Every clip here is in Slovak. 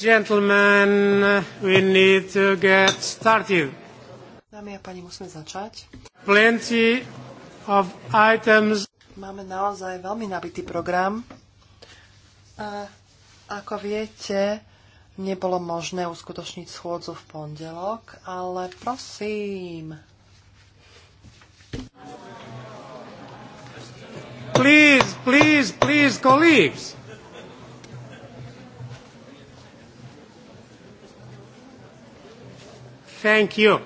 Gentlemen, we need to get started. Dámy a páni, musíme začať. Plenty of items. Máme naozaj veľmi nabitý program. A ako viete, nebolo možné uskutočniť schôdzu v pondelok, ale prosím. Please, please, please, colleagues. Thank you.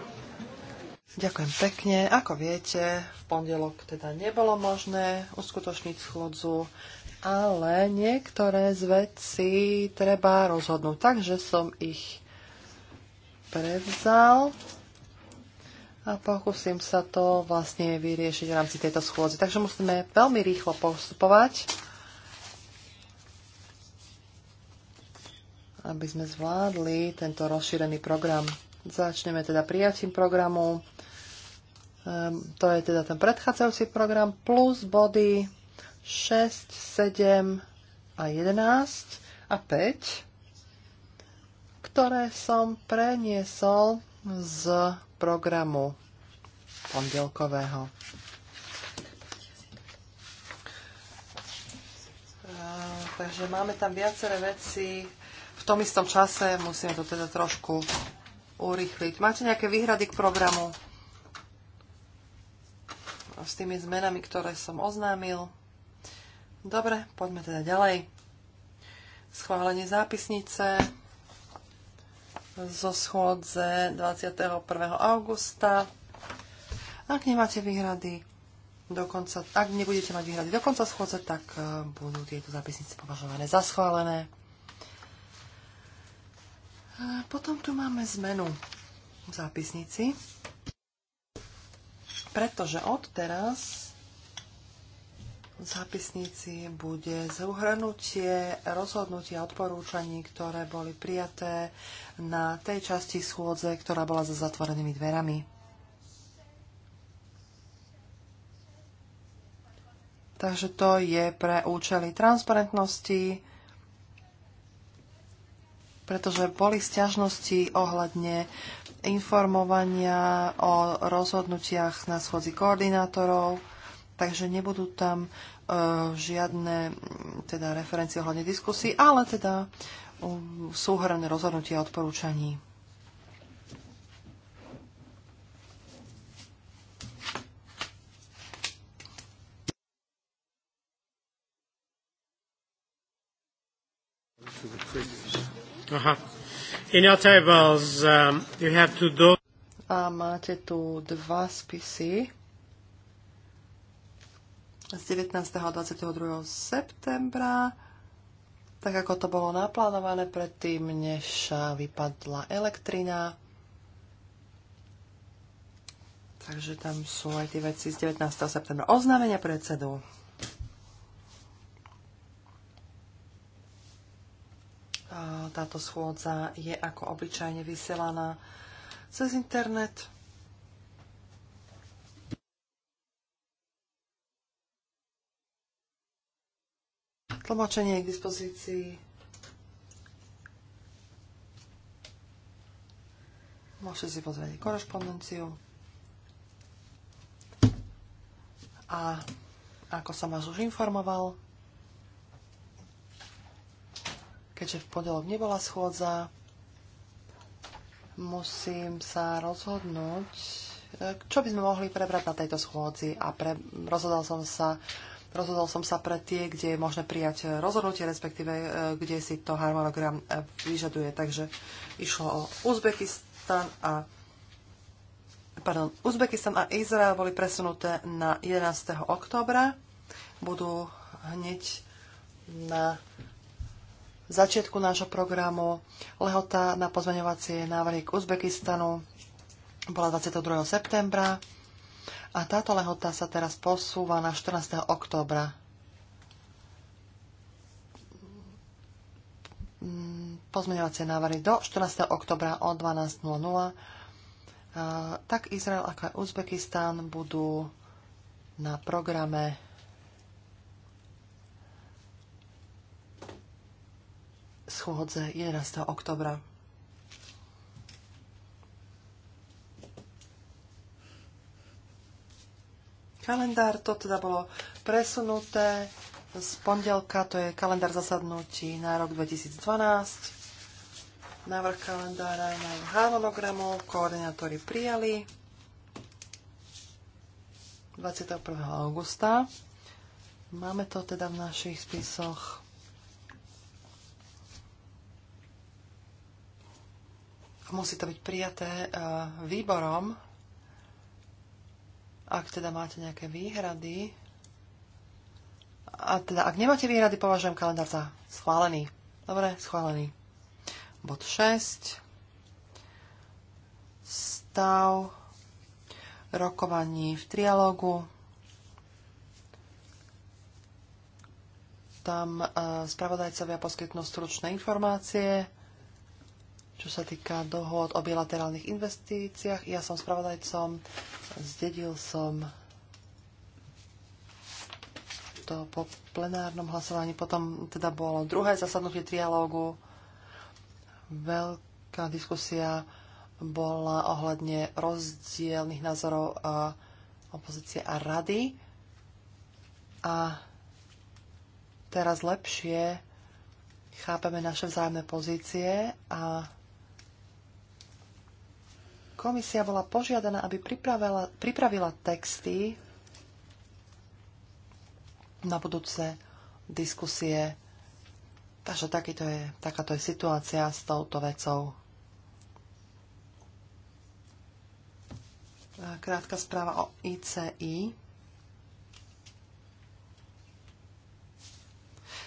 Ďakujem pekne. Ako viete, v pondelok teda nebolo možné uskutočniť schôdzu, ale niektoré z vecí treba rozhodnúť. Takže som ich prevzal a pokúsim sa to vlastne vyriešiť v rámci tejto schôdze. Takže musíme veľmi rýchlo postupovať, aby sme zvládli tento rozšírený program. Začneme teda prijatím programu. Ehm, to je teda ten predchádzajúci program plus body 6, 7 a 11 a 5, ktoré som preniesol z programu pondelkového. Ehm, takže máme tam viaceré veci v tom istom čase, musíme to teda trošku urychliť. Máte nejaké výhrady k programu? S tými zmenami, ktoré som oznámil. Dobre, poďme teda ďalej. Schválenie zápisnice zo schôdze 21. augusta. Ak nemáte výhrady, dokonca, ak nebudete mať výhrady do konca schôdze, tak eh, budú tieto zápisnice považované za schválené potom tu máme zmenu v zápisnici, pretože od teraz v zápisnici bude zhrnutie rozhodnutia odporúčaní, ktoré boli prijaté na tej časti schôdze, ktorá bola za zatvorenými dverami. Takže to je pre účely transparentnosti, pretože boli sťažnosti ohľadne informovania o rozhodnutiach na schodzi koordinátorov, takže nebudú tam uh, žiadne teda referencie ohľadne diskusí, ale teda uh, um, súhrané rozhodnutia a odporúčaní. Aha. In your tables, um, you have to do... A máte tu dva spisy z 19. a 22. septembra, tak ako to bolo naplánované predtým, než vypadla elektrina. Takže tam sú aj tie veci z 19. septembra. Oznámenia predsedu. Táto schôdza je ako obyčajne vysielaná cez internet. Tlmočenie je k dispozícii Môžete si pozrieť korešpondenciu. A ako som vás už informoval, Keďže v pondelok nebola schôdza, musím sa rozhodnúť, e, čo by sme mohli prebrať na tejto schôdzi a pre, rozhodol som sa Rozhodol som sa pre tie, kde je možné prijať rozhodnutie, respektíve e, kde si to harmonogram e, vyžaduje. Takže išlo o Uzbekistan a pardon, Uzbekistan a Izrael boli presunuté na 11. oktobra. Budú hneď na začiatku nášho programu. Lehota na pozmeňovacie návrhy k Uzbekistanu bola 22. septembra a táto lehota sa teraz posúva na 14. októbra. Pozmeňovacie návrhy do 14. oktobra o 12.00. Tak Izrael ako aj Uzbekistán budú na programe schôdze 11. oktobra. Kalendár, to teda bolo presunuté z pondelka, to je kalendár zasadnutí na rok 2012. Návrh kalendára na harmonogramu koordinátori prijali 21. augusta. Máme to teda v našich spisoch musí to byť prijaté e, výborom. Ak teda máte nejaké výhrady, a teda ak nemáte výhrady, považujem kalendár za schválený. Dobre, schválený. Bod 6. Stav rokovaní v trialógu. Tam e, spravodajcovia poskytnú stručné informácie. Čo sa týka dohod o bilaterálnych investíciách, ja som spravodajcom, zdedil som to po plenárnom hlasovaní. Potom teda bolo druhé zasadnutie trialógu. Veľká diskusia bola ohľadne rozdielných názorov a opozície a rady. A teraz lepšie chápeme naše vzájomné pozície a Komisia bola požiadaná, aby pripravila, pripravila texty na budúce diskusie. Takže takýto je, takáto je situácia s touto vecou. Krátka správa o ICI.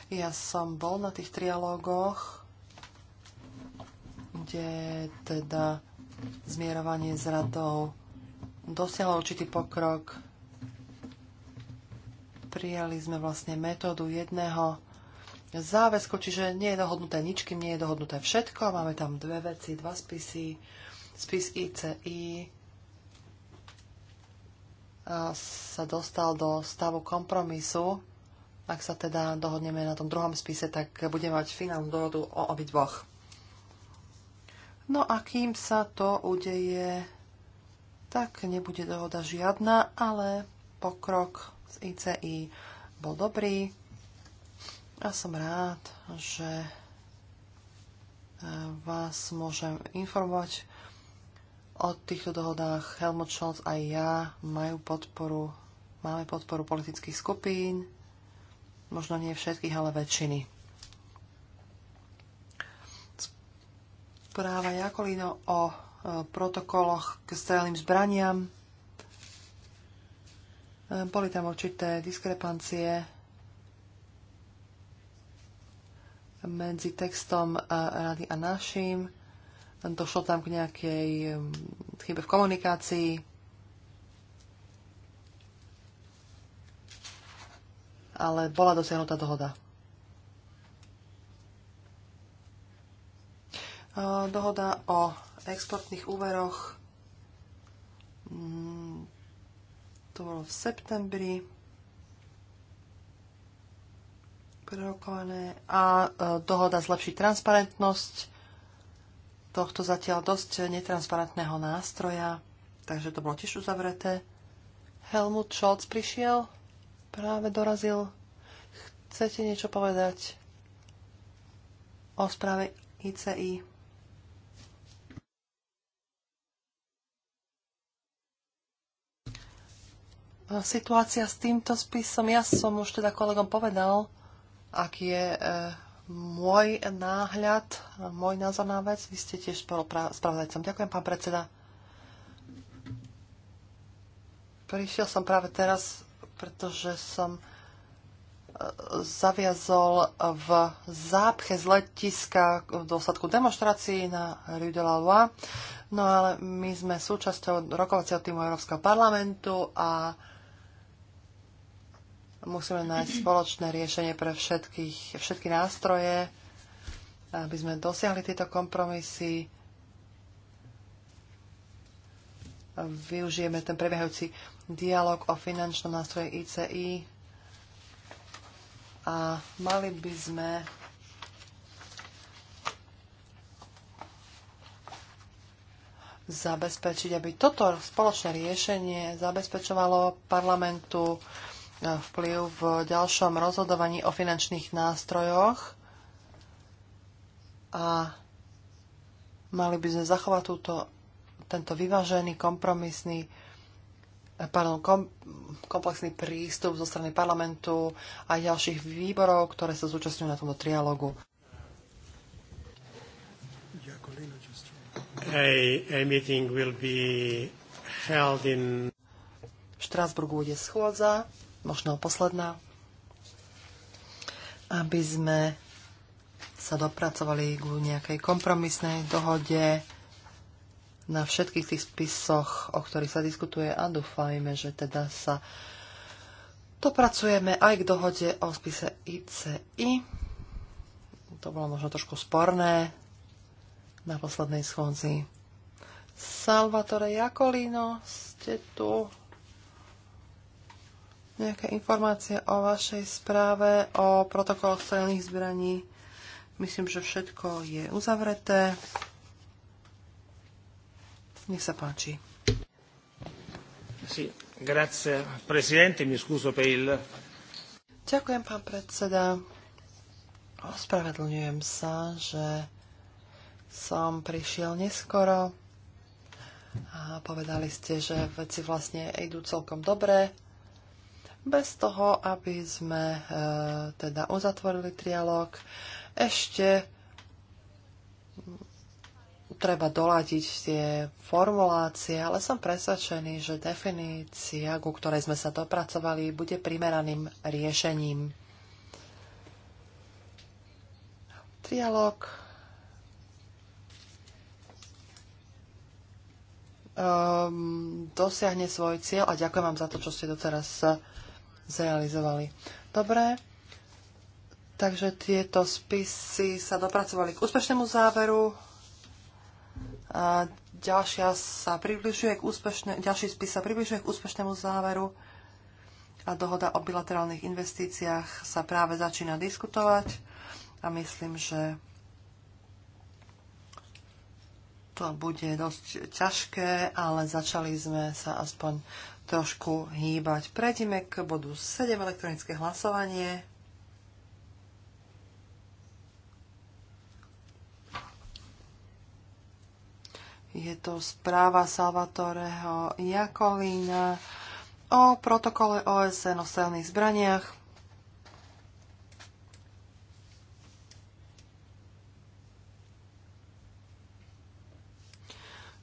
Ja som bol na tých trialógoch, kde teda zmierovanie s radou dosiahlo určitý pokrok. Prijali sme vlastne metódu jedného záväzku, čiže nie je dohodnuté ničkým, nie je dohodnuté všetko. Máme tam dve veci, dva spisy, spis ICI sa dostal do stavu kompromisu. Ak sa teda dohodneme na tom druhom spise, tak budeme mať finálnu dohodu o obidvoch. No a kým sa to udeje, tak nebude dohoda žiadna, ale pokrok z ICI bol dobrý a som rád, že e, vás môžem informovať o týchto dohodách. Helmut Scholz a ja majú podporu, máme podporu politických skupín, možno nie všetkých, ale väčšiny. správa Jakolino o e, protokoloch k strelným zbraniam. E, boli tam určité diskrepancie medzi textom e, rady a našim. Došlo tam k nejakej chybe v komunikácii. Ale bola dosiahnutá dohoda. E, dohoda o exportných úveroch mm, to bolo v septembri prerokované a e, dohoda zlepší transparentnosť tohto zatiaľ dosť netransparentného nástroja, takže to bolo tiež uzavreté. Helmut Scholz prišiel, práve dorazil. Chcete niečo povedať o správe ICI? E, situácia s týmto spisom. Ja som už teda kolegom povedal, aký je e, môj náhľad, môj názor na vec. Vy ste tiež spravodajcom. Ďakujem, pán predseda. Prišiel som práve teraz, pretože som e, zaviazol v zápche z letiska v dôsledku demonstrácií na Rue de la Loi. No ale my sme súčasťou rokovacieho týmu Európskeho parlamentu a Musíme nájsť spoločné riešenie pre všetkých, všetky nástroje, aby sme dosiahli tieto kompromisy. Využijeme ten prebiehajúci dialog o finančnom nástroje ICI a mali by sme zabezpečiť, aby toto spoločné riešenie zabezpečovalo parlamentu vplyv v ďalšom rozhodovaní o finančných nástrojoch a mali by sme zachovať túto, tento vyvážený, kompromisný, pardon, kom, komplexný prístup zo strany parlamentu a ďalších výborov, ktoré sa zúčastňujú na tomto trialogu. A, a meeting will be held in... V Štrásburgu bude schôdza možno posledná, aby sme sa dopracovali k nejakej kompromisnej dohode na všetkých tých spisoch, o ktorých sa diskutuje a dúfajme, že teda sa dopracujeme aj k dohode o spise ICI. To bolo možno trošku sporné na poslednej schôdzi. Salvatore Jakolino, ste tu? nejaké informácie o vašej správe, o protokoloch strelných zbraní. Myslím, že všetko je uzavreté. Nech sa páči. Ďakujem, pán predseda. Ospravedlňujem sa, že som prišiel neskoro. A povedali ste, že veci vlastne idú celkom dobre bez toho, aby sme e, teda uzatvorili trialog. Ešte treba doladiť tie formulácie, ale som presvedčený, že definícia, ku ktorej sme sa dopracovali, bude primeraným riešením. Trialog um, ehm, dosiahne svoj cieľ a ďakujem vám za to, čo ste doteraz zrealizovali. Dobre, takže tieto spisy sa dopracovali k úspešnému záveru. A ďalšia sa približuje k úspešne, ďalší spis sa približuje k úspešnému záveru a dohoda o bilaterálnych investíciách sa práve začína diskutovať a myslím, že to bude dosť ťažké, ale začali sme sa aspoň trošku hýbať. Prejdeme k bodu 7, elektronické hlasovanie. Je to správa Salvatoreho Jakolína o protokole OSN o strelných zbraniach.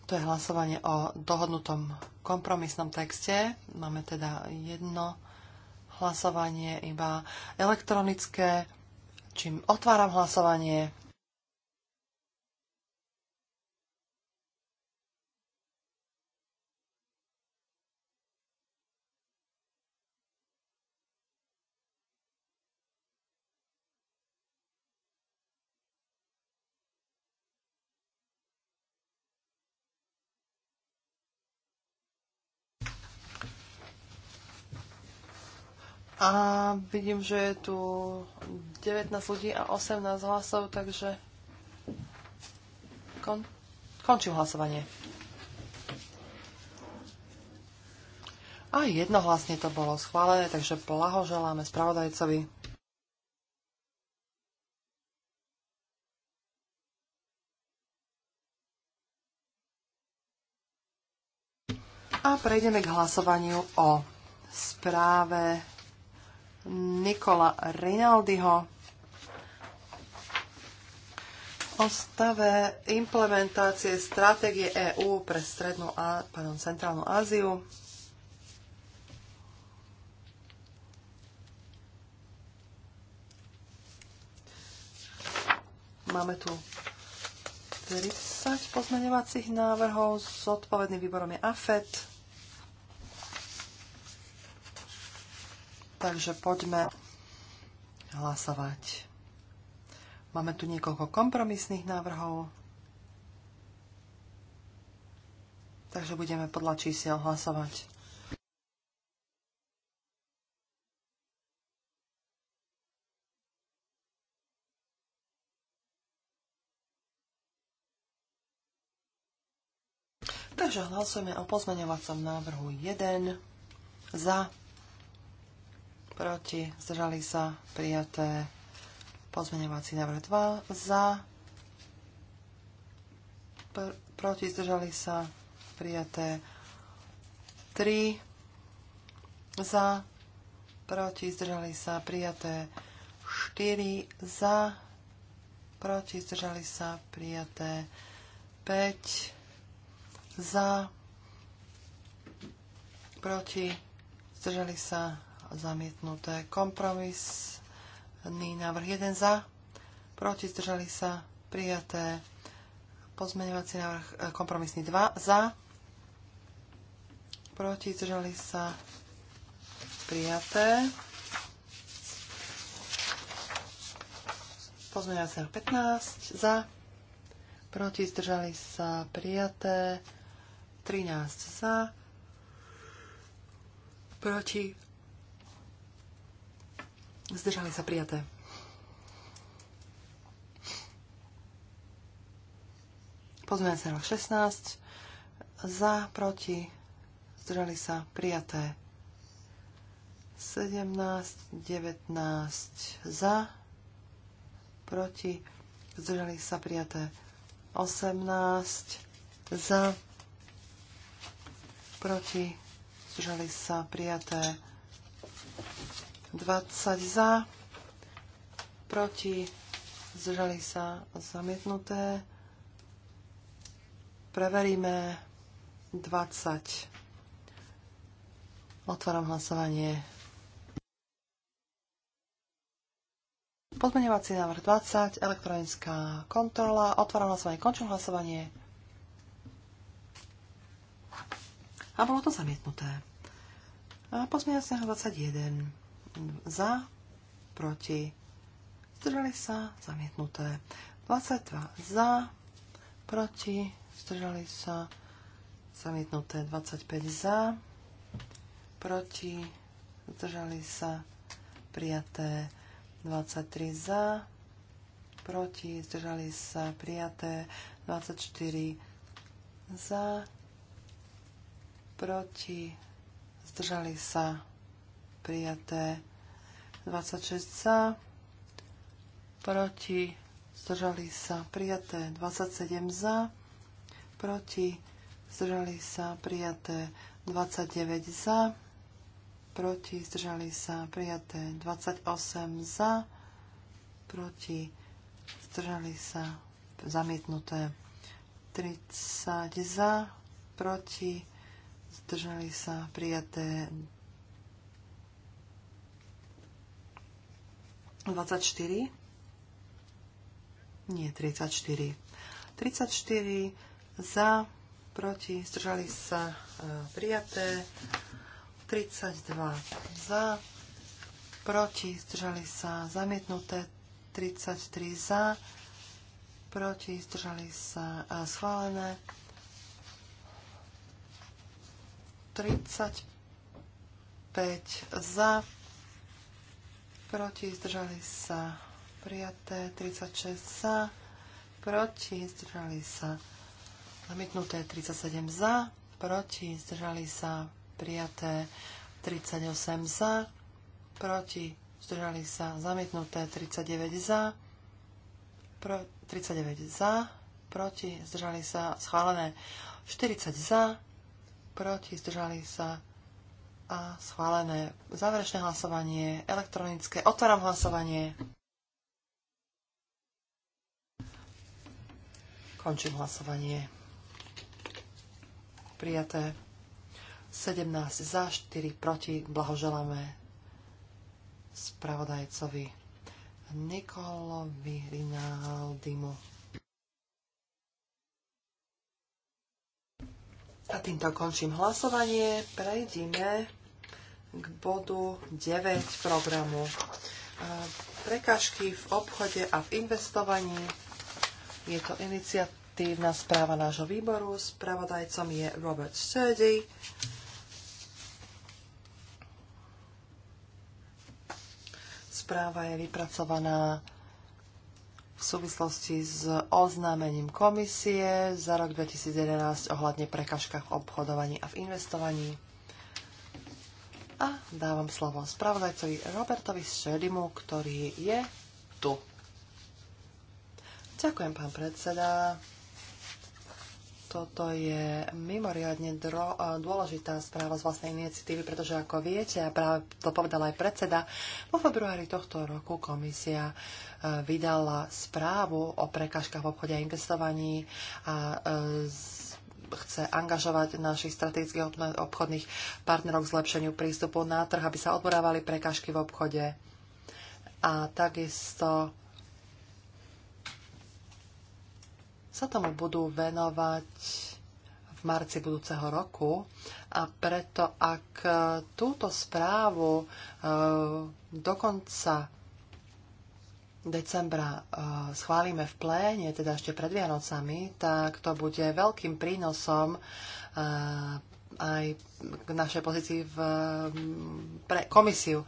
To je hlasovanie o dohodnutom kompromisnom texte. Máme teda jedno hlasovanie, iba elektronické. Čím otváram hlasovanie, A vidím, že je tu 19 ľudí a 18 hlasov, takže kon... končím hlasovanie. A jednohlasne to bolo schválené, takže blahoželáme spravodajcovi. A prejdeme k hlasovaniu o správe Nikola Rinaldiho o stave implementácie stratégie EÚ pre strednú a, pardon, centrálnu Áziu. Máme tu 30 pozmeňovacích návrhov. S odpovedným výborom je AFET. Takže poďme hlasovať. Máme tu niekoľko kompromisných návrhov. Takže budeme podľa čísiel hlasovať. Takže hlasujeme o pozmeňovacom návrhu 1 za proti, zdržali sa, prijaté. Pozmeňovací návrh 2, za, pr- proti, zdržali sa, prijaté. 3, za, proti, zdržali sa, prijaté. 4, za, proti, zdržali sa, prijaté. 5, za, proti, zdržali sa, zamietnuté. Kompromisný návrh 1 za, proti zdržali sa prijaté. Pozmeňovací návrh e, kompromisný 2 za, proti zdržali sa prijaté. Pozmeňovací návrh 15 za, proti zdržali sa prijaté. 13 za, proti Zdržali sa prijaté. Pozmeňujúci sa 16. Za, proti, zdržali sa prijaté. 17, 19 za, proti, zdržali sa prijaté. 18 za, proti, zdržali sa prijaté. 20 za, proti, zdržali sa zamietnuté. Preveríme 20. Otváram hlasovanie. Pozmeňovací návrh 20, elektronická kontrola. Otváram hlasovanie, končím hlasovanie. A bolo to zamietnuté. A pozmeňovací návrh 21 za, proti, zdržali sa, zamietnuté. 22 za, proti, zdržali sa, zamietnuté. 25 za, proti, zdržali sa, prijaté. 23 za, proti, zdržali sa, prijaté. 24 za, proti, zdržali sa, prijaté 26 za, proti, zdržali sa, prijaté 27 za, proti, zdržali sa, prijaté 29 za, proti, zdržali sa, prijaté 28 za, proti, zdržali sa, zamietnuté 30 za, proti, zdržali sa, prijaté 24. Nie, 34. 34 za, proti, zdržali sa e, prijaté. 32 za, proti, zdržali sa zamietnuté. 33 za, proti, zdržali sa e, schválené. 35 za, proti, zdržali sa prijaté, 36 za, proti, zdržali sa zamietnuté, 37 za, proti, zdržali sa prijaté, 38 za, proti, zdržali sa zamietnuté, 39 za, pro, 39 za, proti, zdržali sa schválené, 40 za, proti, zdržali sa a schválené. Záverečné hlasovanie, elektronické. Otváram hlasovanie. Končím hlasovanie. Prijaté. 17 za, 4 proti. Blahoželáme spravodajcovi Nikolovi Rinaldimu. A týmto končím hlasovanie. Prejdime k bodu 9 programu. E, prekážky v obchode a v investovaní. Je to iniciatívna správa nášho výboru. Spravodajcom je Robert Sturdy. Správa je vypracovaná v súvislosti s oznámením komisie za rok 2011 ohľadne prekažkách v obchodovaní a v investovaní. A dávam slovo spravodajcovi Robertovi Šedimu, ktorý je tu. Ďakujem, pán predseda. Toto je mimoriadne dôležitá správa z vlastnej iniciatívy, pretože ako viete, a práve to povedal aj predseda, vo februári tohto roku komisia e, vydala správu o prekážkach v obchode a investovaní a e, chce angažovať našich strategických obchodných partnerov k zlepšeniu prístupu na trh, aby sa odborávali prekážky v obchode. A takisto sa tomu budú venovať v marci budúceho roku a preto ak e, túto správu e, do konca decembra e, schválime v pléne, teda ešte pred Vianocami, tak to bude veľkým prínosom aj k našej pozícii v pre komisiu.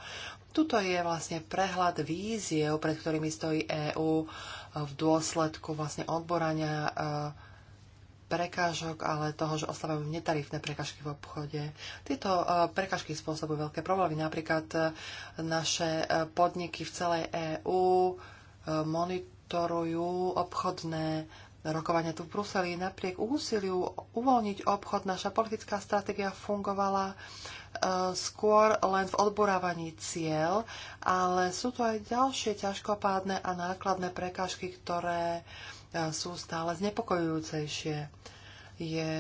Tuto je vlastne prehľad víziev, pred ktorými stojí EÚ v dôsledku vlastne odborania e, prekážok, ale toho, že ostávajú netarifné prekážky v obchode. Tieto e, prekážky spôsobujú veľké problémy. Napríklad e, naše podniky v celej EÚ monitorujú obchodné rokovania tu v Bruseli. Napriek úsiliu uvoľniť obchod naša politická stratégia fungovala skôr len v odborávaní cieľ, ale sú tu aj ďalšie ťažkopádne a nákladné prekážky, ktoré e, sú stále znepokojujúcejšie. Je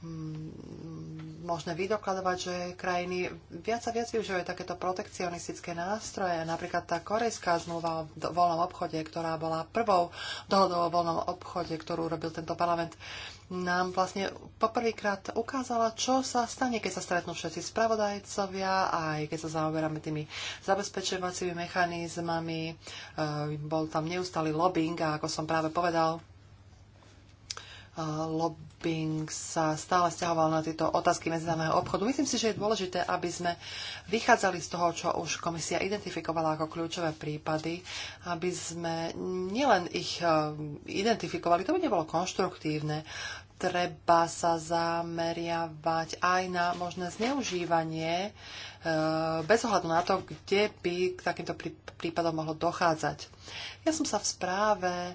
Mm, možné vydokladovať, že krajiny viac a viac využívajú takéto protekcionistické nástroje. Napríklad tá korejská zmluva o voľnom obchode, ktorá bola prvou dohodou o voľnom obchode, ktorú robil tento parlament, nám vlastne poprvýkrát ukázala, čo sa stane, keď sa stretnú všetci spravodajcovia, aj keď sa zaoberáme tými zabezpečovacími mechanizmami. E, bol tam neustály lobbying a ako som práve povedal, lobbying sa stále stiahoval na tieto otázky medzinárodného obchodu. Myslím si, že je dôležité, aby sme vychádzali z toho, čo už komisia identifikovala ako kľúčové prípady, aby sme nielen ich e, identifikovali, to by nebolo konštruktívne, treba sa zameriavať aj na možné zneužívanie e, bez ohľadu na to, kde by k takýmto prípadom mohlo dochádzať. Ja som sa v správe e,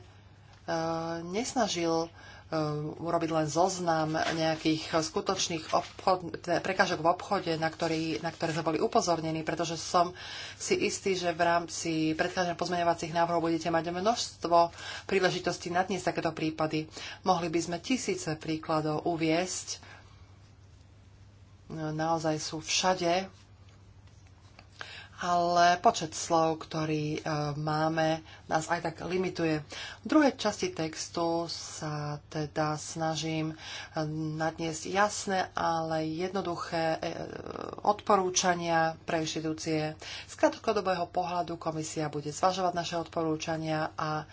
nesnažil Eh, urobiť len zoznam nejakých skutočných obchod, teda prekážok v obchode, na, ktorý, na ktoré sme boli upozornení, pretože som si istý, že v rámci predchádzania pozmeňovacích návrhov budete mať množstvo príležitostí nadniesť takéto prípady. Mohli by sme tisíce príkladov uviesť. No, naozaj sú všade ale počet slov, ktorý e, máme, nás aj tak limituje. V druhej časti textu sa teda snažím e, nadniesť jasné, ale jednoduché e, odporúčania pre inštitúcie. Z krátkodobého pohľadu komisia bude zvažovať naše odporúčania a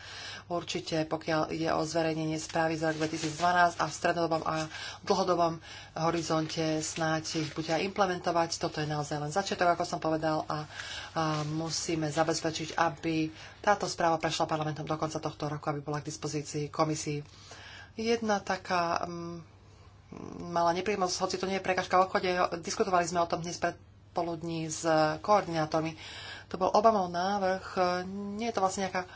určite, pokiaľ ide o zverejnenie správy za rok 2012 a v strednodobom a dlhodobom horizonte, snáď ich bude aj implementovať. Toto je naozaj len začiatok, ako som povedal, a Musíme zabezpečiť, aby táto správa prešla parlamentom do konca tohto roku, aby bola k dispozícii komisii. Jedna taká mm, malá nepríjemnosť, hoci to nie je prekažka v obchode, diskutovali sme o tom dnes poludní s koordinátormi. To bol Obamov návrh, nie je to vlastne nejaká e,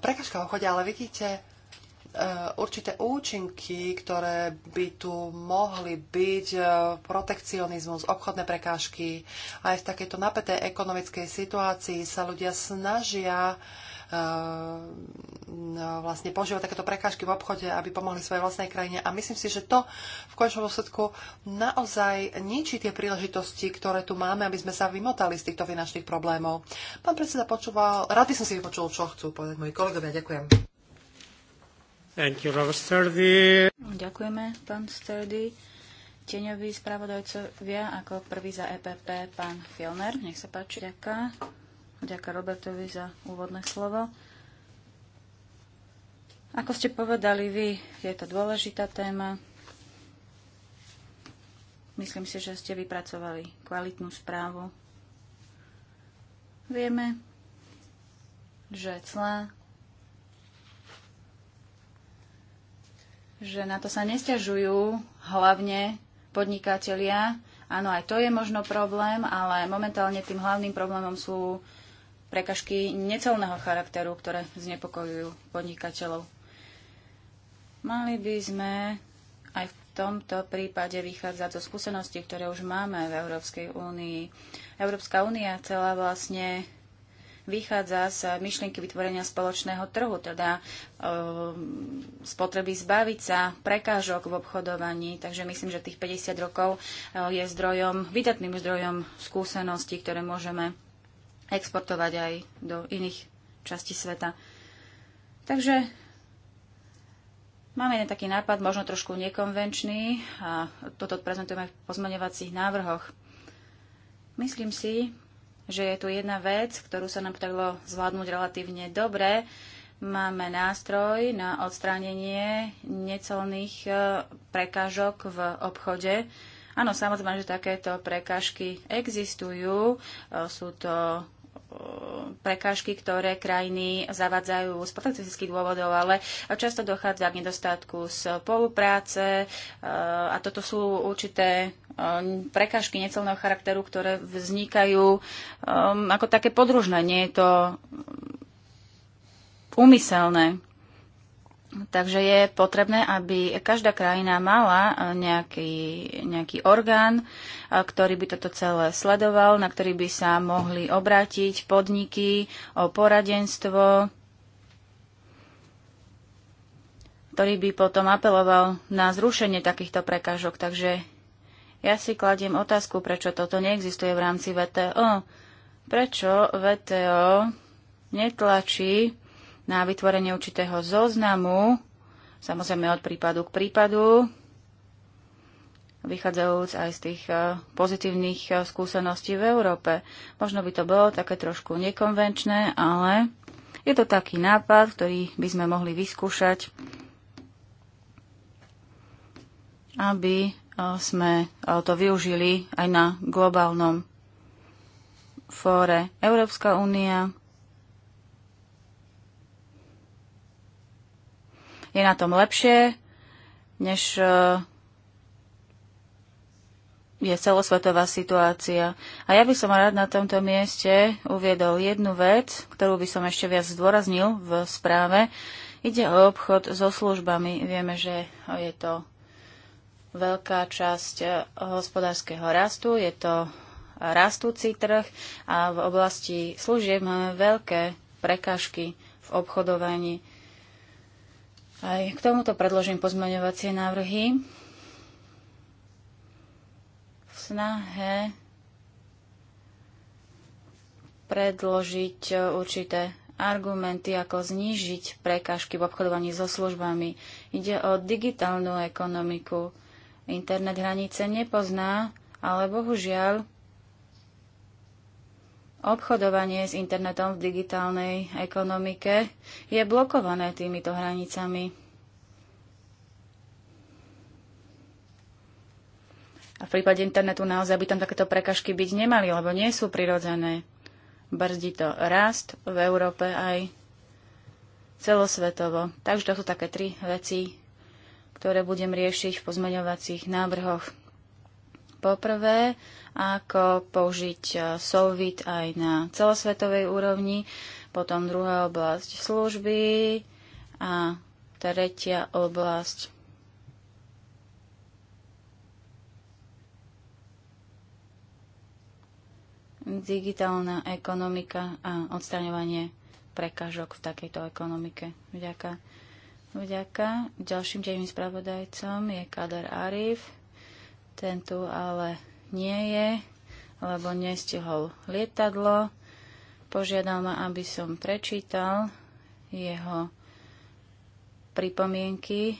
prekažka v obchode, ale vidíte, E, určité účinky, ktoré by tu mohli byť, e, protekcionizmus, obchodné prekážky. Aj v takejto napätej ekonomickej situácii sa ľudia snažia e, no, vlastne používať takéto prekážky v obchode, aby pomohli svojej vlastnej krajine. A myslím si, že to v končnom dôsledku naozaj ničí tie príležitosti, ktoré tu máme, aby sme sa vymotali z týchto finančných problémov. Pán predseda počúval, rád by som si vypočul, čo chcú povedať moji kolegovia. Ďakujem. Thank you, Robert Sturdy. Ďakujeme, pán Sturdy. teňoví spravodajcovia ako prvý za EPP, pán Fielner. Nech sa páči. Ďaká. Ďaká Robertovi za úvodné slovo. Ako ste povedali vy, je to dôležitá téma. Myslím si, že ste vypracovali kvalitnú správu. Vieme, že clá že na to sa nestiažujú hlavne podnikatelia. Áno, aj to je možno problém, ale momentálne tým hlavným problémom sú prekažky necelného charakteru, ktoré znepokojujú podnikateľov. Mali by sme aj v tomto prípade vychádzať zo skúseností, ktoré už máme v Európskej únii. Európska únia celá vlastne vychádza z myšlienky vytvorenia spoločného trhu, teda ehm, spotreby zbaviť sa prekážok v obchodovaní. Takže myslím, že tých 50 rokov eh, je zdrojom, vydatným zdrojom skúseností, ktoré môžeme exportovať aj do iných častí sveta. Takže máme jeden taký nápad, možno trošku nekonvenčný a toto prezentujeme v pozmeňovacích návrhoch. Myslím si, že je tu jedna vec, ktorú sa nám podarilo zvládnuť relatívne dobre. Máme nástroj na odstránenie necelných e, prekážok v obchode. Áno, samozrejme, že takéto prekážky existujú. E, sú to e, prekážky, ktoré krajiny zavadzajú z protekcionistických dôvodov, ale často dochádza k nedostatku spolupráce a toto sú určité E, prekážky necelného charakteru, ktoré vznikajú um, ako také podružné. Nie je to úmyselné. Takže je potrebné, aby každá krajina mala e, nejaký, nejaký orgán, ktorý by toto celé sledoval, na ktorý by sa mohli obrátiť podniky o poradenstvo, ktorý by potom apeloval na zrušenie takýchto prekážok. Takže ja si kladiem otázku, prečo toto neexistuje v rámci VTO. Prečo VTO netlačí na vytvorenie určitého zoznamu, samozrejme od prípadu k prípadu, vychádzajúc aj z tých eh, pozitívnych eh, skúseností v Európe. Možno by to bolo také trošku nekonvenčné, ale je to taký nápad, ktorý by sme mohli vyskúšať, aby sme to využili aj na globálnom fóre. Európska únia je na tom lepšie, než e, je celosvetová situácia. A ja by som rád na tomto mieste uviedol jednu vec, ktorú by som ešte viac zdôraznil v správe. Ide o obchod so službami. Vieme, že je to veľká časť eh, hospodárskeho rastu, je to rastúci trh a v oblasti služieb máme veľké prekážky v obchodovaní. Aj k tomuto predložím pozmeňovacie návrhy v snahe predložiť eh, určité argumenty, ako znížiť prekážky v obchodovaní so službami. Ide o digitálnu ekonomiku Internet hranice nepozná, ale bohužiaľ obchodovanie s internetom v digitálnej ekonomike je blokované týmito hranicami. A v prípade internetu naozaj by tam takéto prekažky byť nemali, lebo nie sú prirodzené. Brzdí to rast v Európe aj celosvetovo. Takže to sú také tri veci, ktoré budem riešiť v pozmeňovacích návrhoch. Poprvé, ako použiť e, solvit aj na celosvetovej úrovni, potom druhá oblasť služby a tretia oblasť digitálna ekonomika a odstraňovanie prekážok v takejto ekonomike. Ďakujem. Vďaka. Ďalším dejným spravodajcom je Kader Arif. Ten tu ale nie je, lebo nestihol lietadlo. Požiadal ma, aby som prečítal jeho pripomienky.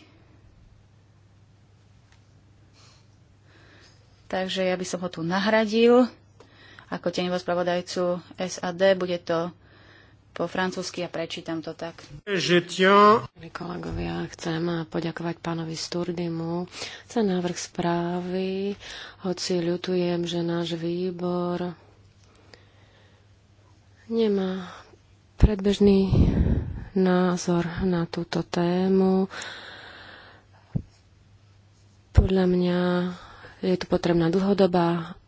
Takže ja by som ho tu nahradil. Ako tenivo spravodajcu SAD bude to po francúzsky a prečítam to tak. Milí kolegovia, chcem poďakovať pánovi Sturdimu za návrh správy, hoci ľutujem, že náš výbor nemá predbežný názor na túto tému. Podľa mňa je tu potrebná dlhodobá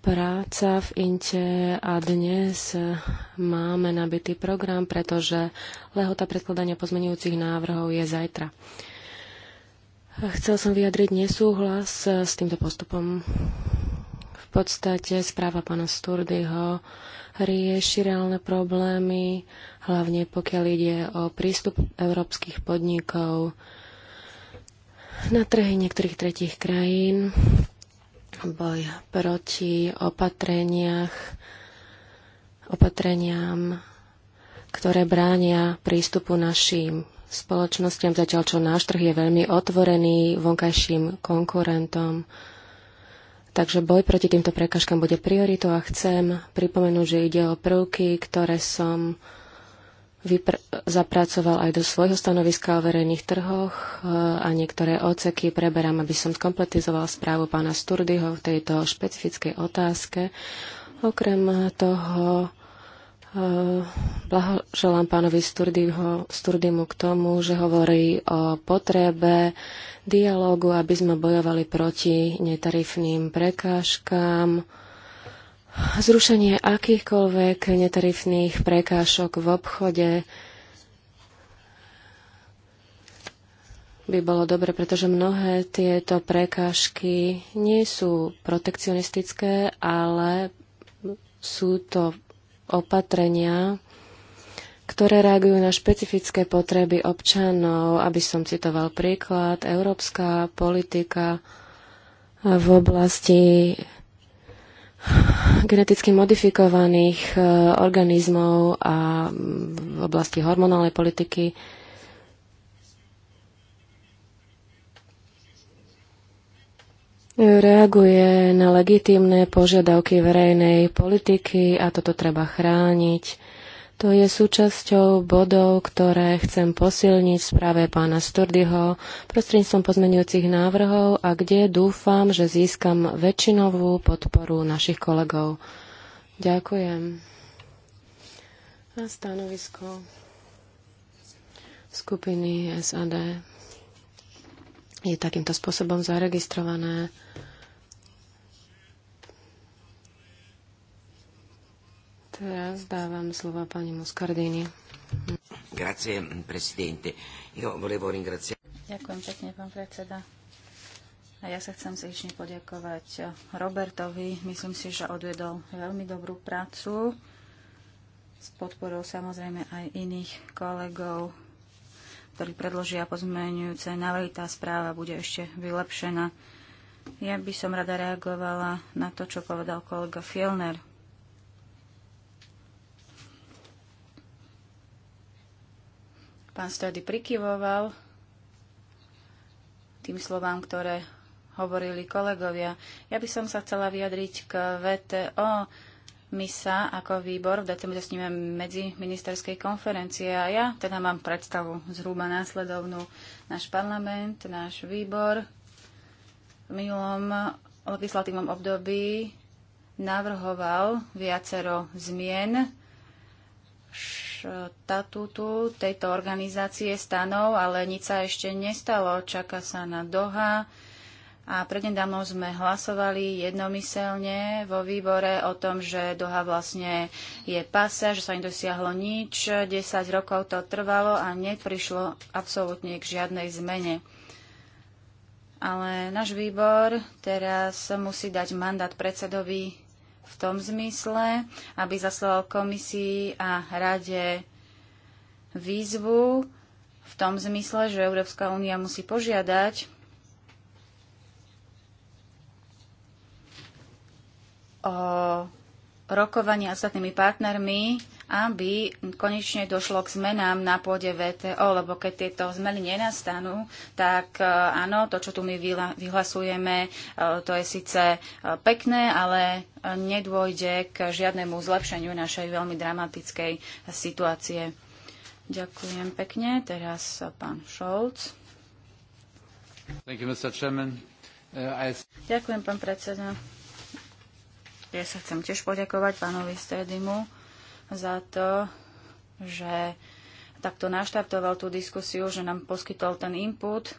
práca v Inte a dnes máme nabitý program, pretože lehota predkladania pozmenujúcich návrhov je zajtra. Chcel som vyjadriť nesúhlas s týmto postupom. V podstate správa pána Sturdyho rieši reálne problémy, hlavne pokiaľ ide o prístup európskych podnikov na trhy niektorých tretích krajín, boj proti opatreniach, opatreniam, ktoré bránia prístupu našim spoločnostiam, zatiaľ čo náš trh je veľmi otvorený vonkajším konkurentom. Takže boj proti týmto prekažkám bude prioritou a chcem pripomenúť, že ide o prvky, ktoré som zapracoval aj do svojho stanoviska o verejných trhoch eh, a niektoré oceky preberám, aby som skompletizoval správu pána Sturdyho v tejto špecifickej otázke. Okrem toho eh, blahoželám pánovi Sturdyho, Sturdymu k tomu, že hovorí o potrebe dialógu, aby sme bojovali proti netarifným prekážkám, Zrušenie akýchkoľvek netarifných prekážok v obchode by bolo dobre, pretože mnohé tieto prekážky nie sú protekcionistické, ale sú to opatrenia, ktoré reagujú na špecifické potreby občanov. Aby som citoval príklad, európska politika v oblasti geneticky modifikovaných e, organizmov a v oblasti hormonálnej politiky. Reaguje na legitímne požiadavky verejnej politiky a toto treba chrániť. To je súčasťou bodov, ktoré chcem posilniť v správe pána Sturdyho prostredníctvom pozmenujúcich návrhov a kde dúfam, že získam väčšinovú podporu našich kolegov. Ďakujem. A stanovisko skupiny SAD je takýmto spôsobom zaregistrované. Teraz dávam slova pani Muscardini. Grazie, presidente. Io volevo ringraziare... Ďakujem pekne, pán predseda. A ja sa chcem srdečne poďakovať Robertovi. Myslím si, že odvedol veľmi dobrú prácu s podporou samozrejme aj iných kolegov, ktorí predložia pozmeňujúce návrhy. Tá správa bude ešte vylepšená. Ja by som rada reagovala na to, čo povedal kolega Fielner. Pán Stredy prikyvoval tým slovám, ktoré hovorili kolegovia. Ja by som sa chcela vyjadriť k VTO. My sa ako výbor v decembri sníme medzi ministerskej konferencie a ja teda mám predstavu zhruba následovnú. Náš parlament, náš výbor v minulom legislatívnom období navrhoval viacero zmien štatútu tejto organizácie stanov, ale nič sa ešte nestalo. Čaká sa na Doha a prednedávno sme hlasovali jednomyselne vo výbore o tom, že Doha vlastne je pase, že sa nedosiahlo nič. 10 rokov to trvalo a neprišlo absolútne k žiadnej zmene. Ale náš výbor teraz musí dať mandát predsedovi v tom zmysle, aby zaslal komisii a rade výzvu v tom zmysle, že Európska únia musí požiadať o rokovanie ostatnými partnermi aby konečne došlo k zmenám na pôde VTO, lebo keď tieto zmeny nenastanú, tak e, áno, to, čo tu my vyhlasujeme, e, to je síce e, pekné, ale nedôjde k žiadnemu zlepšeniu našej veľmi dramatickej situácie. Ďakujem pekne. Teraz pán Šolc. You, uh, Ďakujem, pán predseda. Ja sa chcem tiež poďakovať pánovi Stredimu za to, že takto naštartoval tú diskusiu, že nám poskytol ten input.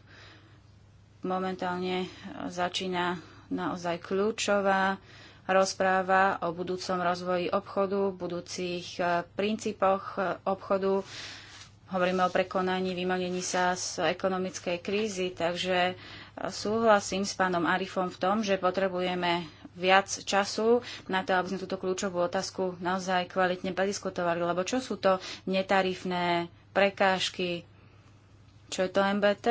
Momentálne eh, začína naozaj kľúčová rozpráva o budúcom rozvoji obchodu, budúcich eh, princípoch eh, obchodu. Hovoríme o prekonaní, vymanení sa z ekonomickej krízy, takže súhlasím s pánom Arifom v tom, že potrebujeme viac času na to, aby sme túto kľúčovú otázku naozaj kvalitne prediskutovali. Lebo čo sú to netarifné prekážky? Čo je to MBT?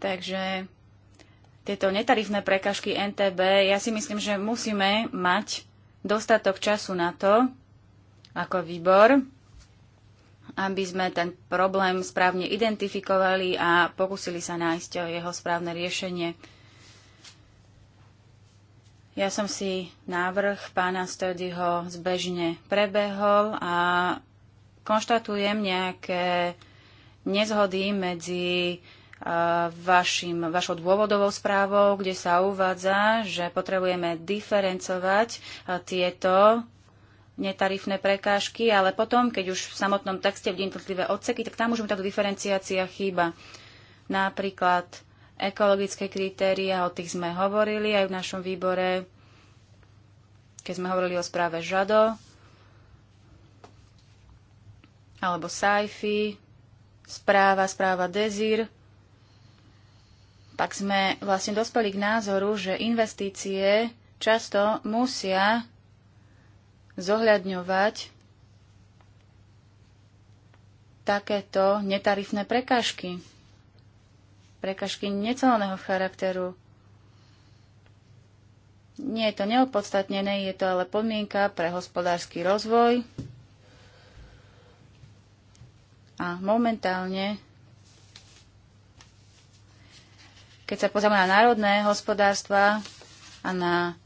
Takže tieto netarifné prekážky NTB, ja si myslím, že musíme mať dostatok času na to, ako výbor, aby sme ten problém správne identifikovali a pokúsili sa nájsť o jeho správne riešenie. Ja som si návrh pána Stodyho zbežne prebehol a konštatujem nejaké nezhody medzi e, vašim, vašou dôvodovou správou, kde sa uvádza, že potrebujeme diferencovať e, tieto netarifné prekážky, ale potom, keď už v samotnom texte v jednotlivé odseky, tak tam už mi táto diferenciácia chýba. Napríklad ekologické kritéria, o tých sme hovorili aj v našom výbore, keď sme hovorili o správe ŽADO, alebo SAIFI, správa, správa DEZIR, tak sme vlastne dospeli k názoru, že investície často musia zohľadňovať takéto netarifné prekážky. Prekážky necelného charakteru. Nie je to neopodstatnené, je to ale podmienka pre hospodársky rozvoj. A momentálne, keď sa pozrieme na národné hospodárstva a na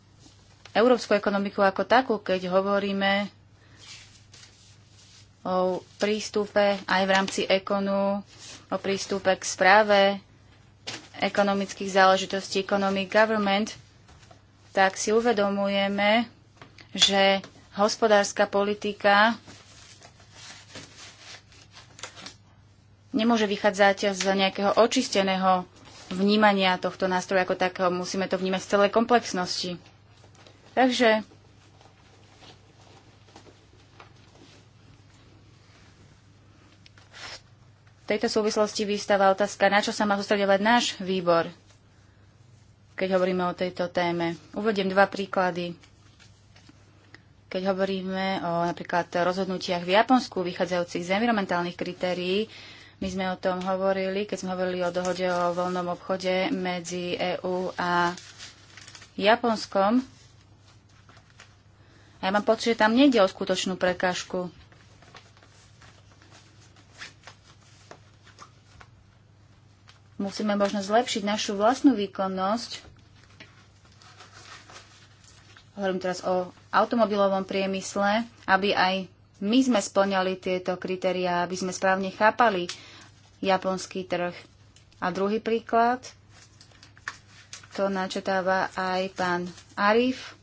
európsku ekonomiku ako takú, keď hovoríme o prístupe aj v rámci ekonu, o prístupe k správe ekonomických záležitostí Economic Government, tak si uvedomujeme, že hospodárska politika nemôže vychádzať z nejakého očisteného vnímania tohto nástroja ako takého. Musíme to vnímať z celej komplexnosti. Takže v tejto súvislosti vystáva otázka, na čo sa má zostredovať náš výbor, keď hovoríme o tejto téme. Uvediem dva príklady keď hovoríme o napríklad rozhodnutiach v Japonsku vychádzajúcich z environmentálnych kritérií, my sme o tom hovorili, keď sme hovorili o dohode o voľnom obchode medzi EÚ a Japonskom. A ja mám pocit, že tam nejde o skutočnú prekážku. Musíme možno zlepšiť našu vlastnú výkonnosť. Hovorím teraz o automobilovom priemysle, aby aj my sme splňali tieto kritériá, aby sme správne chápali japonský trh. A druhý príklad, to načetáva aj pán Arif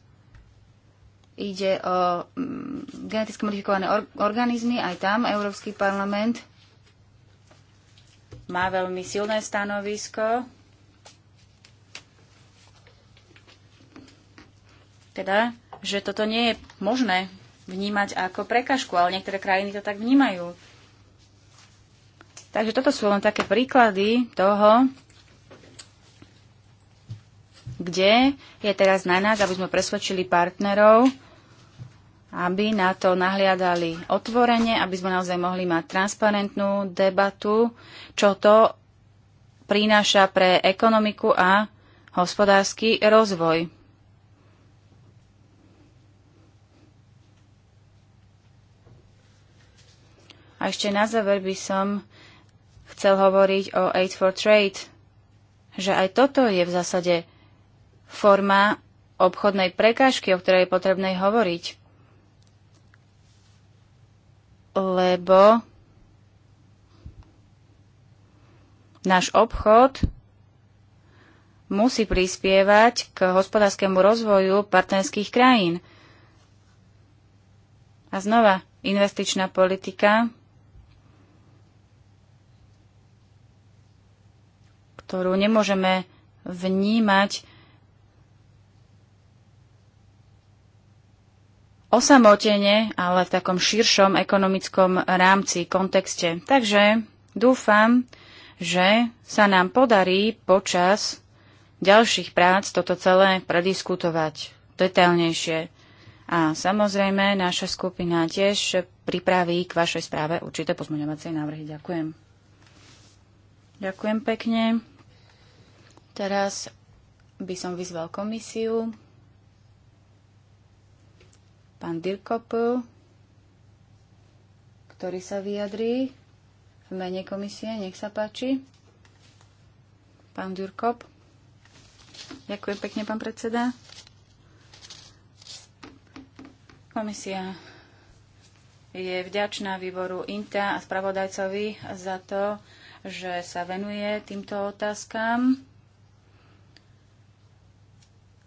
ide o mm, geneticky modifikované or- organizmy, aj tam Európsky parlament má veľmi silné stanovisko. Teda, že toto nie je možné vnímať ako prekažku, ale niektoré krajiny to tak vnímajú. Takže toto sú len také príklady toho, kde je teraz na nás, aby sme presvedčili partnerov, aby na to nahliadali otvorene, aby sme naozaj mohli mať transparentnú debatu, čo to prináša pre ekonomiku a hospodársky rozvoj. A ešte na záver by som chcel hovoriť o Aid for Trade, že aj toto je v zásade forma obchodnej prekážky, o ktorej je potrebné hovoriť lebo náš obchod musí prispievať k hospodárskému rozvoju partnerských krajín. A znova, investičná politika, ktorú nemôžeme vnímať osamotene, ale v takom širšom ekonomickom rámci, kontexte. Takže dúfam, že sa nám podarí počas ďalších prác toto celé prediskutovať detailnejšie. A samozrejme, naša skupina tiež pripraví k vašej správe určité pozmeňovacie návrhy. Ďakujem. Ďakujem pekne. Teraz by som vyzval komisiu pán Dirkopl, ktorý sa vyjadrí v mene komisie. Nech sa páči. Pán Dirkop. Ďakujem pekne, pán predseda. Komisia je vďačná výboru INTA a spravodajcovi za to, že sa venuje týmto otázkam.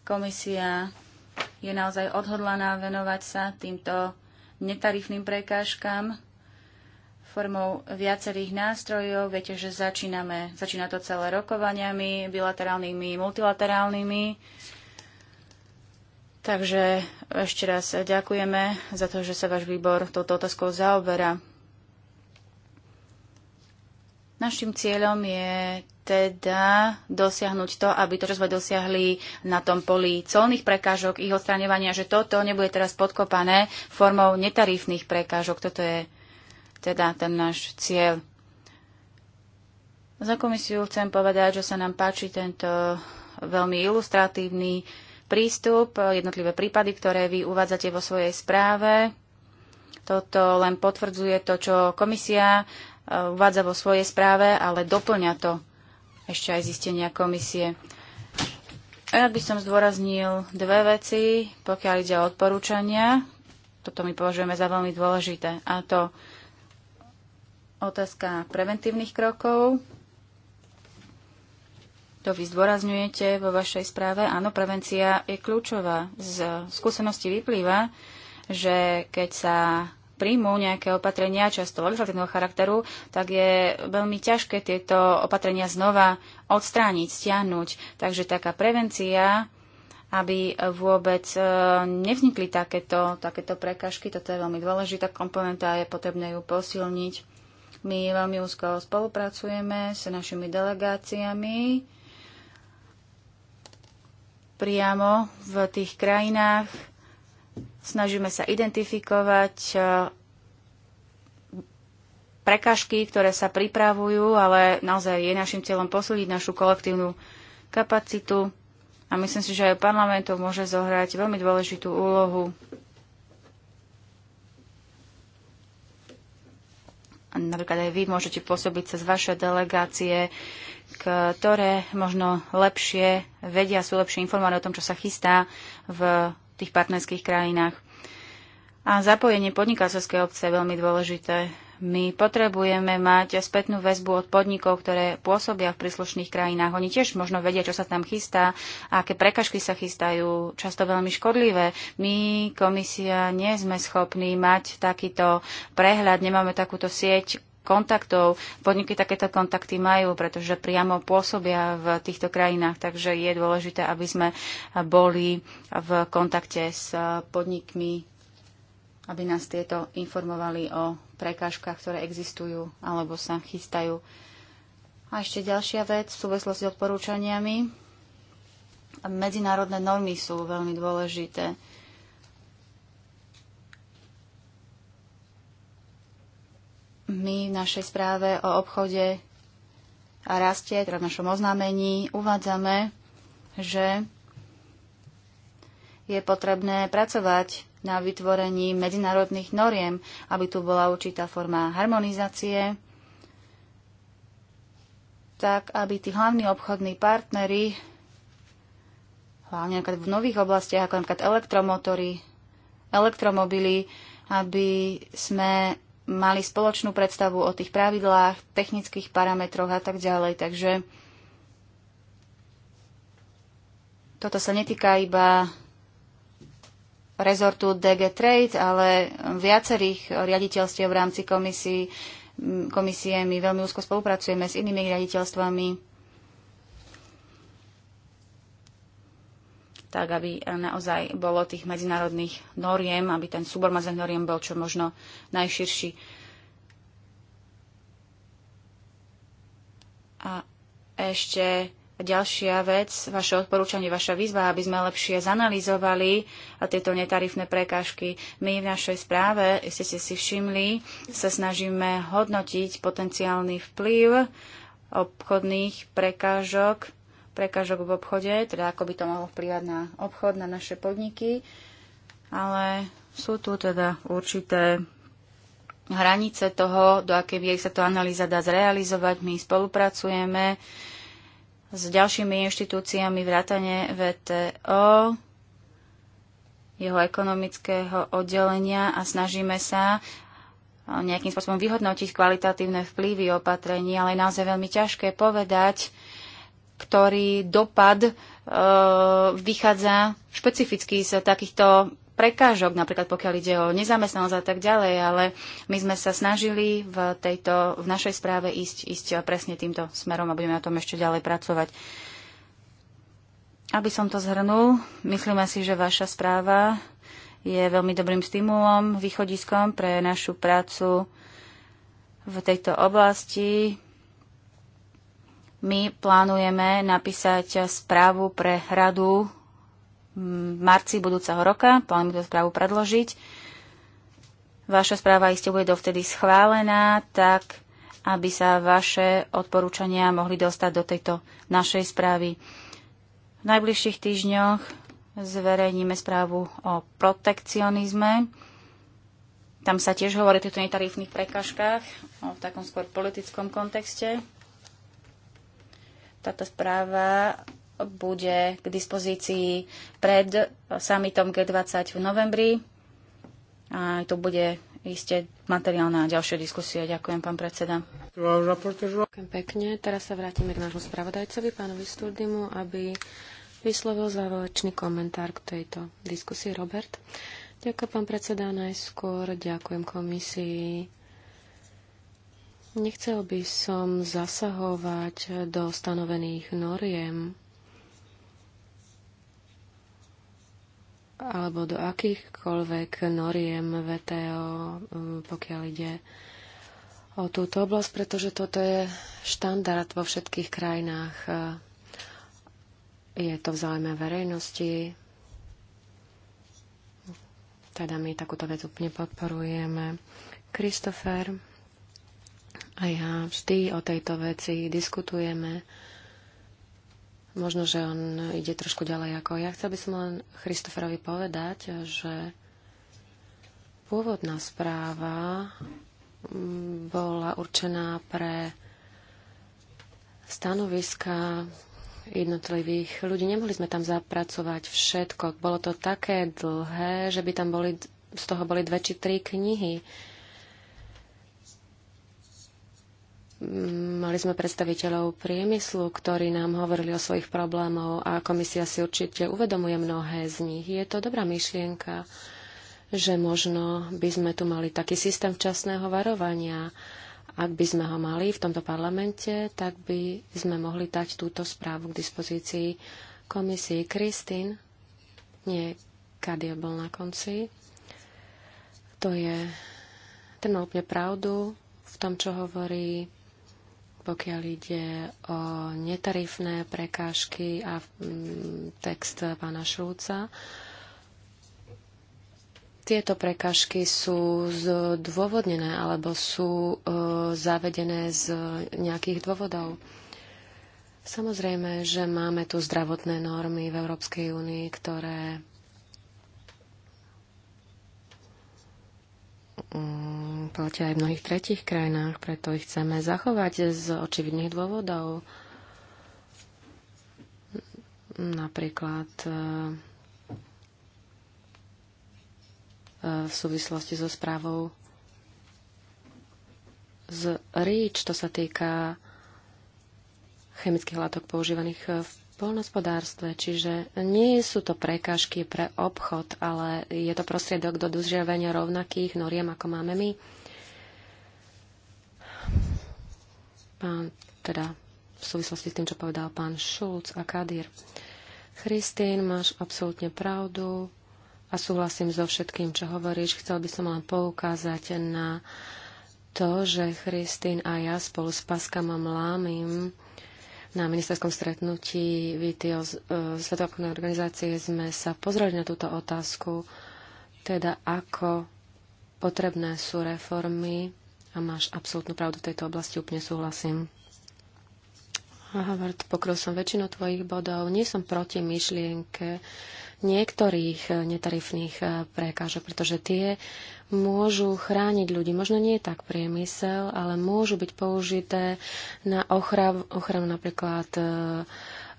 Komisia je naozaj odhodlaná venovať sa týmto netarifným prekážkam formou viacerých nástrojov. Viete, že začíname, začína to celé rokovaniami, bilaterálnymi, multilaterálnymi. Takže ešte raz ďakujeme za to, že sa váš výbor touto otázkou zaoberá. Našim cieľom je teda dosiahnuť to, aby to, čo sme dosiahli na tom poli colných prekážok, ich odstraňovania, že toto nebude teraz podkopané formou netarifných prekážok. Toto je teda ten náš cieľ. Za komisiu chcem povedať, že sa nám páči tento veľmi ilustratívny prístup, jednotlivé prípady, ktoré vy uvádzate vo svojej správe. Toto len potvrdzuje to, čo komisia uvádza vo svojej správe, ale doplňa to ešte aj zistenia komisie. Rád by som zdôraznil dve veci, pokiaľ ide o odporúčania. Toto my považujeme za veľmi dôležité. A to otázka preventívnych krokov. To vy zdôrazňujete vo vašej správe. Áno, prevencia je kľúčová. Z skúsenosti vyplýva, že keď sa príjmú nejaké opatrenia, často legislatívneho charakteru, tak je veľmi ťažké tieto opatrenia znova odstrániť, stiahnuť. Takže taká prevencia, aby vôbec e, nevznikli takéto, takéto prekažky, toto je veľmi dôležitá komponenta a je potrebné ju posilniť. My veľmi úzko spolupracujeme s našimi delegáciami priamo v tých krajinách Snažíme sa identifikovať e, prekažky, ktoré sa pripravujú, ale naozaj je našim cieľom posúdiť našu kolektívnu kapacitu a myslím si, že aj parlamentu môže zohrať veľmi dôležitú úlohu. Napríklad aj vy môžete pôsobiť cez vaše delegácie, ktoré možno lepšie vedia, sú lepšie informované o tom, čo sa chystá v tých partnerských krajinách. A zapojenie podnikateľskej obce je veľmi dôležité. My potrebujeme mať spätnú väzbu od podnikov, ktoré pôsobia v príslušných krajinách. Oni tiež možno vedia, čo sa tam chystá, a aké prekažky sa chystajú, často veľmi škodlivé. My, komisia, nie sme schopní mať takýto prehľad, nemáme takúto sieť kontaktov. Podniky takéto kontakty majú, pretože priamo pôsobia v týchto krajinách, takže je dôležité, aby sme boli v kontakte s podnikmi, aby nás tieto informovali o prekážkach, ktoré existujú alebo sa chystajú. A ešte ďalšia vec v súvislosti s odporúčaniami. Medzinárodné normy sú veľmi dôležité My v našej správe o obchode a raste, teda v našom oznámení, uvádzame, že je potrebné pracovať na vytvorení medzinárodných noriem, aby tu bola určitá forma harmonizácie, tak aby tí hlavní obchodní partnery, hlavne napríklad v nových oblastiach, ako napríklad elektromotory, elektromobily, aby sme mali spoločnú predstavu o tých pravidlách, technických parametroch a tak ďalej. Takže toto sa netýka iba rezortu DG Trade, ale viacerých riaditeľstiev v rámci komisii, komisie. My veľmi úzko spolupracujeme s inými riaditeľstvami tak aby eh, naozaj bolo tých medzinárodných noriem, aby ten súbor medzinárodných noriem bol čo možno najširší. A ešte ďalšia vec, vaše odporúčanie, vaša výzva, aby sme lepšie zanalizovali eh, tieto netarifné prekážky. My v našej správe, ste ste si všimli, sa snažíme hodnotiť potenciálny vplyv obchodných prekážok prekážok v obchode, teda ako by to mohlo vplyvať na obchod, na naše podniky, ale sú tu teda určité hranice toho, do akej miery sa to analýza dá zrealizovať. My spolupracujeme s ďalšími inštitúciami vrátane VTO, jeho ekonomického oddelenia a snažíme sa nejakým spôsobom vyhodnotiť kvalitatívne vplyvy opatrení, ale je naozaj veľmi ťažké povedať, ktorý dopad e, vychádza špecificky z takýchto prekážok, napríklad pokiaľ ide o nezamestnanosť a tak ďalej, ale my sme sa snažili v, tejto, v našej správe ísť, ísť presne týmto smerom a budeme na tom ešte ďalej pracovať. Aby som to zhrnul, myslíme si, že vaša správa je veľmi dobrým stimulom, východiskom pre našu prácu v tejto oblasti. My plánujeme napísať správu pre radu v marci budúceho roka. Plánujeme tú správu predložiť. Vaša správa iste bude dovtedy schválená, tak aby sa vaše odporúčania mohli dostať do tejto našej správy. V najbližších týždňoch zverejníme správu o protekcionizme. Tam sa tiež hovorí o týchto netarifných prekažkách, o takom skôr politickom kontexte. Táto správa bude k dispozícii pred summitom G20 v novembri. A tu bude iste materiál na ďalšie diskusie. Ďakujem, pán predseda. Ďakujem pekne. Teraz sa vrátime k nášmu spravodajcovi, pánovi Sturdimu, aby vyslovil záverečný komentár k tejto diskusii. Robert. Ďakujem, pán predseda, najskôr. Ďakujem komisii Nechcel by som zasahovať do stanovených noriem alebo do akýchkoľvek noriem VTO, mm, pokiaľ ide o túto oblasť, pretože toto je štandard vo všetkých krajinách. Je to v záujme verejnosti, teda my takúto vec úplne podporujeme. Christopher. A ja vždy o tejto veci diskutujeme. Možno, že on ide trošku ďalej ako ja. Chcel by som len Christopherovi povedať, že pôvodná správa mm, bola určená pre stanoviska jednotlivých ľudí. Nemohli sme tam zapracovať všetko. Bolo to také dlhé, že by tam boli, z toho boli dve či tri knihy. Mali sme predstaviteľov priemyslu, ktorí nám hovorili o svojich problémoch a komisia si určite uvedomuje mnohé z nich. Je to dobrá myšlienka, že možno by sme tu mali taký systém včasného varovania. Ak by sme ho mali v tomto parlamente, tak by sme mohli dať túto správu k dispozícii komisii. Kristin, nie, Kadia bol na konci. To je, ten má úplne pravdu v tom, čo hovorí pokiaľ ide o netarifné prekážky a mm, text pána Šrúca. Tieto prekážky sú zdôvodnené alebo sú e, zavedené z nejakých dôvodov. Samozrejme, že máme tu zdravotné normy v Európskej únii, ktoré Mm, platia aj v mnohých tretich krajinách, preto ich chceme zachovať z očividných dôvodov. Napríklad e, e, v súvislosti so správou z REACH, to sa týka chemických látok používaných v polnospodárstve, čiže nie sú to prekážky pre obchod, ale je to prostriedok do dodržiavania rovnakých noriem, ako máme my. A teda v súvislosti s tým, čo povedal pán Šulc a Kadir. Christine, máš absolútne pravdu a súhlasím so všetkým, čo hovoríš. Chcel by som len poukázať na to, že Christine a ja spolu s Paskama Mlámim na ministerskom stretnutí VTO e, Svetovnej organizácie sme sa pozreli na túto otázku, teda ako potrebné sú reformy a máš absolútnu pravdu v tejto oblasti, úplne súhlasím. Havard, pokryl som väčšinu tvojich bodov. Nie som proti myšlienke niektorých eh, netarifných eh, prekážok, pretože tie môžu chrániť ľudí. Možno nie je tak priemysel, ale môžu byť použité na ochranu ochranu napríklad eh,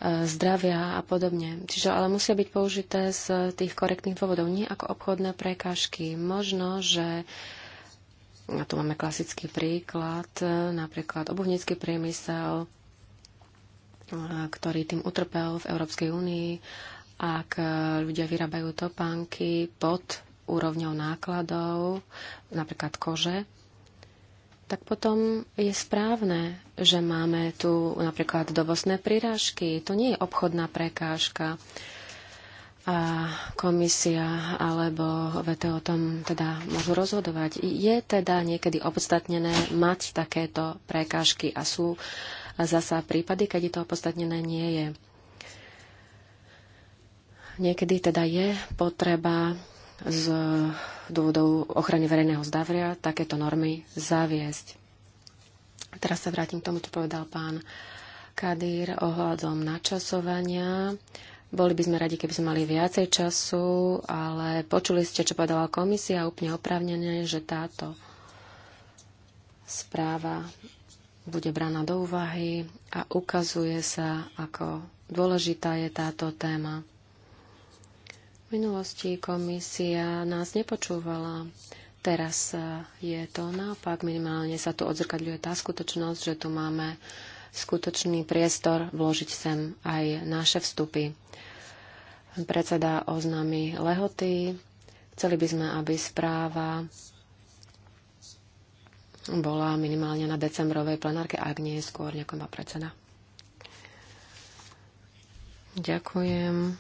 zdravia a podobne. Čiže ale musia byť použité z tých korektných dôvodov, nie ako obchodné prekážky. Možno, že a tu máme klasický príklad, napríklad obuvnícky priemysel, ktorý tým utrpel v Európskej únii, ak ľudia vyrábajú topánky pod úrovňou nákladov, napríklad kože, tak potom je správne, že máme tu napríklad dovozné prírážky. To nie je obchodná prekážka. A komisia alebo VTO o tom teda môžu rozhodovať. Je teda niekedy opodstatnené mať takéto prekážky a sú uh, a zasa prípady, keď to opodstatnené nie je. Niekedy teda je potreba z dôvodov ochrany verejného zdravia takéto normy zaviesť. Teraz sa vrátim k tomu, čo povedal pán Kadír ohľadom načasovania. Boli by sme radi, keby sme mali viacej času, ale počuli ste, čo povedala komisia úplne oprávnene, že táto správa bude braná do úvahy a ukazuje sa, ako dôležitá je táto téma. V minulosti komisia nás nepočúvala. Teraz je to naopak. Minimálne sa tu odzrkadľuje tá skutočnosť, že tu máme skutočný priestor vložiť sem aj naše vstupy. Predseda oznámi lehoty. Chceli by sme, aby správa bola minimálne na decembrovej plenárke, ak nie skôr, ďakujem pán predseda. Ďakujem.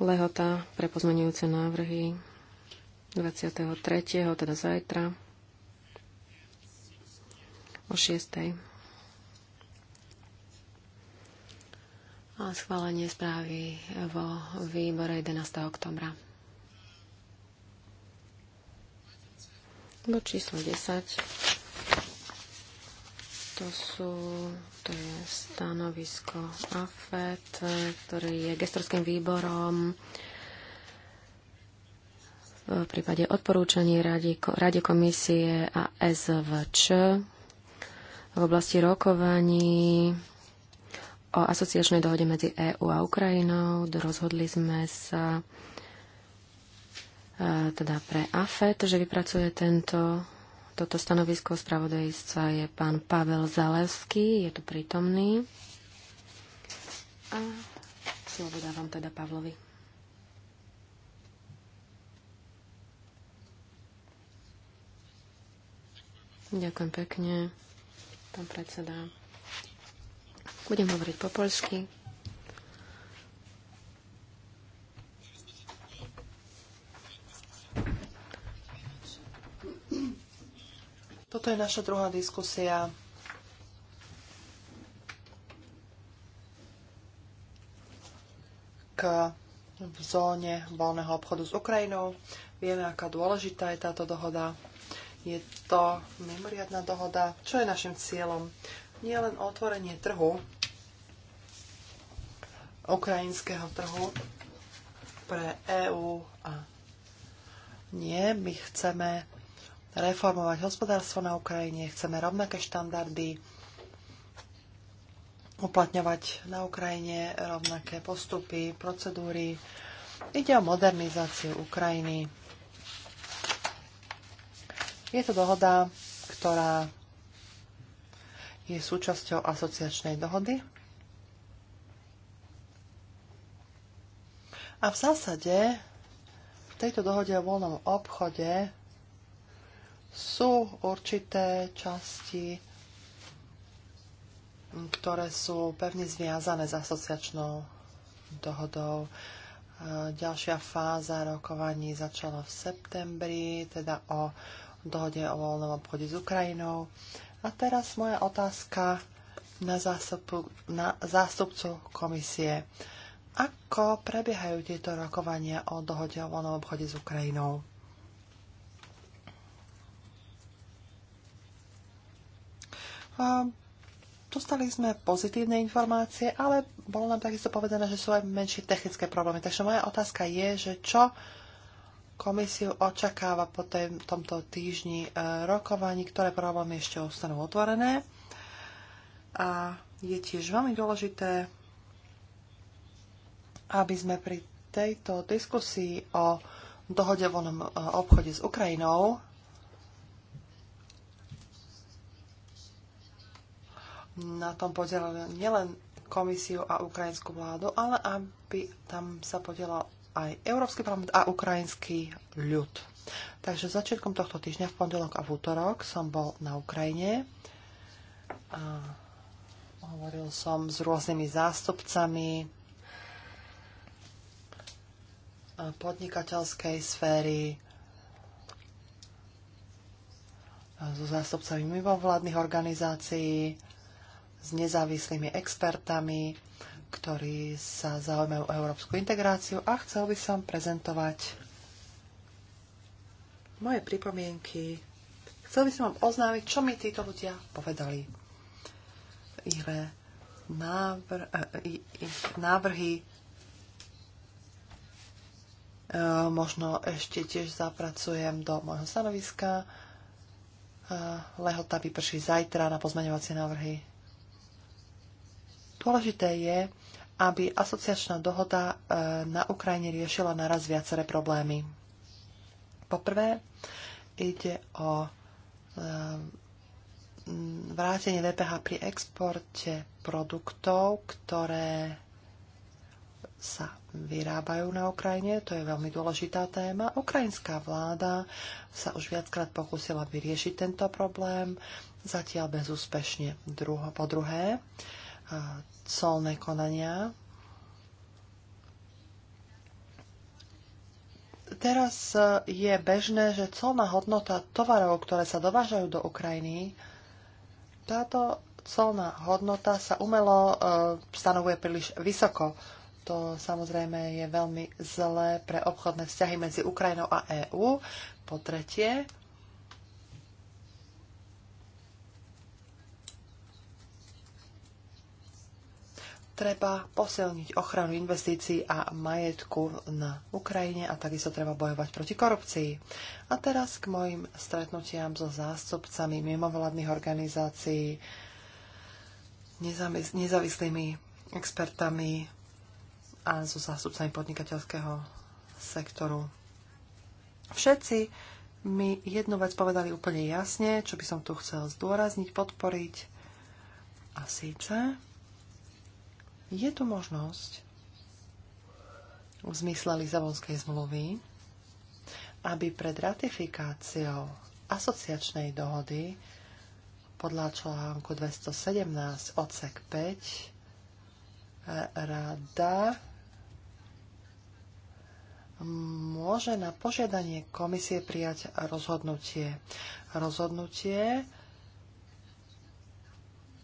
Lehota pre pozmenujúce návrhy 23. teda zajtra o 6. A schválenie správy vo výbore 11. oktobra. Bod číslo 10. To, sú, to je stanovisko AFET, ktorý je gestorským výborom v prípade odporúčaní Rade, Rade komisie a SVČ v oblasti rokovaní o asociačnej dohode medzi EÚ a Ukrajinou. Rozhodli sme sa teda pre AFET, že vypracuje tento, toto stanovisko spravodajstva je pán Pavel Zalevský, je tu prítomný. A slovo dávam teda Pavlovi. Ďakujem pekne, pán predseda. Budem hovoriť po poľsky. Toto je naša druhá diskusia. K v zóne voľného obchodu s Ukrajinou. Vieme, aká dôležitá je táto dohoda. Je to mimoriadná dohoda. Čo je našim cieľom? Nie len otvorenie trhu, ukrajinského trhu pre EÚ a nie, my chceme reformovať hospodárstvo na Ukrajine, chceme rovnaké štandardy, uplatňovať na Ukrajine rovnaké postupy, procedúry. Ide o modernizáciu Ukrajiny. Je to dohoda, ktorá je súčasťou asociačnej dohody. A v zásade v tejto dohode o voľnom obchode sú určité časti, ktoré sú pevne zviazané s asociačnou dohodou. E, ďalšia fáza rokovaní začala v septembri, teda o dohode o voľnom obchode s Ukrajinou. A teraz moja otázka na, zástupu, na zástupcu komisie. Ako prebiehajú tieto rokovania o dohode o voľnom obchode s Ukrajinou? Dostali sme pozitívne informácie, ale bolo nám takisto povedané, že sú aj menšie technické problémy. Takže moja otázka je, že čo komisiu očakáva po tém, tomto týždni e, rokovaní, ktoré problémy ešte ostanú otvorené. A je tiež veľmi dôležité, aby sme pri tejto diskusii o dohode voľnom e, obchode s Ukrajinou na tom podielali nielen komisiu a ukrajinskú vládu, ale aby tam sa podielal aj Európsky parlament a ukrajinský ľud. Takže začiatkom tohto týždňa v pondelok a v útorok som bol na Ukrajine a hovoril som s rôznymi zástupcami podnikateľskej sféry, so zástupcami mimovládnych organizácií, s nezávislými expertami, ktorí sa zaujímajú o európsku integráciu a chcel by som prezentovať moje pripomienky. Chcel by som vám oznámiť, čo mi títo ľudia povedali. Ich eh, návr, eh, ich návrhy eh, možno ešte tiež zapracujem do môjho stanoviska. Lehota vyprší zajtra na pozmeňovacie návrhy Dôležité je, aby asociačná dohoda e, na Ukrajine riešila naraz viaceré problémy. Poprvé ide o e, vrátenie DPH pri exporte produktov, ktoré sa vyrábajú na Ukrajine. To je veľmi dôležitá téma. Ukrajinská vláda sa už viackrát pokúsila vyriešiť tento problém, zatiaľ bezúspešne. Druho, po druhé, colné konania. Teraz e, je bežné, že colná hodnota tovarov, ktoré sa dovážajú do Ukrajiny, táto colná hodnota sa umelo e, stanovuje príliš vysoko. To samozrejme je veľmi zlé pre obchodné vzťahy medzi Ukrajinou a EÚ. Po tretie, treba posilniť ochranu investícií a majetku na Ukrajine a takisto treba bojovať proti korupcii. A teraz k mojim stretnutiam so zástupcami mimovládnych organizácií, nezávislými expertami a so zástupcami podnikateľského sektoru. Všetci mi jednu vec povedali úplne jasne, čo by som tu chcel zdôrazniť, podporiť. A síce, je tu možnosť v zmysle Lizabonskej zmluvy, aby pred ratifikáciou asociačnej dohody podľa článku 217 odsek 5 e, rada môže na požiadanie komisie prijať rozhodnutie. Rozhodnutie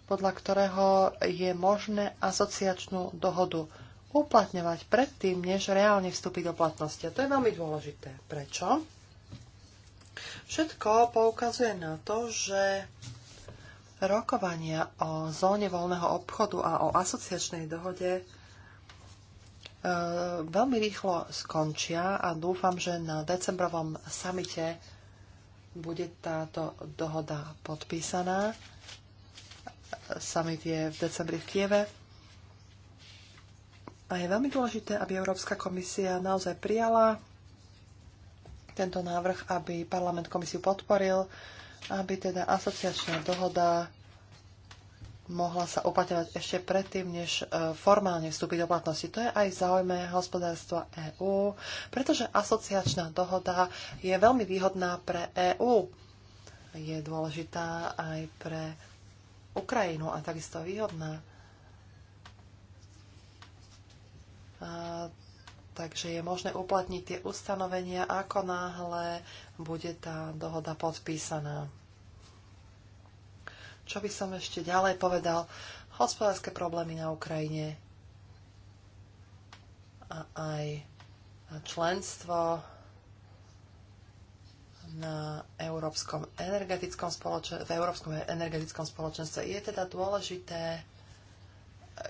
podľa ktorého je možné asociačnú dohodu uplatňovať predtým, než reálne vstúpiť do platnosti. A to je veľmi dôležité. Prečo? Všetko poukazuje na to, že rokovania o zóne voľného obchodu a o asociačnej dohode e, veľmi rýchlo skončia a dúfam, že na decembrovom samite bude táto dohoda podpísaná. Summit je v decembri v Kieve. A je veľmi dôležité, aby Európska komisia naozaj prijala tento návrh, aby parlament komisiu podporil, aby teda asociačná dohoda mohla sa opaťovať ešte predtým, než e, formálne vstúpiť do platnosti. To je aj v záujme hospodárstva EÚ, pretože asociačná dohoda je veľmi výhodná pre EÚ. Je dôležitá aj pre Ukrajinu a takisto výhodná. A, takže je možné uplatniť tie ustanovenia, ako náhle bude tá dohoda podpísaná. Čo by som ešte ďalej povedal? Hospodárske problémy na Ukrajine a aj členstvo na Európskom energetickom spoločenstve, v Európskom energetickom spoločenstve. Je teda dôležité,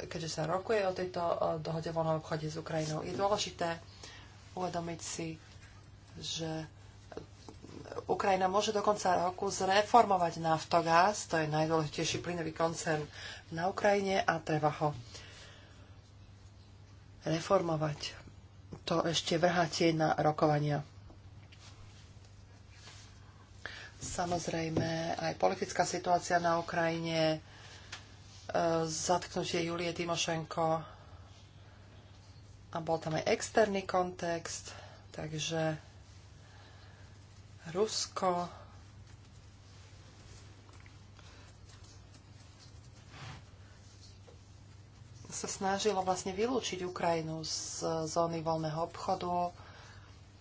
keďže sa rokuje o tejto dohode voľnom obchode s Ukrajinou, je dôležité uvedomiť si, že Ukrajina môže do konca roku zreformovať Naftogaz, to je najdôležitejší plynový koncern na Ukrajine a treba ho reformovať. To ešte tie na rokovania. Samozrejme, aj politická situácia na Ukrajine, e, zatknutie Julie Timošenko a bol tam aj externý kontext, takže Rusko sa snažilo vlastne vylúčiť Ukrajinu z zóny voľného obchodu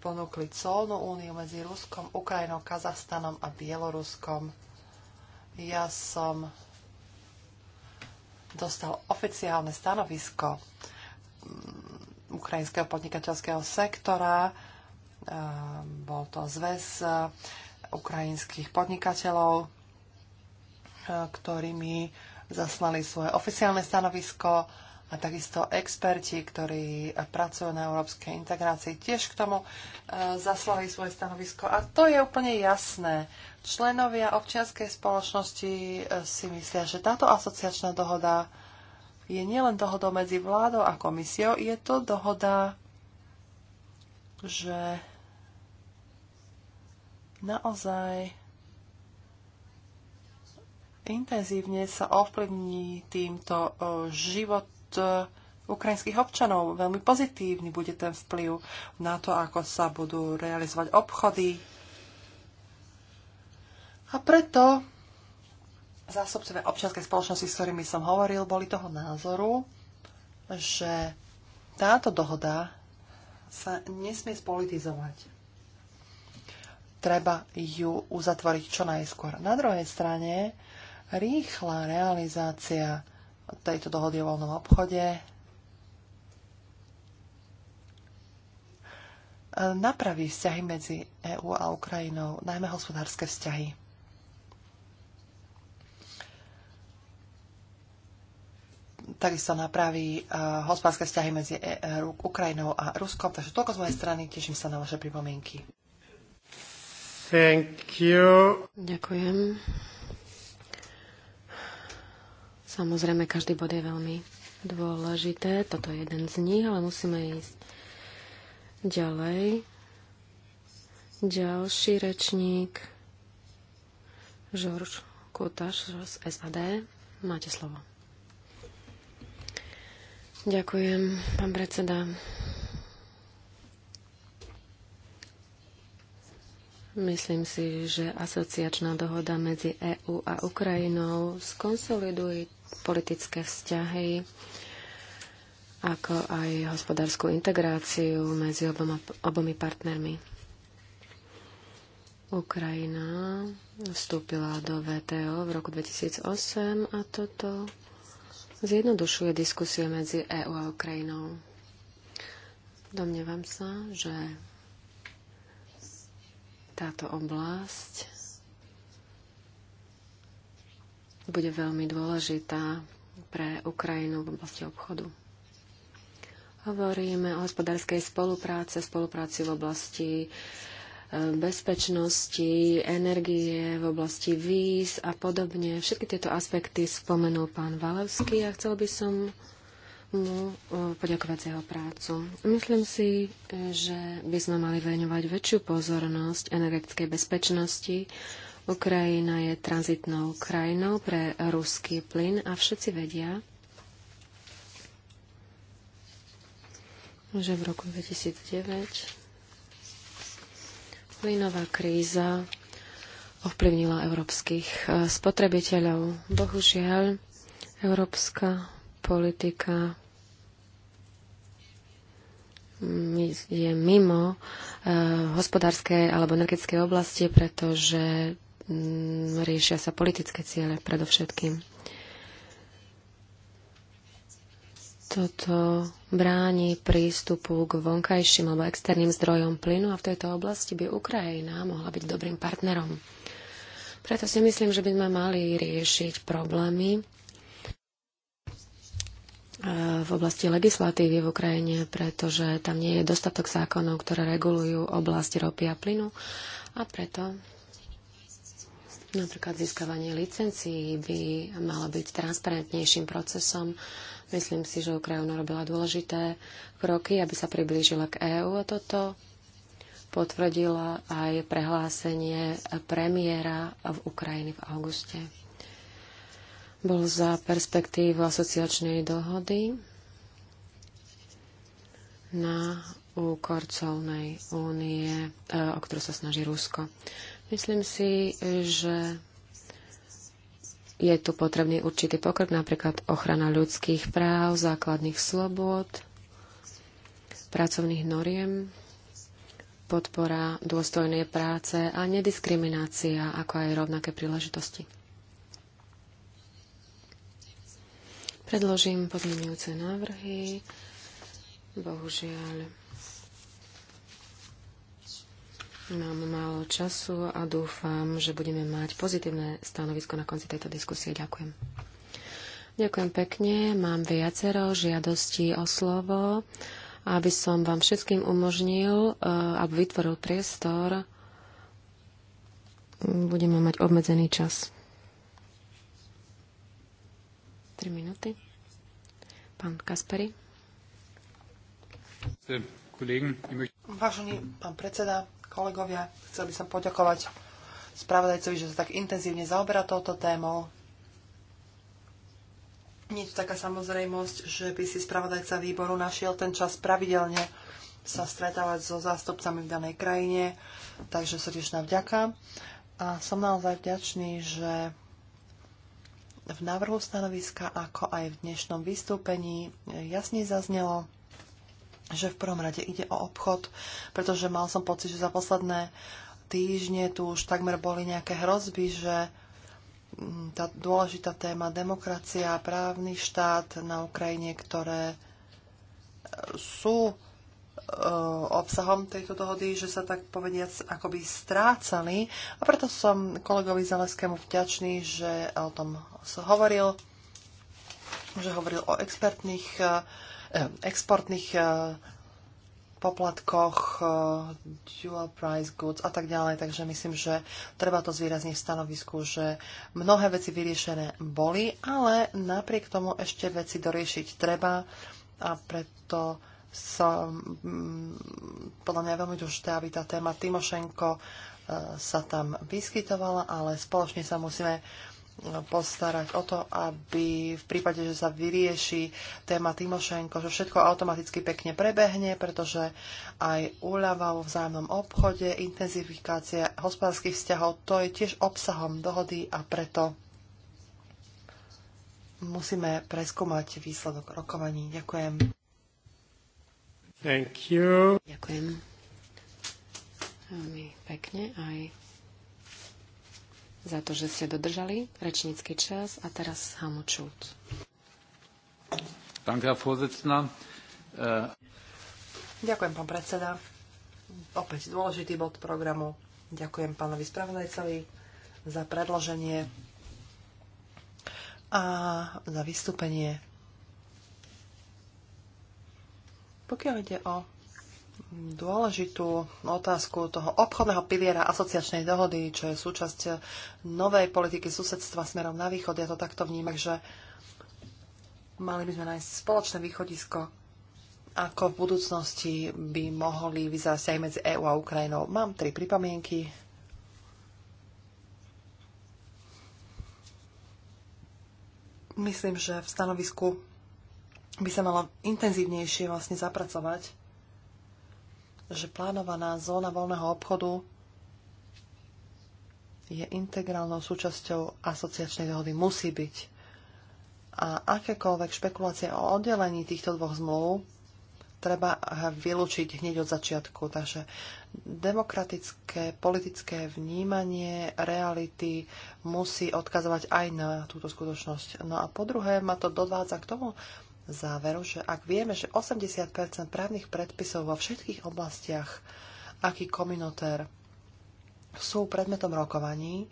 ponúkli colnú úniu medzi Ruskom, Ukrajinou, Kazachstanom a Bieloruskom. Ja som dostal oficiálne stanovisko mm, ukrajinského podnikateľského sektora. E, bol to zväz e, ukrajinských podnikateľov, e, ktorými zaslali svoje oficiálne stanovisko a takisto experti, ktorí pracujú na európskej integrácii, tiež k tomu e, zaslali svoje stanovisko. A to je úplne jasné. Členovia občianskej spoločnosti e, si myslia, že táto asociačná dohoda je nielen dohodou medzi vládou a komisiou, je to dohoda, že naozaj intenzívne sa ovplyvní týmto e, život Eh, ukrajinských občanov. Veľmi pozitívny bude ten vplyv na to, ako sa budú realizovať obchody. A preto zásobcovia občianskej spoločnosti, s ktorými som hovoril, boli toho názoru, že táto dohoda sa nesmie spolitizovať. Treba ju uzatvoriť čo najskôr. Na druhej strane, rýchla realizácia tejto dohody o voľnom obchode. Napraví vzťahy medzi EÚ a Ukrajinou, najmä hospodárske vzťahy. Takisto napraví uh, hospodárske vzťahy medzi e- Ukrajinou a Ruskom. Takže toľko z mojej strany. Teším sa na vaše pripomienky. Thank you. Ďakujem. Samozrejme, každý bod je veľmi dôležité. Toto je jeden z nich, ale musíme ísť ďalej. Ďalší rečník, Žorž Kutaš z SAD. Máte slovo. Ďakujem, pán predseda. Myslím si, že asociačná dohoda medzi EÚ a Ukrajinou skonsoliduje politické vzťahy, ako aj hospodárskú integráciu medzi oboma, obomi partnermi. Ukrajina vstúpila do VTO v roku 2008 a toto zjednodušuje diskusie medzi EÚ a Ukrajinou. Domnievam sa, že táto oblasť bude veľmi dôležitá pre Ukrajinu v oblasti obchodu. Hovoríme o hospodárskej spolupráce, spolupráci v oblasti e, bezpečnosti, energie, v oblasti víz a podobne. Všetky tieto aspekty spomenul pán Valevský a chcel by som mu e, poďakovať za jeho prácu. Myslím si, e, že by sme mali venovať väčšiu pozornosť energetickej bezpečnosti Ukrajina je tranzitnou krajinou pre ruský plyn a všetci vedia, že v roku 2009 plynová kríza ovplyvnila európskych e, spotrebiteľov. Bohužiaľ, európska politika je mimo e, hospodárskej alebo energetickej oblasti, pretože Mm, riešia sa politické ciele predovšetkým. Toto bráni prístupu k vonkajším alebo externým zdrojom plynu a v tejto oblasti by Ukrajina mohla byť dobrým partnerom. Preto si myslím, že by sme mali riešiť problémy e, v oblasti legislatívy v Ukrajine, pretože tam nie je dostatok zákonov, ktoré regulujú oblasti ropy a plynu a preto Napríklad získavanie licencií by malo byť transparentnejším procesom. Myslím si, že Ukrajina robila dôležité kroky, aby sa priblížila k EÚ a toto potvrdila aj prehlásenie premiéra v Ukrajine v auguste. Bol za perspektívu asociačnej dohody na úkor únie, e, o ktorú sa snaží Rusko. Myslím si, že je tu potrebný určitý pokrok, napríklad ochrana ľudských práv, základných slobod, pracovných noriem, podpora dôstojnej práce a nediskriminácia, ako aj rovnaké príležitosti. Predložím podmienujúce návrhy. Bohužiaľ, Mám málo času a dúfam, že budeme mať pozitívne stanovisko na konci tejto diskusie. Ďakujem. Ďakujem pekne. Mám viacero žiadostí o slovo, aby som vám všetkým umožnil, e, aby vytvoril priestor. Budeme mať obmedzený čas. 3 minúty. Pán Kaspery. Vážený pán predseda, kolegovia. Chcel by som poďakovať spravodajcovi, že sa tak intenzívne zaoberá touto témou. Nie je to taká samozrejmosť, že by si spravodajca výboru našiel ten čas pravidelne sa stretávať so zástupcami v danej krajine. Takže srdečná vďaka. A som naozaj vďačný, že v návrhu stanoviska, ako aj v dnešnom vystúpení jasne zaznelo, že v prvom rade ide o obchod, pretože mal som pocit, že za posledné týždne tu už takmer boli nejaké hrozby, že mm, tá dôležitá téma demokracia a právny štát na Ukrajine, ktoré e, sú e, obsahom tejto dohody, že sa tak povediac akoby strácali. A preto som kolegovi Zaleskému vďačný, že o tom hovoril, že hovoril o expertných e, Eh, exportných eh, poplatkoch, eh, dual price goods a tak ďalej. Takže myslím, že treba to zvýrazniť v stanovisku, že mnohé veci vyriešené boli, ale napriek tomu ešte veci doriešiť treba a preto som mm, podľa mňa veľmi dôležité, aby tá téma Timošenko sa tam vyskytovala, ale spoločne sa musíme postarať o to, aby v prípade, že sa vyrieši téma Timošenko, že všetko automaticky pekne prebehne, pretože aj úľava vo vzájomnom obchode, intenzifikácia hospodárskych vzťahov, to je tiež obsahom dohody a preto musíme preskúmať výsledok rokovaní. Ďakujem. Thank you. Ďakujem. Veľmi pekne aj za to, že ste dodržali rečnícky čas. A teraz Hamu Čult. Äh, Ďakujem, pán predseda. Opäť dôležitý bod programu. Ďakujem pánovi spravodajcovi za predloženie a za vystúpenie. Pokiaľ ide o dôležitú otázku toho obchodného piliera asociačnej dohody, čo je súčasť novej politiky susedstva smerom na východ. Ja to takto vnímam, že mali by sme nájsť spoločné východisko, ako v budúcnosti by mohli vyzerať aj medzi EÚ a Ukrajinou. Mám tri pripomienky. Myslím, že v stanovisku by sa malo intenzívnejšie vlastne zapracovať že plánovaná zóna voľného obchodu je integrálnou súčasťou asociačnej dohody. Musí byť. A akékoľvek špekulácie o oddelení týchto dvoch zmluv treba vylúčiť hneď od začiatku. Takže demokratické, politické vnímanie reality musí odkazovať aj na túto skutočnosť. No a po druhé ma to dodvádza k tomu, záveru, že ak vieme, že 80 právnych predpisov vo všetkých oblastiach, aký kominotér sú predmetom rokovaní, e,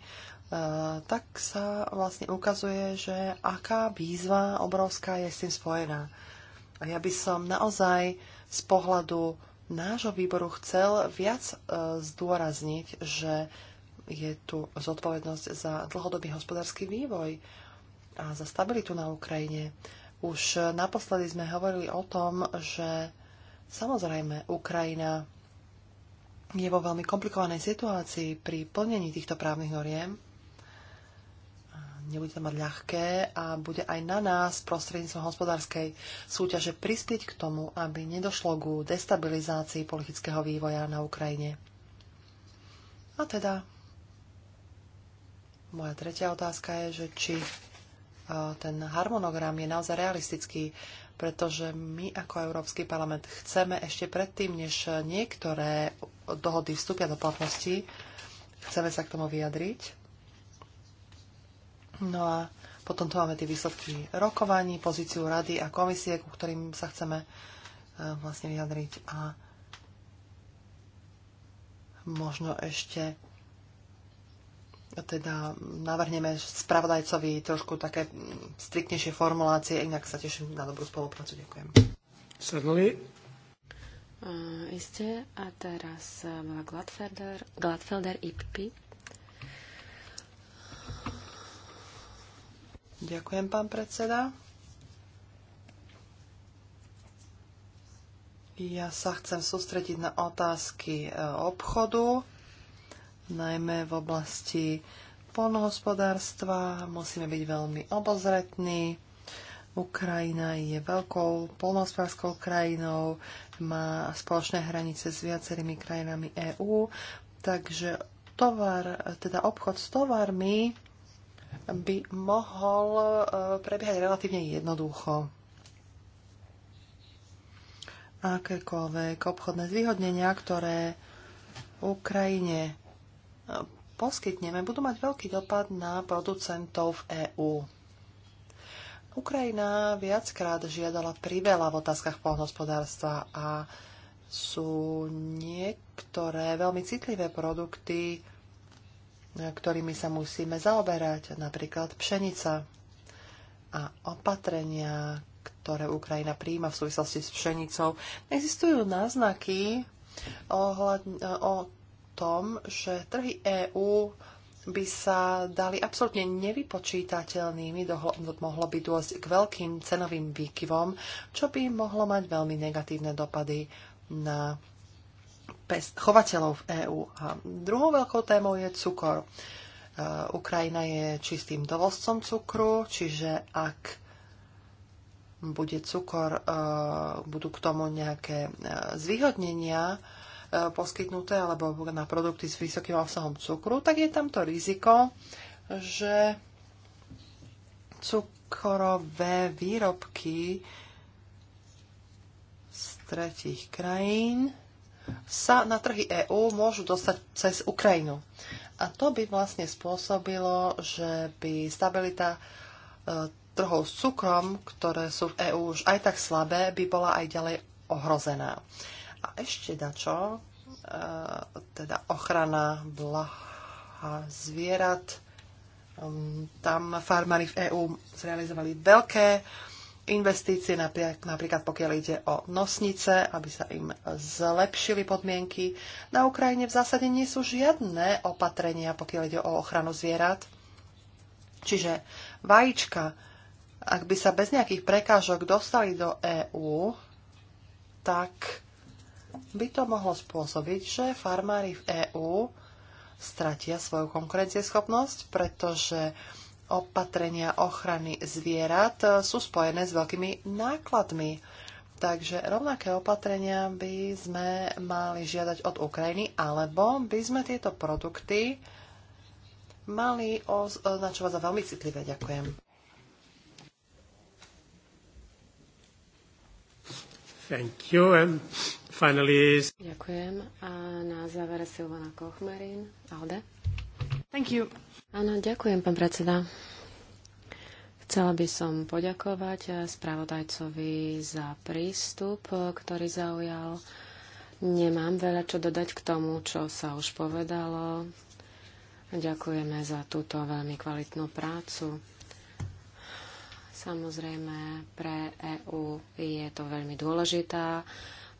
tak sa vlastne ukazuje, že aká výzva obrovská je s tým spojená. A ja by som naozaj z pohľadu nášho výboru chcel viac e, zdôrazniť, že je tu zodpovednosť za dlhodobý hospodársky vývoj a za stabilitu na Ukrajine. Už naposledy sme hovorili o tom, že samozrejme Ukrajina je vo veľmi komplikovanej situácii pri plnení týchto právnych noriem. Nebude to mať ľahké a bude aj na nás prostredníctvom hospodárskej súťaže prispieť k tomu, aby nedošlo ku destabilizácii politického vývoja na Ukrajine. A teda moja tretia otázka je, že či ten harmonogram je naozaj realistický, pretože my ako Európsky parlament chceme ešte predtým, než niektoré dohody vstúpia do platnosti, chceme sa k tomu vyjadriť. No a potom tu máme tie výsledky rokovaní, pozíciu rady a komisie, ku ktorým sa chceme e, vlastne vyjadriť a možno ešte teda navrhneme spravodajcovi trošku také striktnejšie formulácie, inak sa teším na dobrú spoluprácu. Ďakujem. Sadli. Uh, isté. A teraz uh, Gladfelder, Gladfelder IPP. Ďakujem, pán predseda. Ja sa chcem sústrediť na otázky e, obchodu najmä v oblasti polnohospodárstva. Musíme byť veľmi obozretní. Ukrajina je veľkou polnohospodárskou krajinou, má spoločné hranice s viacerými krajinami EÚ, takže tovar, teda obchod s tovarmi by mohol e, prebiehať relatívne jednoducho. Akékoľvek obchodné zvýhodnenia, ktoré Ukrajine poskytneme, budú mať veľký dopad na producentov v EÚ. Ukrajina viackrát žiadala priveľa v otázkach poľnohospodárstva a sú niektoré veľmi citlivé produkty, ktorými sa musíme zaoberať, napríklad pšenica a opatrenia, ktoré Ukrajina príjma v súvislosti s pšenicou. Existujú náznaky ohľad, o tom, že trhy EÚ by sa dali absolútne nevypočítateľnými, mohlo by dôjsť k veľkým cenovým výkyvom, čo by mohlo mať veľmi negatívne dopady na chovateľov v EÚ. A druhou veľkou témou je cukor. E, Ukrajina je čistým dovozcom cukru, čiže ak bude cukor, e, budú k tomu nejaké e, zvýhodnenia, E, poskytnuté alebo na produkty s vysokým obsahom cukru, tak je tam to riziko, že cukrové výrobky z tretich krajín sa na trhy EÚ môžu dostať cez Ukrajinu. A to by vlastne spôsobilo, že by stabilita e, trhov s cukrom, ktoré sú v EÚ už aj tak slabé, by bola aj ďalej ohrozená ešte dačo, e, teda ochrana blaha zvierat. Tam farmári v EÚ zrealizovali veľké investície, napríklad pokiaľ ide o nosnice, aby sa im zlepšili podmienky. Na Ukrajine v zásade nie sú žiadne opatrenia, pokiaľ ide o ochranu zvierat. Čiže vajíčka, ak by sa bez nejakých prekážok dostali do EÚ, tak by to mohlo spôsobiť, že farmári v EÚ stratia svoju konkurencieschopnosť, pretože opatrenia ochrany zvierat e, sú spojené s veľkými nákladmi. Takže rovnaké opatrenia by sme mali žiadať od Ukrajiny, alebo by sme tieto produkty mali označovať za veľmi citlivé. Ďakujem. Thank you. And Ďakujem. A na záver Silvana Kochmerin. Alde. Thank you. Áno, ďakujem, pán predseda. Chcela by som poďakovať eh, spravodajcovi za prístup, eh, ktorý zaujal. Nemám veľa čo dodať k tomu, čo sa už povedalo. Ďakujeme za túto veľmi kvalitnú prácu. Samozrejme, pre EÚ je to veľmi dôležitá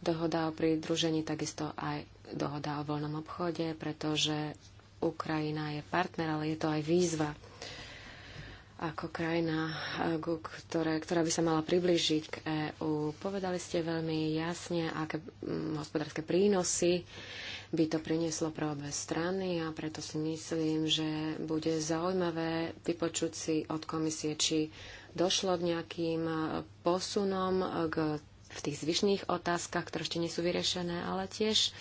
dohoda o pridružení, takisto aj dohoda o voľnom obchode, pretože Ukrajina je partner, ale je to aj výzva ako krajina, eh, ktoré, ktorá by sa mala priblížiť k EÚ. Povedali ste veľmi jasne, aké mm, hospodárske prínosy by to prinieslo pre obe strany a preto si myslím, že bude zaujímavé vypočuť si od komisie, či došlo k nejakým eh, posunom eh, k v tých zvyšných otázkach, ktoré ešte nie sú vyriešené, ale tiež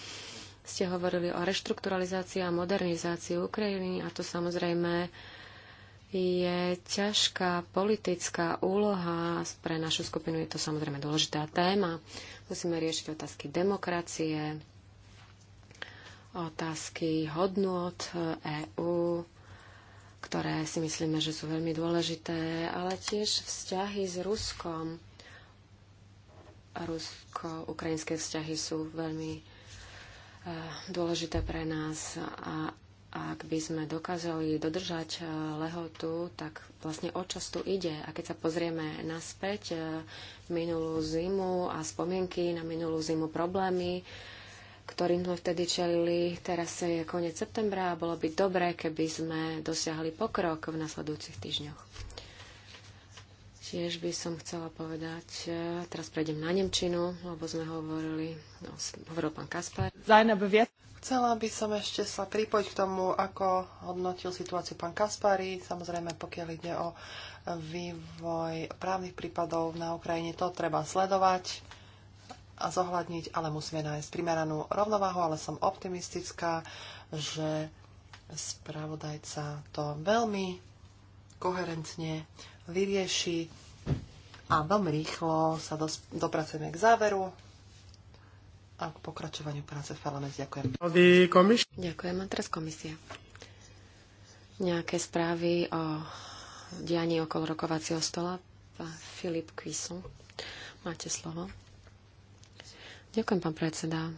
ste hovorili o reštrukturalizácii a modernizácii Ukrajiny a to samozrejme je ťažká politická úloha. Pre našu skupinu je to samozrejme dôležitá téma. Musíme riešiť otázky demokracie, otázky hodnot EÚ, ktoré si myslíme, že sú veľmi dôležité, ale tiež vzťahy s Ruskom rusko-ukrajinské vzťahy sú veľmi eh, dôležité pre nás a ak by sme dokázali dodržať eh, lehotu, tak vlastne o čas tu ide. A keď sa pozrieme naspäť eh, minulú zimu a spomienky na minulú zimu problémy, ktorým sme vtedy čelili, teraz je koniec septembra a bolo by dobré, keby sme dosiahli pokrok v nasledujúcich týždňoch. Tiež by som chcela povedať, e, teraz prejdem na Nemčinu, lebo sme hovorili, no, hovoril pán Kaspar. Chcela by som ešte sa pripojiť k tomu, ako hodnotil situáciu pán Kaspari. Samozrejme, pokiaľ ide o vývoj právnych prípadov na Ukrajine, to treba sledovať a zohľadniť, ale musíme nájsť primeranú rovnováhu, ale som optimistická, že spravodajca to veľmi koherentne vyrieši a veľmi rýchlo sa dos- dopracujeme k záveru a k pokračovaniu práce v parlamente. Ďakujem. Ďakujem. A teraz komisia. Nejaké správy o dianí okolo rokovacieho stola? Filip Kvisu, máte slovo. Ďakujem, pán predseda.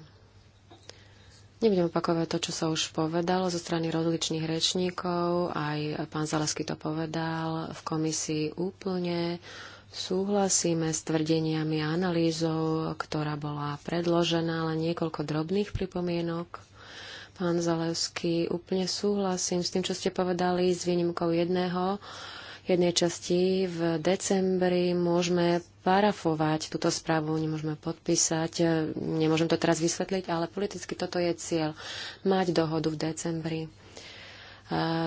Nebudem opakovať to, čo sa už povedalo zo strany rozličných rečníkov. Aj pán Zalesky to povedal v komisii úplne. Súhlasíme s tvrdeniami a analýzou, ktorá bola predložená, ale niekoľko drobných pripomienok. Pán Zalevský, úplne súhlasím s tým, čo ste povedali, s výnimkou jedného, jednej časti. V decembri môžeme parafovať túto správu, nemôžeme podpísať, nemôžem to teraz vysvetliť, ale politicky toto je cieľ. Mať dohodu v decembri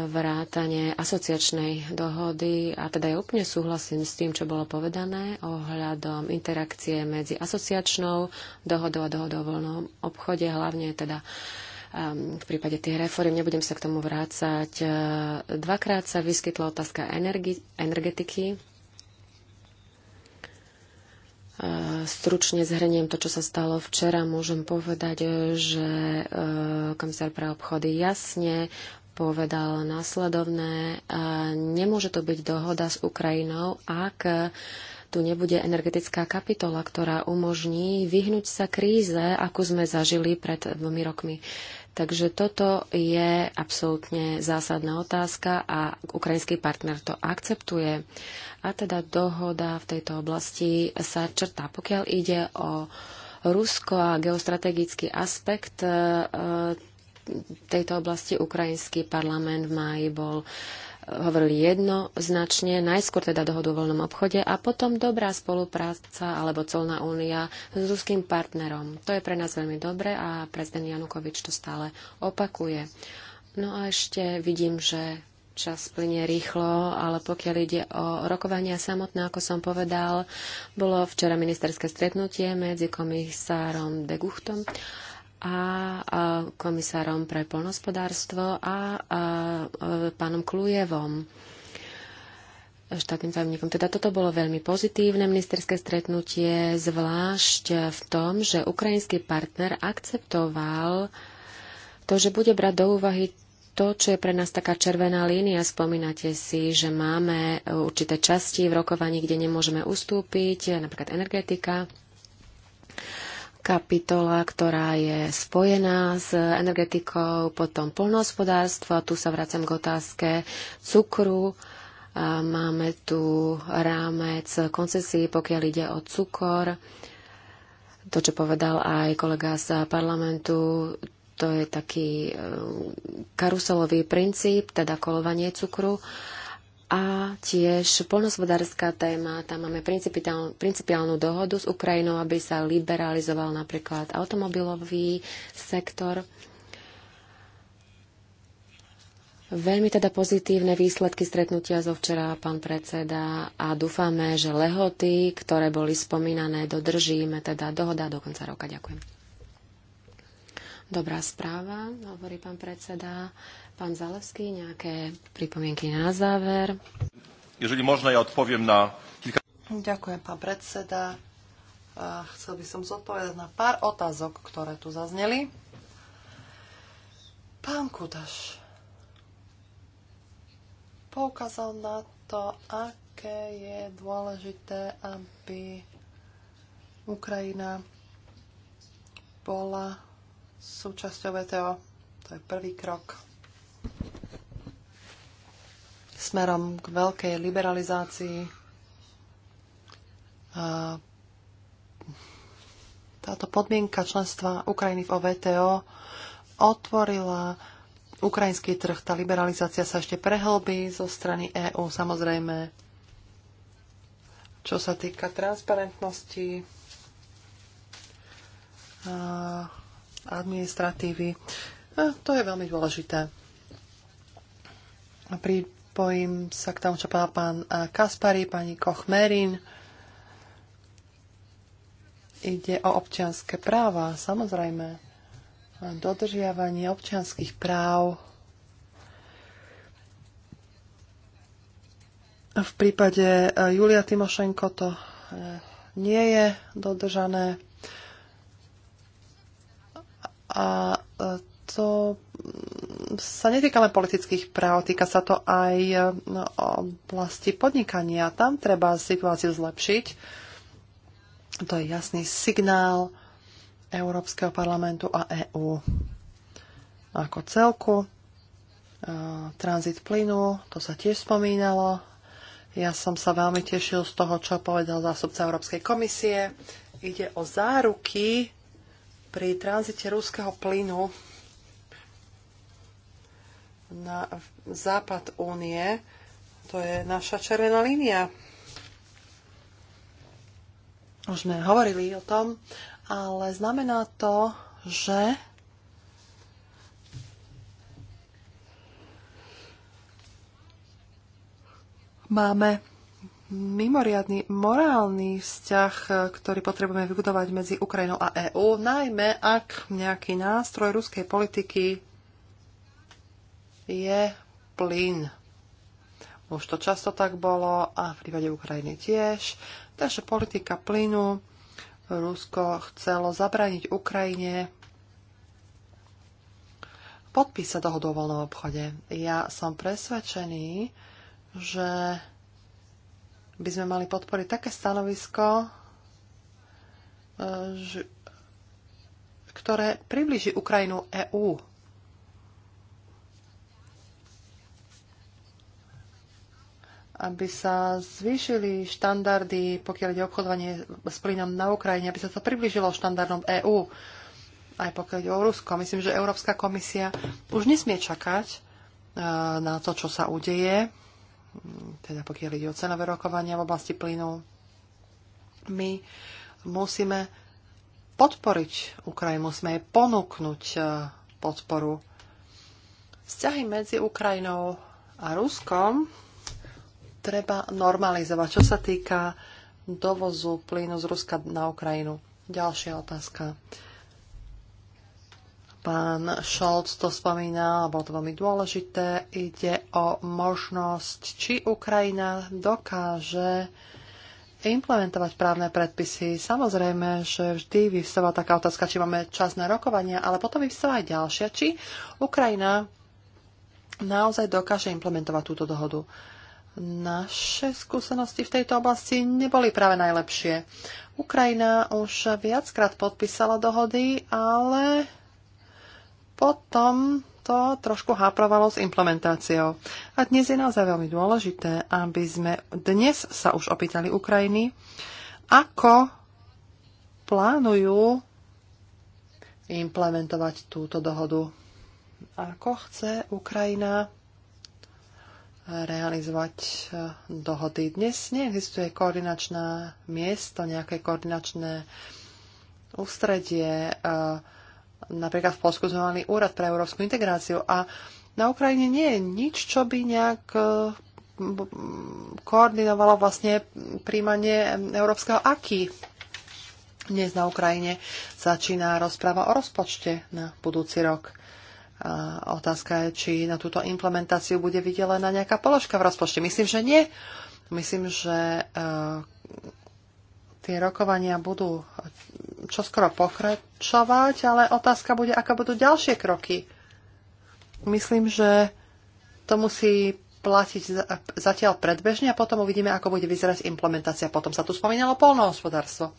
vrátane asociačnej dohody a teda ja úplne súhlasím s tým, čo bolo povedané ohľadom interakcie medzi asociačnou dohodou a dohodou o voľnom obchode, hlavne teda um, v prípade tých reform. Nebudem sa k tomu vrácať. Uh, dvakrát sa vyskytla otázka energi- energetiky. Uh, stručne zhrniem to, čo sa stalo včera. Môžem povedať, že uh, komisár pre obchody jasne povedal následovné. Nemôže to byť dohoda s Ukrajinou, ak tu nebude energetická kapitola, ktorá umožní vyhnúť sa kríze, ako sme zažili pred dvomi rokmi. Takže toto je absolútne zásadná otázka a ukrajinský partner to akceptuje. A teda dohoda v tejto oblasti sa črtá. Pokiaľ ide o Rusko a geostrategický aspekt, e, v tejto oblasti ukrajinský parlament v máji bol hovorili jednoznačne, najskôr teda dohodu o voľnom obchode a potom dobrá spolupráca alebo colná únia s ruským partnerom. To je pre nás veľmi dobre a prezident Janukovič to stále opakuje. No a ešte vidím, že čas plynie rýchlo, ale pokiaľ ide o rokovania samotné, ako som povedal, bolo včera ministerské stretnutie medzi komisárom de Guchtom a komisárom pre polnospodárstvo a e, pánom Klujevom štátnym tajomníkom. Teda toto bolo veľmi pozitívne ministerské stretnutie, zvlášť v tom, že ukrajinský partner akceptoval to, že bude brať do úvahy to, čo je pre nás taká červená línia. Spomínate si, že máme určité časti v rokovaní, kde nemôžeme ustúpiť, napríklad energetika kapitola, ktorá je spojená s energetikou, potom polnohospodárstvo, a tu sa vracam k otázke cukru. A máme tu rámec koncesí, pokiaľ ide o cukor. To, čo povedal aj kolega z parlamentu, to je taký eh, karuselový princíp, teda kolovanie cukru. A tiež polnospodárska téma, tam máme principiál, principiálnu dohodu s Ukrajinou, aby sa liberalizoval napríklad automobilový sektor. Veľmi teda pozitívne výsledky stretnutia zo včera, pán predseda, a dúfame, že lehoty, ktoré boli spomínané, dodržíme, teda dohoda do konca roka. Ďakujem. Dobrá správa, hovorí pán predseda. Pán Zalevský, nejaké pripomienky na záver? Jeżeli možno, ja odpoviem na Ďakujem, pán predseda. Chcel by som zodpovedať na pár otázok, ktoré tu zazneli. Pán Kudaš poukázal na to, aké je dôležité, aby Ukrajina bola súčasťou VTO. To je prvý krok smerom k veľkej liberalizácii. táto podmienka členstva Ukrajiny v OVTO otvorila ukrajinský trh. Tá liberalizácia sa ešte prehlbí zo strany EÚ, samozrejme. Čo sa týka transparentnosti, administratívy. A to je veľmi dôležité. Pripojím sa k tomu, čo povedal pán Kaspari, pani Kochmerin. Ide o občianské práva, samozrejme. Dodržiavanie občianských práv V prípade e, Julia Timošenko to e, nie je dodržané. A e, to sa netýka len politických práv, týka sa to aj e, oblasti podnikania. Tam treba situáciu zlepšiť. To je jasný signál Európskeho parlamentu a EÚ ako celku. E, tranzit plynu, to sa tiež spomínalo. Ja som sa veľmi tešil z toho, čo povedal zástupca Európskej komisie. Ide o záruky pri tranzite ruského plynu na západ únie. To je naša červená línia. Už sme hovorili o tom, ale znamená to, že máme mimoriadný morálny vzťah, e, ktorý potrebujeme vybudovať medzi Ukrajinou a EÚ, najmä ak nejaký nástroj ruskej politiky je plyn. Už to často tak bolo a v prípade Ukrajiny tiež. Takže politika plynu. Rusko chcelo zabrániť Ukrajine podpísať dohodu o voľnom obchode. Ja som presvedčený, že by sme mali podporiť také stanovisko, e, ktoré približí Ukrajinu EÚ. aby sa zvýšili štandardy, pokiaľ ide obchodovanie s plynom na Ukrajine, aby sa to približilo štandardom EÚ, aj pokiaľ ide o Rusko. Myslím, že Európska komisia už nesmie čakať e, na to, čo sa udeje teda pokiaľ ide o cenové rokovania v oblasti plynu, my musíme podporiť Ukrajinu, musíme jej ponúknuť e, podporu. Vzťahy medzi Ukrajinou a Ruskom treba normalizovať, čo sa týka dovozu plynu z Ruska na Ukrajinu. Ďalšia otázka. Pán Scholz to spomínal, bolo to veľmi dôležité. Ide o možnosť, či Ukrajina dokáže implementovať právne predpisy. Samozrejme, že vždy vyvstáva taká otázka, či máme čas na rokovania, ale potom vyvstáva aj ďalšia, či Ukrajina naozaj dokáže implementovať túto dohodu. Naše skúsenosti v tejto oblasti neboli práve najlepšie. Ukrajina už viackrát podpísala dohody, ale potom to trošku háprovalo s implementáciou. A dnes je naozaj veľmi dôležité, aby sme dnes sa už opýtali Ukrajiny, ako plánujú implementovať túto dohodu. Ako chce Ukrajina realizovať eh, dohody. Dnes neexistuje koordinačná miesto, nejaké koordinačné ústredie, uh, Napríklad v Polsku sme mali úrad pre európsku integráciu a na Ukrajine nie je nič, čo by nejak e, koordinovalo vlastne príjmanie európskeho aký. Dnes na Ukrajine začína rozpráva o rozpočte na budúci rok. A e, otázka je, či na túto implementáciu bude vydelená nejaká položka v rozpočte. Myslím, že nie. Myslím, že e, tie rokovania budú čoskoro pokračovať, ale otázka bude, aké budú ďalšie kroky. Myslím, že to musí platiť zatiaľ predbežne a potom uvidíme, ako bude vyzerať implementácia. Potom sa tu spomínalo polnohospodárstvo.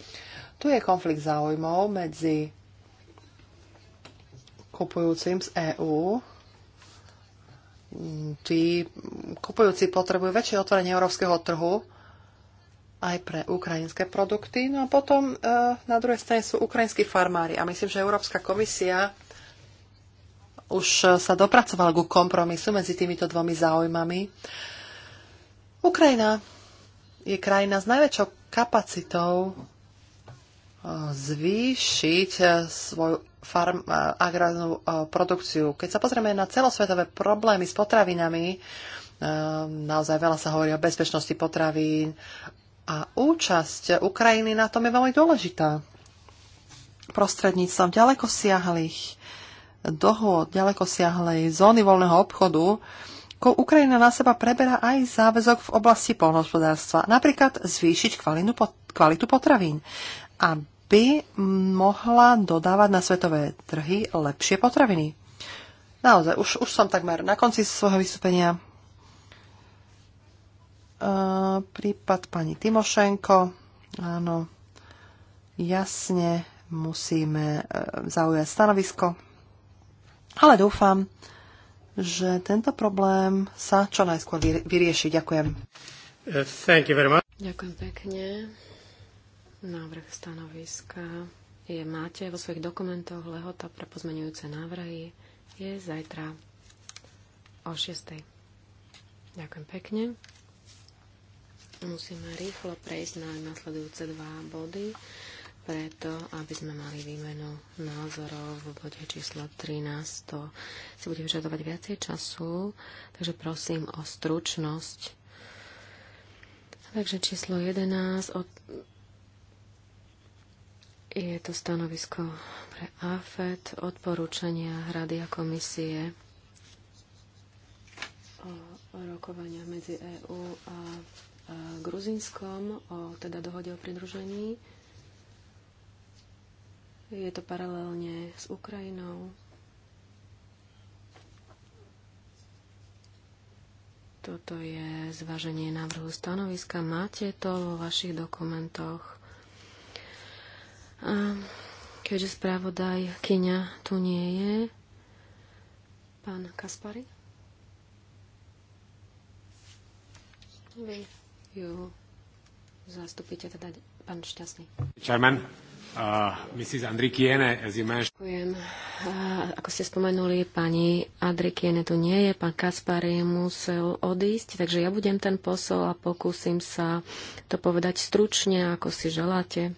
Tu je konflikt záujmov medzi kupujúcim z EÚ. Tí kupujúci potrebujú väčšie otvorenie európskeho trhu, aj pre ukrajinské produkty. No a potom e, na druhej strane sú ukrajinskí farmári. A myslím, že Európska komisia už e, sa dopracovala ku kompromisu medzi týmito dvomi záujmami. Ukrajina je krajina s najväčšou kapacitou e, zvýšiť e, svoju farm, agrárnu produkciu. Keď sa pozrieme na celosvetové problémy s potravinami, naozaj veľa sa hovorí o bezpečnosti potravín, a účasť Ukrajiny na tom je veľmi dôležitá. Prostredníctvom ďaleko siahlých dohôd, ďaleko siahlej zóny voľného obchodu, ko Ukrajina na seba preberá aj záväzok v oblasti polnohospodárstva, napríklad zvýšiť kvalitu potravín, aby mohla dodávať na svetové trhy lepšie potraviny. Naozaj, už, už som takmer na konci svojho vystúpenia prípad pani Timošenko. Áno, jasne musíme e, zaujať stanovisko. Ale dúfam, že tento problém sa čo najskôr vyrieši. Ďakujem. Uh, thank you very much. Ďakujem pekne. Návrh stanoviska je, máte vo svojich dokumentoch lehota pre pozmenujúce návrhy je zajtra o 6. Ďakujem pekne. Musíme rýchlo prejsť na nasledujúce dva body, preto, aby sme mali výmenu názorov v bode číslo 13. To si bude vyžadovať viacej času, takže prosím o stručnosť. Takže číslo 11 od je to stanovisko pre AFET, odporúčania Rady a komisie o rokovaniach medzi EÚ a Gruzinskom o teda dohode o pridružení. Je to paralelne s Ukrajinou. Toto je zváženie návrhu stanoviska. Máte to vo vašich dokumentoch. A keďže správodaj Kyňa tu nie je, pán Kaspari? Vy ju zastupíte, teda pán Šťastný. Chairman, uh, Mrs. Andrikiene, as you mentioned. Ďakujem. Uh, ako ste spomenuli, pani Andrikiene tu nie je, pán Kaspari musel odísť, takže ja budem ten posol a pokúsim sa to povedať stručne, ako si želáte.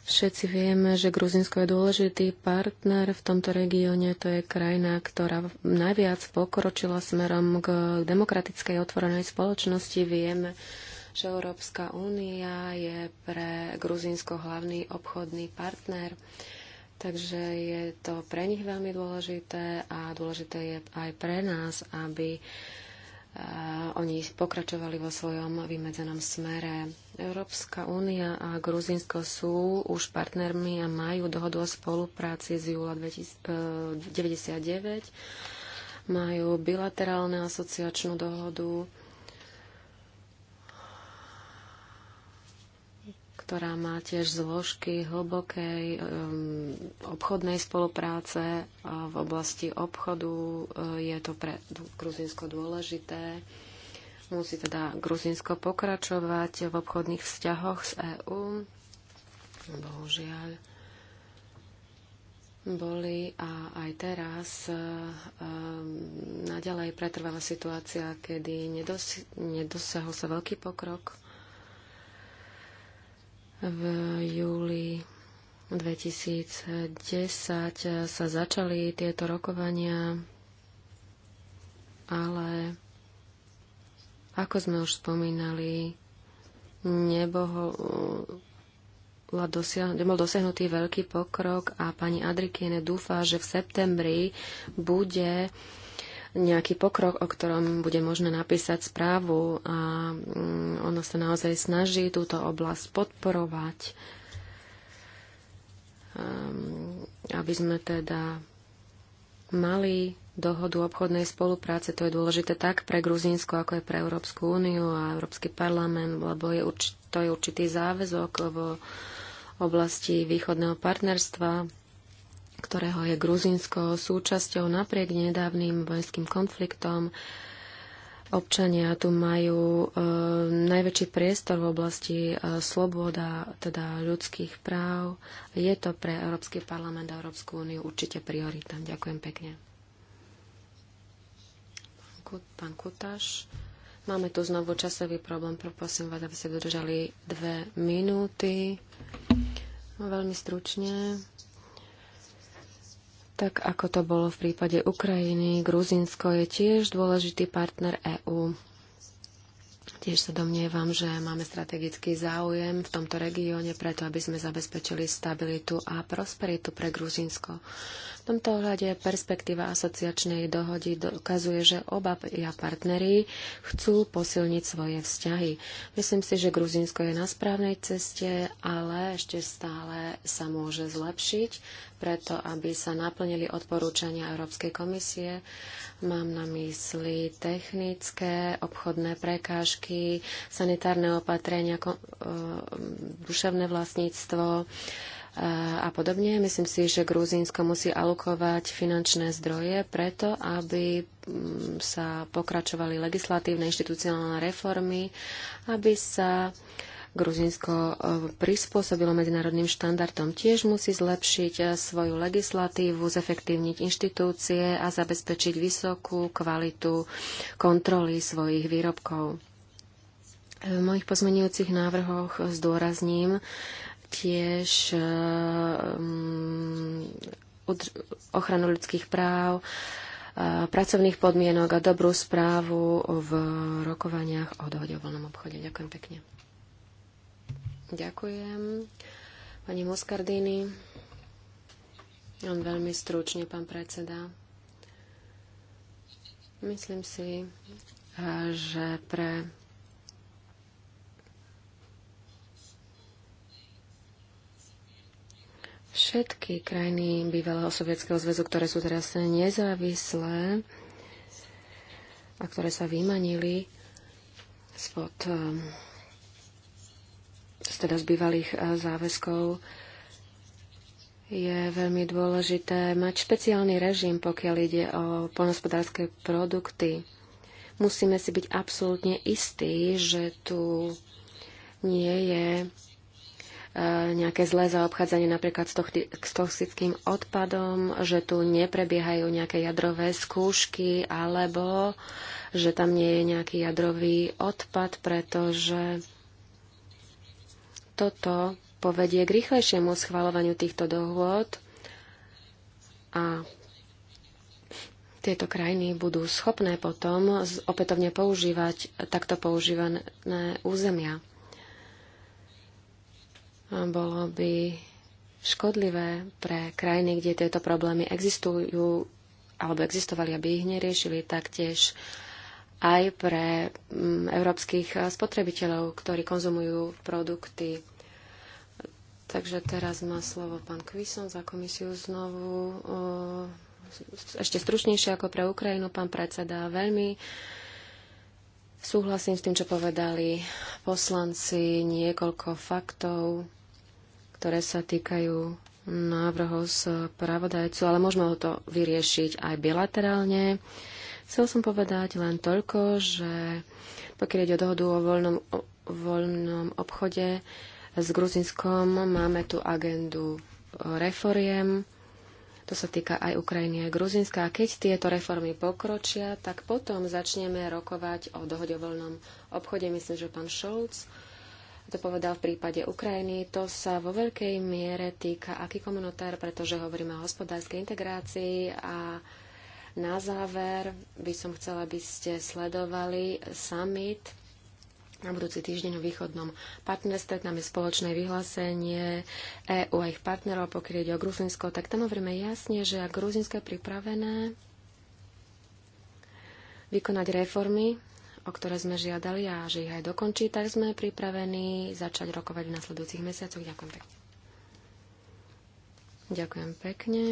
Všetci vieme, že Gruzinsko je dôležitý partner v tomto regióne. To je krajina, ktorá najviac pokročila smerom k demokratickej otvorenej spoločnosti. Vieme, že Európska únia je pre Gruzinsko hlavný obchodný partner. Takže je to pre nich veľmi dôležité a dôležité je aj pre nás, aby uh, oni pokračovali vo svojom vymedzenom smere. Európska únia a Gruzinsko sú už partnermi a majú dohodu o spolupráci z júla 1999. E, majú bilaterálnu asociačnú dohodu ktorá má tiež zložky hlbokej um, obchodnej spolupráce v oblasti obchodu. E, je to pre Gruzinsko dôležité. Musí teda Gruzinsko pokračovať v obchodných vzťahoch s EÚ. Bohužiaľ boli a aj teraz e, e naďalej pretrváva situácia, kedy nedos- nedosahol sa veľký pokrok v júli 2010 sa začali tieto rokovania, ale ako sme už spomínali, nebol dosiahnutý veľký pokrok a pani Adrikiene dúfa, že v septembri bude nejaký pokrok, o ktorom bude možné napísať správu a mm, ono sa naozaj snaží túto oblasť podporovať, ehm, aby sme teda mali dohodu obchodnej spolupráce. To je dôležité tak pre Gruzínsko, ako aj pre Európsku úniu a Európsky parlament, lebo je urč- to je určitý záväzok vo oblasti východného partnerstva ktorého je Gruzinsko súčasťou napriek nedávnym vojenským konfliktom. Občania tu majú e, najväčší priestor v oblasti e, sloboda, teda ľudských práv. Je to pre Európsky parlament a Európsku úniu určite priorita. Ďakujem pekne. Pán Kutáš. Máme tu znovu časový problém. Prosím vás, aby ste dodržali dve minúty. Veľmi stručne. Tak ako to bolo v prípade Ukrajiny, Gruzinsko je tiež dôležitý partner EÚ. Tiež sa domnievam, že máme strategický záujem v tomto regióne preto, aby sme zabezpečili stabilitu a prosperitu pre Gruzinsko. V tomto ohľade perspektíva asociačnej dohody dokazuje, že oba ja partneri chcú posilniť svoje vzťahy. Myslím si, že Gruzinsko je na správnej ceste, ale ešte stále sa môže zlepšiť preto, aby sa naplnili odporúčania Európskej komisie. Mám na mysli technické obchodné prekážky, banky, sanitárne opatrenia, e, duševné vlastníctvo e, a podobne. Myslím si, že Gruzínsko musí alokovať finančné zdroje preto, aby mm, sa pokračovali legislatívne inštitucionálne reformy, aby sa Gruzínsko e, prispôsobilo medzinárodným štandardom. Tiež musí zlepšiť svoju legislatívu, zefektívniť inštitúcie a zabezpečiť vysokú kvalitu kontroly svojich výrobkov. V mojich pozmenujúcich návrhoch zdôrazním tiež eh, mm, ochranu ľudských práv, eh, pracovných podmienok a dobrú správu v rokovaniach o dohode o voľnom obchode. Ďakujem pekne. Ďakujem. Pani Moscardini. On veľmi stručne, pán predseda. Myslím si, že pre Všetky krajiny bývalého sovietského zväzu, ktoré sú teraz nezávislé a ktoré sa vymanili spod eh, teda z bývalých eh, záväzkov, je veľmi dôležité mať špeciálny režim, pokiaľ ide o poľnohospodárske produkty. Musíme si byť absolútne istí, že tu nie je nejaké zlé zaobchádzanie napríklad s, tohti- s toxickým odpadom, že tu neprebiehajú nejaké jadrové skúšky alebo že tam nie je nejaký jadrový odpad, pretože toto povedie k rýchlejšiemu schvalovaniu týchto dohôd a tieto krajiny budú schopné potom opätovne používať takto používané územia. Bolo by škodlivé pre krajiny, kde tieto problémy existujú alebo existovali, aby ich neriešili, taktiež aj pre mm, európskych spotrebiteľov, ktorí konzumujú produkty. Takže teraz má slovo pán Kvison za komisiu znovu. Ešte stručnejšie ako pre Ukrajinu, pán predseda, veľmi súhlasím s tým, čo povedali poslanci, niekoľko faktov ktoré sa týkajú návrhov z pravodajcu, ale môžeme ho to vyriešiť aj bilaterálne. Chcel som povedať len toľko, že pokiaľ ide o dohodu o voľnom, o voľnom obchode s Gruzinskom, máme tu agendu reforiem. To sa týka aj Ukrajiny a Gruzinska. A keď tieto reformy pokročia, tak potom začneme rokovať o dohode o voľnom obchode. Myslím, že pán Šolc to povedal v prípade Ukrajiny, to sa vo veľkej miere týka aký komunitár, pretože hovoríme o hospodárskej integrácii a na záver by som chcela, aby ste sledovali summit na budúci týždeň o východnom partnerstve. Tam je spoločné vyhlásenie EU a ich partnerov, pokiaľ ide o Gruzinsko, tak tam hovoríme jasne, že ak Gruzinsko je pripravené vykonať reformy, o ktoré sme žiadali a že ich aj dokončí, tak sme pripravení začať rokovať v nasledujúcich mesiacoch. Ďakujem pekne. Ďakujem pekne.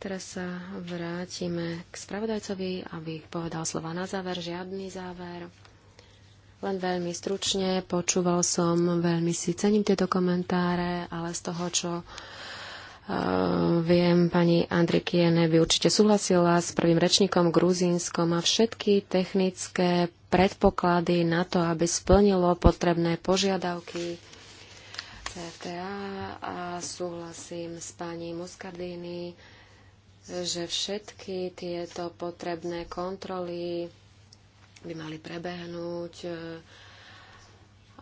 Teraz sa vrátime k spravodajcovi, aby povedal slova na záver. Žiadny záver. Len veľmi stručne počúval som, veľmi si cením tieto komentáre, ale z toho, čo Eh, viem, pani Andrikiene by určite súhlasila s prvým rečníkom Gruzínskom a všetky technické predpoklady na to, aby splnilo potrebné požiadavky CTA a súhlasím s pani Muscardini, že všetky tieto potrebné kontroly by mali prebehnúť eh,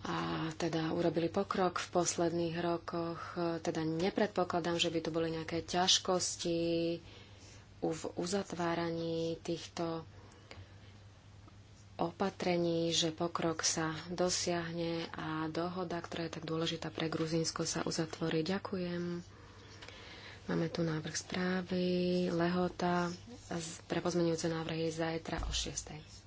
a teda urobili pokrok v posledných rokoch. Teda nepredpokladám, že by tu boli nejaké ťažkosti v uzatváraní týchto opatrení, že pokrok sa dosiahne a dohoda, ktorá je tak dôležitá pre Gruzínsko, sa uzatvorí. Ďakujem. Máme tu návrh správy, lehota pre pozmenujúce návrhy zajtra o 6.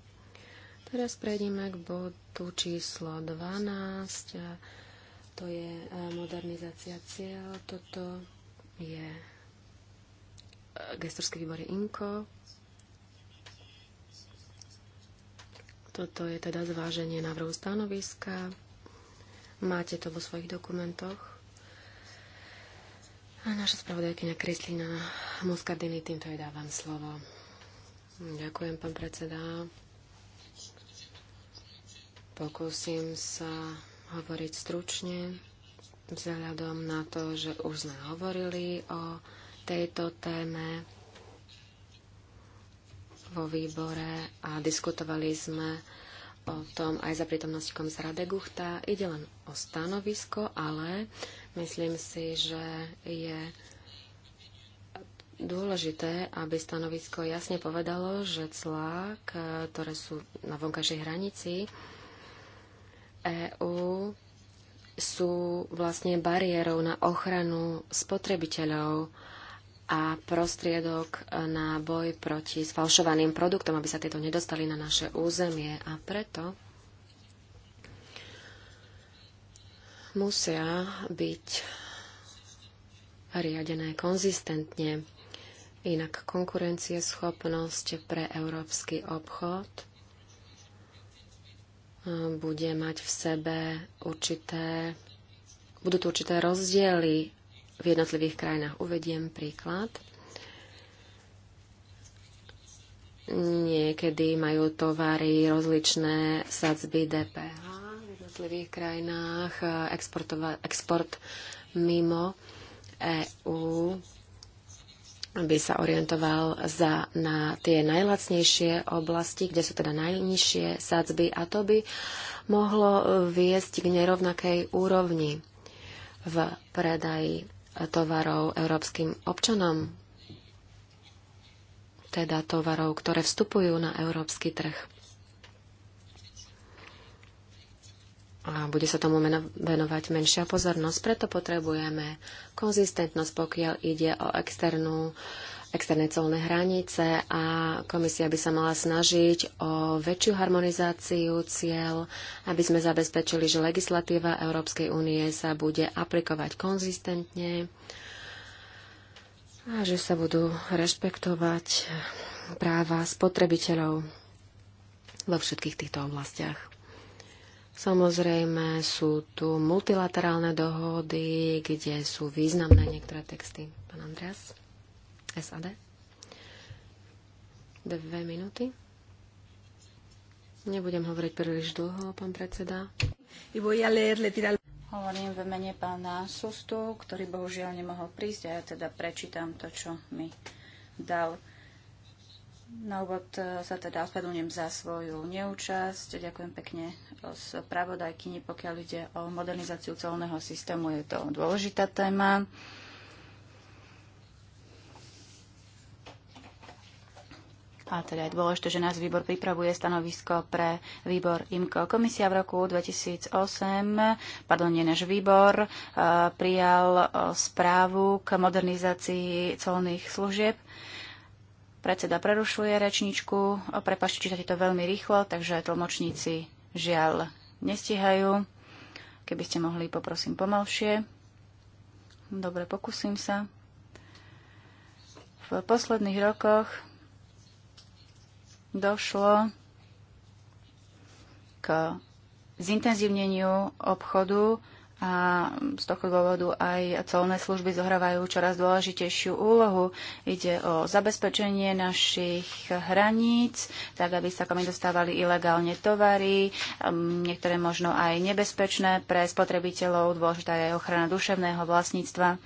Teraz prejdeme k bodu číslo 12. to je e, modernizácia cieľ. Toto je e, gestorský výbor je INKO. Toto je teda zváženie návrhu stanoviska. Máte to vo svojich dokumentoch. A naša spravodajkyňa Krislina Muscardini, týmto jej dávam slovo. Ďakujem, pán predseda. Pokúsim sa hovoriť stručne vzhľadom na to, že už sme hovorili o tejto téme vo výbore a diskutovali sme o tom aj za prítomnosti komisára Deguchta. Ide len o stanovisko, ale myslím si, že je dôležité, aby stanovisko jasne povedalo, že clá, ktoré sú na vonkajšej hranici, EÚ sú vlastne bariérou na ochranu spotrebiteľov a prostriedok na boj proti sfalšovaným produktom, aby sa tieto nedostali na naše územie. A preto musia byť riadené konzistentne. Inak konkurencieschopnosť pre európsky obchod bude mať v sebe určité, budú tu určité rozdiely v jednotlivých krajinách. Uvediem príklad. Niekedy majú tovary rozličné sadzby DPH v jednotlivých krajinách, export mimo EU aby sa orientoval za, na tie najlacnejšie oblasti, kde sú teda najnižšie sadzby a to by mohlo viesť k nerovnakej úrovni v predaji tovarov európskym občanom, teda tovarov, ktoré vstupujú na európsky trh. a bude sa tomu venovať menšia pozornosť. Preto potrebujeme konzistentnosť, pokiaľ ide o externú, externé colné hranice a komisia by sa mala snažiť o väčšiu harmonizáciu cieľ, aby sme zabezpečili, že legislatíva Európskej únie sa bude aplikovať konzistentne a že sa budú rešpektovať práva spotrebiteľov vo všetkých týchto oblastiach. Samozrejme sú tu multilaterálne dohody, kde sú významné niektoré texty. Pán Andreas, SAD. Dve minúty. Nebudem hovoriť príliš dlho, pán predseda. Hovorím v mene pána Sustu, ktorý bohužiaľ nemohol prísť a ja teda prečítam to, čo mi dal. Na úvod eh, sa teda ospravedlňujem za svoju neúčasť. Ďakujem pekne spravodajkyni, pokiaľ ide o modernizáciu celného systému. Je to dôležitá téma. A teda je dôležité, že nás výbor pripravuje stanovisko pre výbor IMKO. Komisia v roku 2008, pardon, nie náš výbor, eh, prijal eh, správu k modernizácii colných služieb. Predseda prerušuje rečničku. Prepašte, čítate to veľmi rýchlo, takže tlmočníci žiaľ nestihajú. Keby ste mohli, poprosím pomalšie. Dobre, pokúsim sa. V posledných rokoch došlo k zintenzívneniu obchodu a z tohto dôvodu aj colné služby zohrávajú čoraz dôležitejšiu úlohu. Ide o zabezpečenie našich hraníc, tak aby sa komi dostávali ilegálne tovary, um, niektoré možno aj nebezpečné pre spotrebiteľov, dôležitá je ochrana duševného vlastníctva.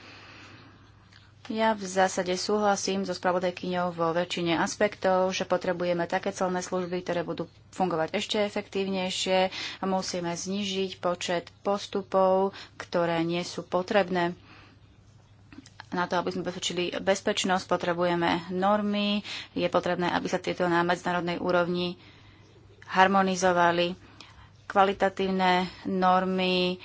Ja v zásade súhlasím so spravodajkyňou vo väčšine aspektov, že potrebujeme také celné služby, ktoré budú fungovať ešte efektívnejšie a musíme znižiť počet postupov, ktoré nie sú potrebné. Na to, aby sme bezpečili bezpečnosť, potrebujeme normy, je potrebné, aby sa tieto na medzinárodnej úrovni harmonizovali. Kvalitatívne normy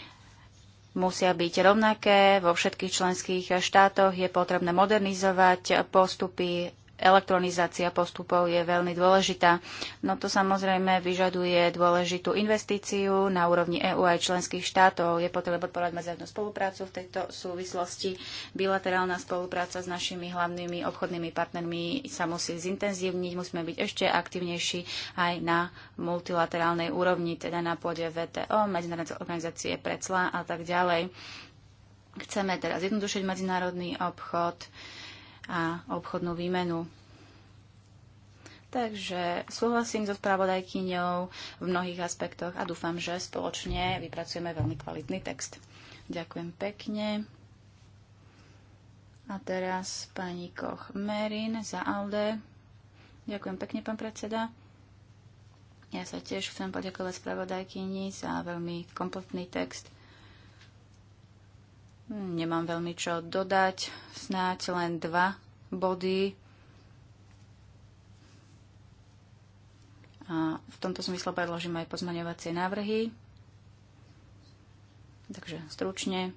musia byť rovnaké. Vo všetkých členských štátoch je potrebné modernizovať postupy elektronizácia postupov je veľmi dôležitá. No to samozrejme vyžaduje dôležitú investíciu na úrovni EÚ aj členských štátov. Je potrebné podporovať medzinárodnú spoluprácu v tejto súvislosti. Bilaterálna spolupráca s našimi hlavnými obchodnými partnermi sa musí zintenzívniť. Musíme byť ešte aktívnejší aj na multilaterálnej úrovni, teda na pôde VTO, Medzinárodnej organizácie PRECLA a tak ďalej. Chceme teraz jednodušiť medzinárodný obchod, a obchodnú výmenu. Takže súhlasím so spravodajkyňou v mnohých aspektoch a dúfam, že spoločne vypracujeme veľmi kvalitný text. Ďakujem pekne. A teraz pani Koch Merin za ALDE. Ďakujem pekne, pán predseda. Ja sa tiež chcem poďakovať spravodajkyni za veľmi kompletný text. Nemám veľmi čo dodať, snáď len dva body. A v tomto zmysle predložím aj pozmaňovacie návrhy. Takže stručne.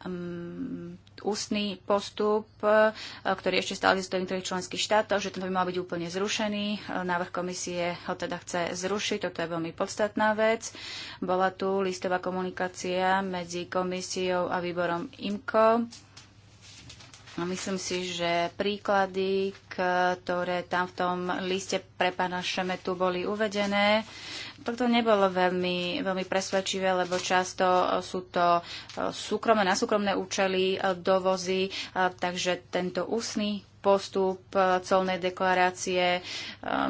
Um, ústny postup, e, ktorý ešte stále existuje v niektorých členských štátoch, že ten by mal byť úplne zrušený. E, návrh komisie ho teda chce zrušiť, toto je veľmi podstatná vec. Bola tu listová komunikácia medzi komisiou a výborom IMCO No, myslím si, že príklady, ktoré tam v tom liste pre pána Šemetu boli uvedené, toto nebolo veľmi, veľmi presvedčivé, lebo často sú to e, súkromné, na súkromné účely e, dovozy, e, takže tento ústny postup colnej deklarácie.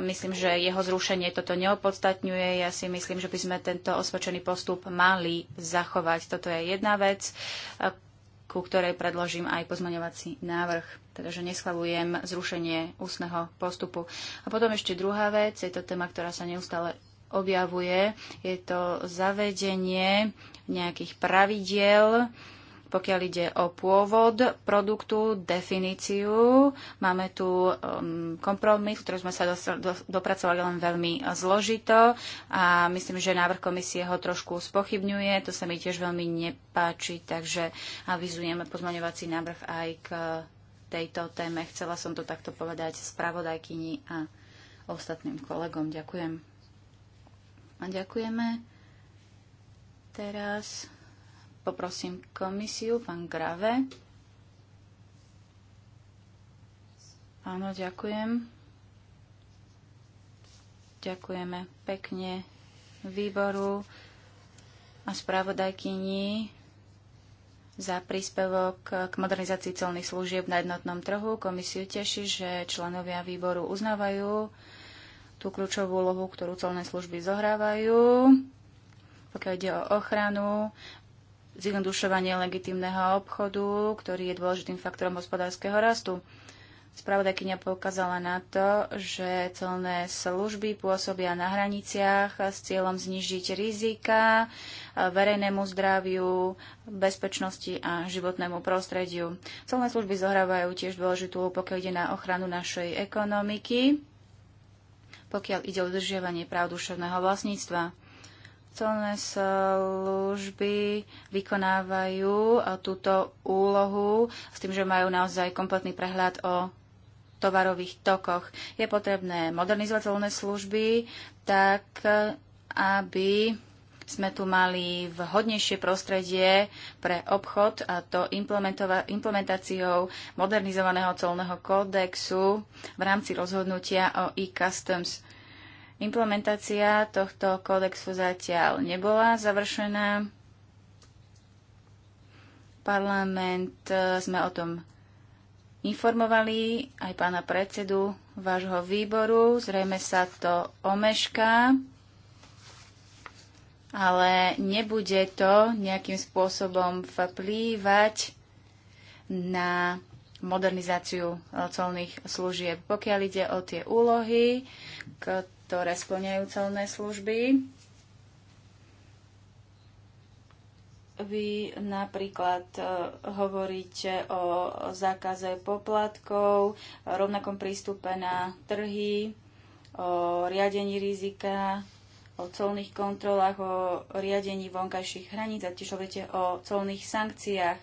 Myslím, že jeho zrušenie toto neopodstatňuje. Ja si myslím, že by sme tento osvedčený postup mali zachovať. Toto je jedna vec, ku ktorej predložím aj pozmaňovací návrh, teda že neschvalujem zrušenie ústneho postupu. A potom ešte druhá vec, je to téma, ktorá sa neustále objavuje, je to zavedenie nejakých pravidiel, pokiaľ ide o pôvod produktu, definíciu, máme tu um, kompromis, ktorý sme sa do, do, dopracovali len veľmi zložito a myslím, že návrh komisie ho trošku spochybňuje, to sa mi tiež veľmi nepáči, takže avizujeme pozmaňovací návrh aj k tejto téme. Chcela som to takto povedať spravodajkyni a ostatným kolegom. Ďakujem. A ďakujeme. Teraz Poprosím komisiu, pán Grave. Áno, ďakujem. Ďakujeme pekne výboru a spravodajkyni za príspevok k modernizácii celných služieb na jednotnom trhu. Komisiu teší, že členovia výboru uznávajú tú kľúčovú úlohu, ktorú celné služby zohrávajú pokiaľ ide o ochranu zjednodušovanie legitimného obchodu, ktorý je dôležitým faktorom hospodárskeho rastu. Spravodajkynia poukázala na to, že celné služby pôsobia na hraniciach s cieľom znižiť rizika verejnému zdraviu, bezpečnosti a životnému prostrediu. Celné služby zohrávajú tiež dôležitú úlohu, pokiaľ ide na ochranu našej ekonomiky, pokiaľ ide o udržiavanie práv duševného vlastníctva colné služby vykonávajú eh, túto úlohu s tým, že majú naozaj kompletný prehľad o tovarových tokoch. Je potrebné modernizovať celné služby tak, eh, aby sme tu mali vhodnejšie prostredie pre obchod a to implementáciou modernizovaného colného kódexu v rámci rozhodnutia o e-customs. Implementácia tohto kódexu zatiaľ nebola završená. Parlament e, sme o tom informovali aj pána predsedu vášho výboru. Zrejme sa to omešká, ale nebude to nejakým spôsobom vplývať na modernizáciu colných služieb. Pokiaľ ide o tie úlohy, ktoré splňajú celné služby. Vy napríklad e, hovoríte o zákaze poplatkov, rovnakom prístupe na trhy, o riadení rizika, o colných kontrolách, o riadení vonkajších hraníc a tiež hovoríte o colných sankciách.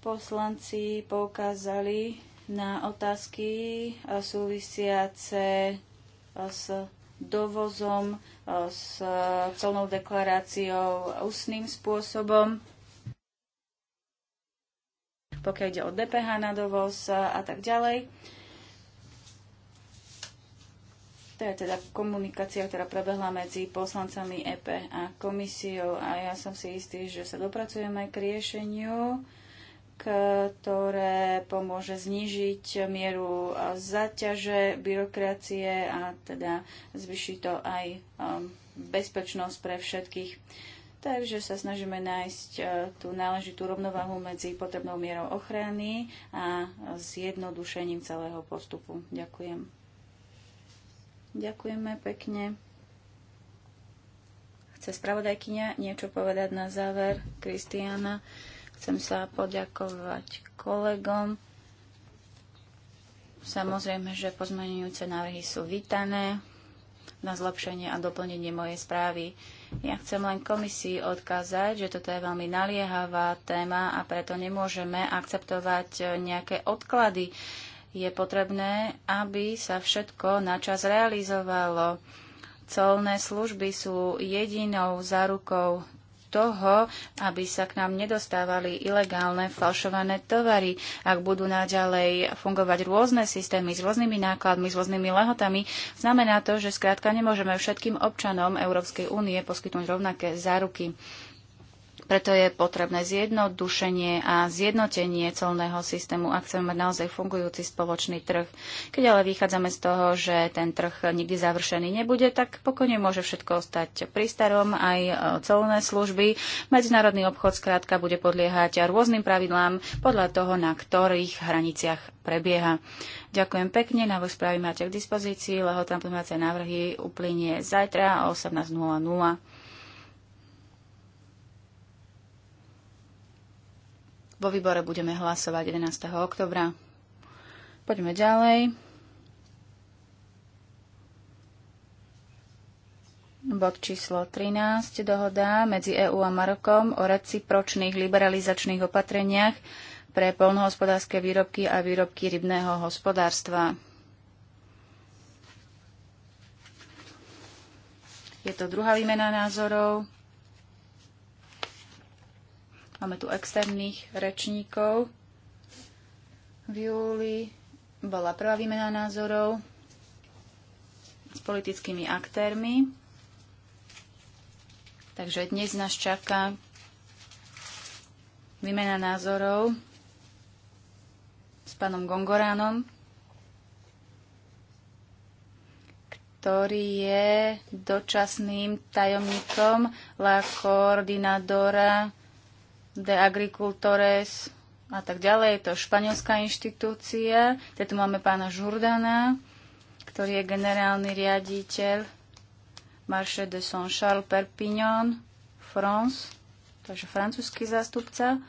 Poslanci poukázali na otázky e, súvisiace e, s dovozom, e, s celnou deklaráciou ústnym spôsobom, pokiaľ ide o DPH na dovoz a tak ďalej. To je teda komunikácia, ktorá prebehla medzi poslancami EP a komisiou a ja som si istý, že sa dopracujeme k riešeniu ktoré pomôže znížiť mieru zaťaže byrokracie a teda zvyši to aj um, bezpečnosť pre všetkých. Takže sa snažíme nájsť uh, tú náležitú rovnovahu medzi potrebnou mierou ochrany a zjednodušením celého postupu. Ďakujem. Ďakujeme pekne. Chce spravodajkyňa niečo povedať na záver Kristiana? Chcem sa poďakovať kolegom. Samozrejme, že pozmenujúce návrhy sú vítané na zlepšenie a doplnenie mojej správy. Ja chcem len komisii odkázať, že toto je veľmi naliehavá téma a preto nemôžeme akceptovať nejaké odklady. Je potrebné, aby sa všetko načas realizovalo. Colné služby sú jedinou zárukou toho, aby sa k nám nedostávali ilegálne falšované tovary. Ak budú naďalej fungovať rôzne systémy s rôznymi nákladmi, s rôznymi lehotami, znamená to, že skrátka nemôžeme všetkým občanom Európskej únie poskytnúť rovnaké záruky. Preto je potrebné zjednodušenie a zjednotenie colného systému, ak chceme mať naozaj fungujúci spoločný trh. Keď ale vychádzame z toho, že ten trh nikdy završený nebude, tak pokojne môže všetko ostať pri starom, aj e, colné služby. Medzinárodný obchod skrátka bude podliehať rôznym pravidlám podľa toho, na ktorých hraniciach prebieha. Ďakujem pekne, vás správy máte k dispozícii, lehotná plnovacie návrhy uplynie zajtra o 18.00. Vo výbore budeme hlasovať 11. oktobra. Poďme ďalej. Bod číslo 13. Dohoda medzi EÚ a Marokom o recipročných liberalizačných opatreniach pre polnohospodárske výrobky a výrobky rybného hospodárstva. Je to druhá výmena názorov. Máme tu externých rečníkov. V júli bola prvá výmena názorov s politickými aktérmi. Takže dnes nás čaká výmena názorov s pánom Gongoránom, ktorý je dočasným tajomníkom La Coordinadora de Agricultores a tak ďalej. Je to španielská inštitúcia. Teď tu máme pána Žurdana, ktorý je generálny riaditeľ Marche de Saint-Charles Perpignan, France, takže francúzsky zástupca.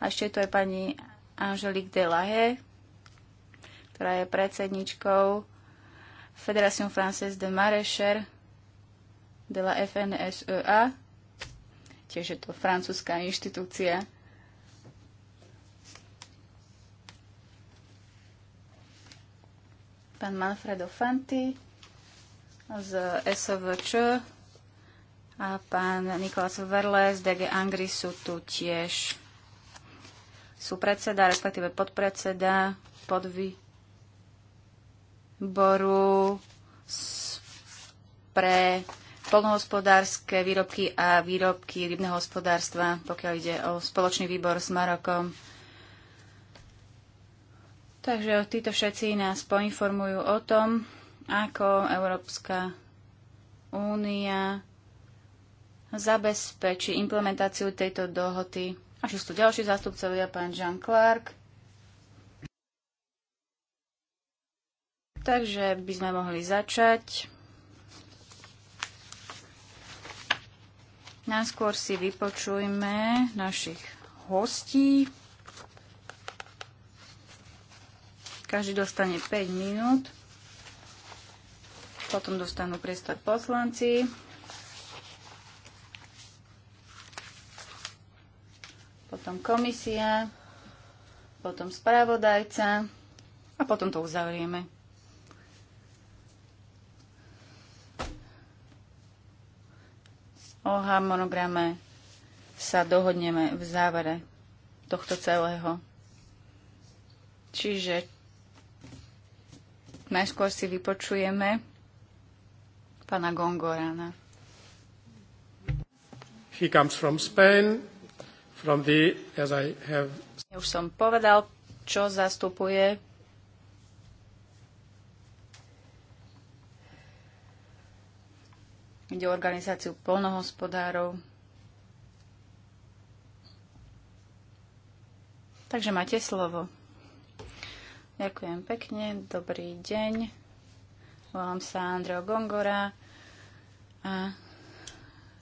A ešte tu je pani Angelique Delahaye, ktorá je predsedničkou Fédération Française de Maraîcher de la FNSEA, tiež je to francúzska inštitúcia. Pán Manfredo Fanti z SVČ a pán Nikolás Verle z DG Angry sú tu tiež. Sú predseda, respektíve podpredseda podvýboru pre polnohospodárske výrobky a výrobky rybného hospodárstva, pokiaľ ide o spoločný výbor s Marokom. Takže títo všetci nás poinformujú o tom, ako Európska únia zabezpečí implementáciu tejto dohody. A že sú tu ďalší zástupcovia, pán Jean Clark. Takže by sme mohli začať. Najskôr si vypočujme našich hostí. Každý dostane 5 minút. Potom dostanú priestor poslanci. Potom komisia. Potom spravodajca. A potom to uzavrieme. O harmonograme sa dohodneme v závere tohto celého. Čiže najskôr si vypočujeme pana Gongorana. He comes from Spain, from the, as I have... Už som povedal, čo zastupuje ide o organizáciu polnohospodárov. Takže máte slovo. Ďakujem pekne, dobrý deň. Volám sa Andreo Gongora a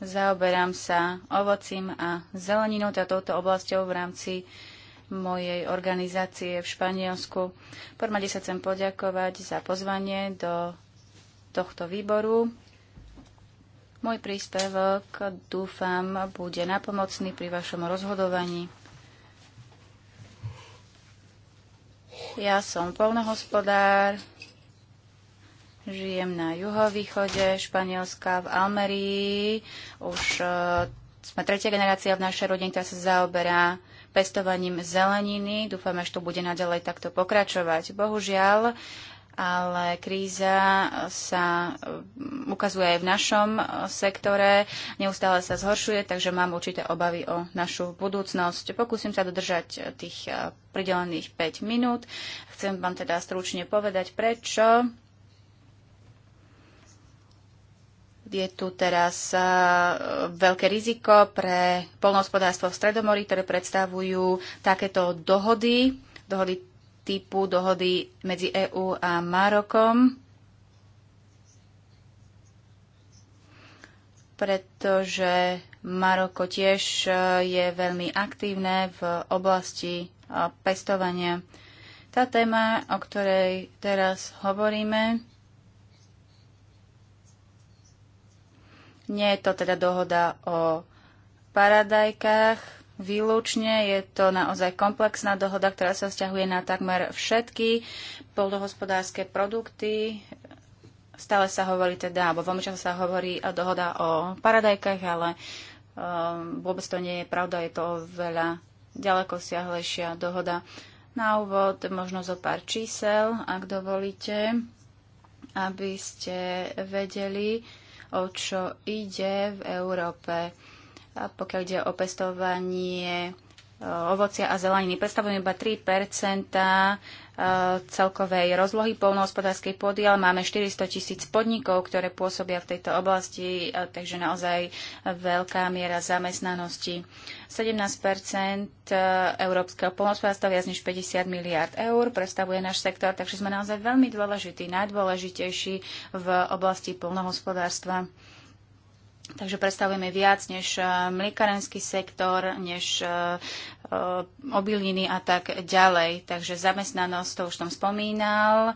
zaoberám sa ovocím a zeleninou, a teda touto oblasťou v rámci mojej organizácie v Španielsku. Prvom sa chcem poďakovať za pozvanie do tohto výboru. Môj príspevok, dúfam, bude napomocný pri vašom rozhodovaní. Ja som polnohospodár, žijem na juhovýchode Španielska v Almerii. Už uh, sme tretia generácia v našej rodine, ktorá sa zaoberá pestovaním zeleniny. Dúfame, že to bude naďalej takto pokračovať. Bohužiaľ, ale kríza sa mm, ukazuje aj v našom e, sektore, neustále sa zhoršuje, takže mám určité obavy o našu budúcnosť. Pokúsim sa dodržať e, tých e, pridelených 5 minút. Chcem vám teda stručne povedať, prečo je tu teraz veľké riziko pre polnohospodárstvo v Stredomorí, ktoré predstavujú takéto dohody, dohody typu dohody medzi EÚ a Marokom, pretože Maroko tiež e, je veľmi aktívne v oblasti e, pestovania. Tá téma, o ktorej teraz hovoríme, nie je to teda dohoda o paradajkách, výlučne. Je to naozaj komplexná dohoda, ktorá sa vzťahuje na takmer všetky poldohospodárske produkty. Stále sa hovorí teda, alebo veľmi často sa hovorí dohoda o paradajkách, ale um, vôbec to nie je pravda, je to veľa ďaleko siahlejšia dohoda. Na úvod možno zo pár čísel, ak dovolíte, aby ste vedeli, o čo ide v Európe pokiaľ ide o pestovanie e, ovocia a zeleniny. Predstavujú iba 3 e, celkovej rozlohy polnohospodárskej pôdy, ale máme 400 tisíc podnikov, ktoré pôsobia v tejto oblasti, takže naozaj veľká miera zamestnanosti. 17 e, európskeho polnohospodárstva, viac než 50 miliard eur, predstavuje náš sektor, takže sme naozaj veľmi dôležití, najdôležitejší v oblasti polnohospodárstva. Takže predstavujeme viac než eh, mliekarenský sektor, než eh, eh, obilniny a tak ďalej. Takže zamestnanosť, to už som spomínal,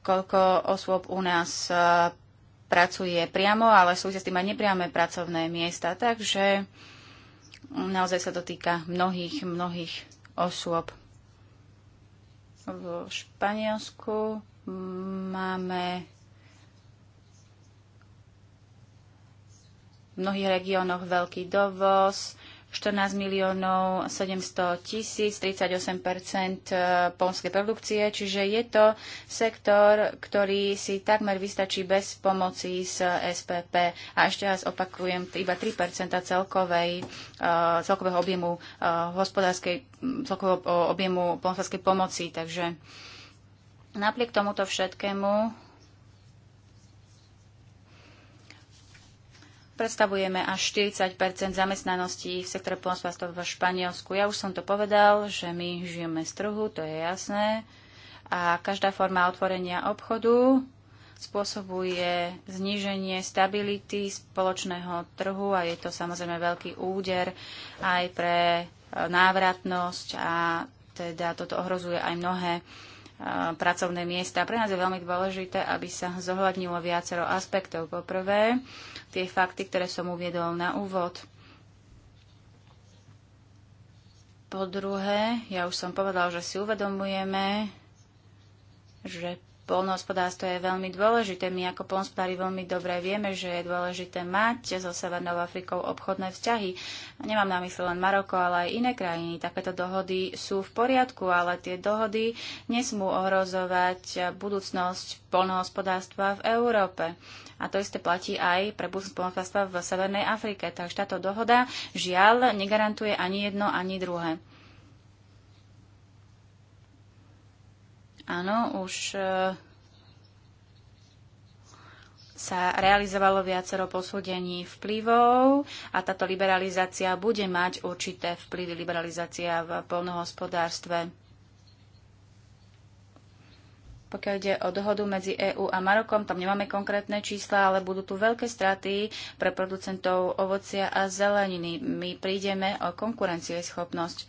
koľko osôb u nás pracuje priamo, ale sú s tým aj nepriame pracovné miesta. Takže naozaj sa to týka mnohých, mnohých osôb. V Španielsku máme v mnohých regiónoch veľký dovoz, 14 miliónov 700 tisíc, 38 e, polskej produkcie, čiže je to sektor, ktorý si takmer vystačí bez pomoci z SPP. A ešte raz opakujem, iba 3 celkovej, e, celkového objemu e, hospodárskej, celkového objemu pomoci, takže Napriek tomuto všetkému predstavujeme až 40 zamestnanosti v sektore plnospodárstva v Španielsku. Ja už som to povedal, že my žijeme z trhu, to je jasné. A každá forma otvorenia obchodu spôsobuje zníženie stability spoločného trhu a je to samozrejme veľký úder aj pre návratnosť a teda toto ohrozuje aj mnohé pracovné miesta. Pre nás je veľmi dôležité, aby sa zohľadnilo viacero aspektov. Poprvé, tie fakty, ktoré som uviedol na úvod. Po druhé, ja už som povedal, že si uvedomujeme, že Polnohospodárstvo je veľmi dôležité. My ako polnohospodári veľmi dobre vieme, že je dôležité mať so Severnou Afrikou obchodné vzťahy. Nemám na mysli len Maroko, ale aj iné krajiny. Takéto dohody sú v poriadku, ale tie dohody nesmú ohrozovať budúcnosť polnohospodárstva v Európe. A to isté platí aj pre budúcnosť polnohospodárstva v Severnej Afrike. Takže táto dohoda žiaľ negarantuje ani jedno, ani druhé. Áno, už e, sa realizovalo viacero posúdení vplyvov a táto liberalizácia bude mať určité vplyvy liberalizácia v polnohospodárstve. Pokiaľ ide o dohodu medzi EÚ a Marokom, tam nemáme konkrétne čísla, ale budú tu veľké straty pre producentov ovocia a zeleniny. My prídeme o konkurencieschopnosť.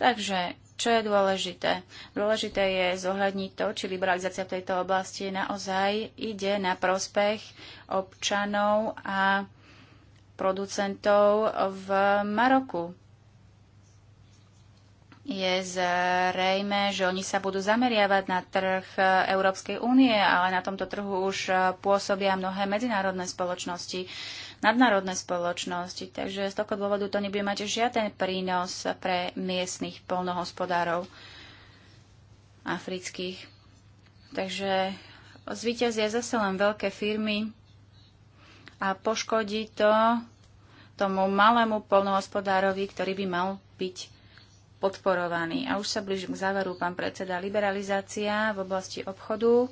Takže čo je dôležité? Dôležité je zohľadniť to, či liberalizácia v tejto oblasti naozaj ide na prospech občanov a producentov v Maroku. Je zrejme, že oni sa budú zameriavať na trh Európskej únie, ale na tomto trhu už pôsobia mnohé medzinárodné spoločnosti nadnárodné spoločnosti, takže z tohto dôvodu to nebude mať žiaden prínos pre miestnych polnohospodárov afrických. Takže zvýťazia zase len veľké firmy a poškodí to tomu malému polnohospodárovi, ktorý by mal byť podporovaný. A už sa blížim k záveru, pán predseda. Liberalizácia v oblasti obchodu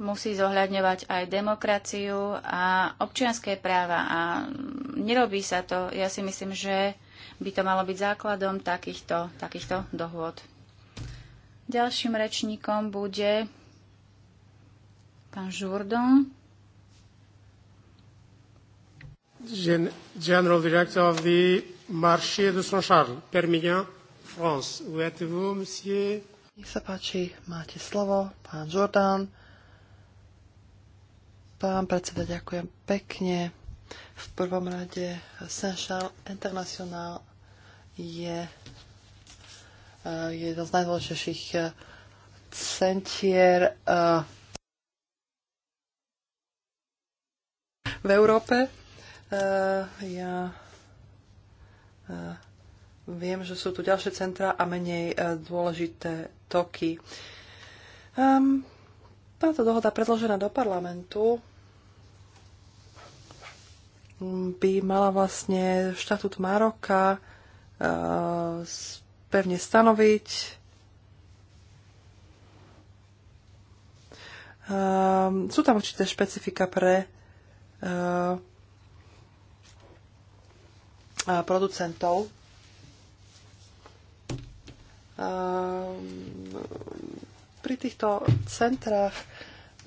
musí zohľadňovať aj demokraciu a občianské práva. A nerobí sa to. Ja si myslím, že by to malo byť základom takýchto, takýchto dohôd. Ďalším rečníkom bude pán Žurdon. General Director of the Marché de Saint-Charles, Permignan, France. Où êtes-vous, monsieur? Nech sa páči, máte slovo, pán Jordan Pán predseda, ďakujem pekne. V prvom rade Senšal International je eh, jedno z najdôležitejších eh, centier eh, v Európe. Ja viem, že sú tu ďalšie centra a menej dôležité toky. Ehm, táto dohoda predložená do parlamentu by mala vlastne štatút Maroka e, pevne stanoviť. Ehm, sú tam určité špecifika pre e, producentov. Ehm, pri týchto centrách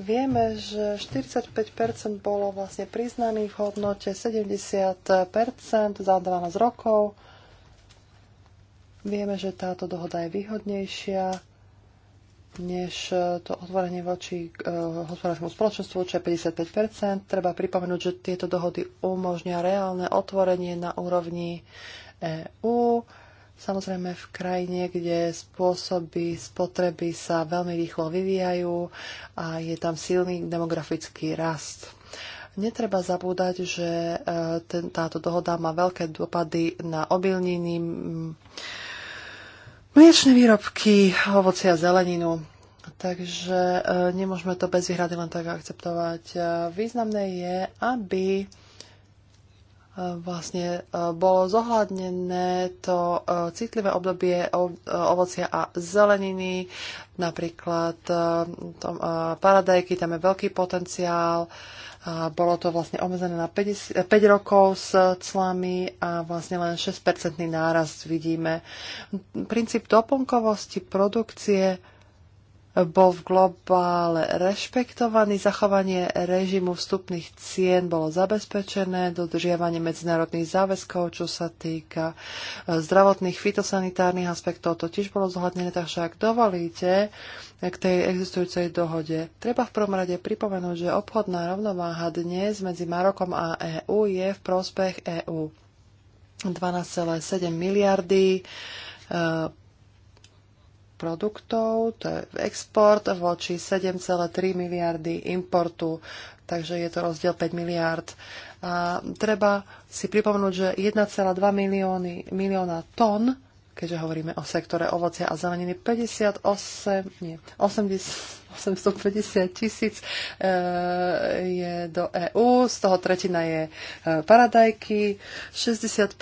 Vieme, že 45% bolo vlastne priznaných v hodnote 70% za 12 rokov. Vieme, že táto dohoda je výhodnejšia než to otvorenie voči uh, hospodárskému spoločenstvu, čo je 55%. Treba pripomenúť, že tieto dohody umožňujú reálne otvorenie na úrovni EÚ. Samozrejme v krajine, kde spôsoby spotreby sa veľmi rýchlo vyvíjajú a je tam silný demografický rast. Netreba zabúdať, že e, ten, táto dohoda má veľké dopady na obilniny, mliečne výrobky, ovoci a zeleninu. Takže e, nemôžeme to bez výhrady len tak akceptovať. Významné je, aby Eh, vlastne eh, bolo zohľadnené to eh, citlivé obdobie ovocia a zeleniny, napríklad tom, paradajky, tam je veľký potenciál. Bolo to vlastne obmedzené na 50, 5 rokov s clami a vlastne len 6-percentný nárast vidíme. Princíp doplnkovosti produkcie bol v globále rešpektovaný, zachovanie režimu vstupných cien bolo zabezpečené, dodržiavanie medzinárodných záväzkov, čo sa týka e, zdravotných fitosanitárnych aspektov, to tiež bolo zohľadnené, takže ak dovolíte k tej existujúcej dohode. Treba v prvom rade pripomenúť, že obchodná rovnováha dnes medzi Marokom a EÚ je v prospech EÚ. 12,7 miliardy e, produktov, to je export voči 7,3 miliardy importu, takže je to rozdiel 5 miliard. A treba si pripomenúť, že 1,2 milióny, milióna tón, keďže hovoríme o sektore ovocia a zeleniny, 58, nie, 80, 850 tisíc e, je do EÚ, z toho tretina je e, paradajky, 65%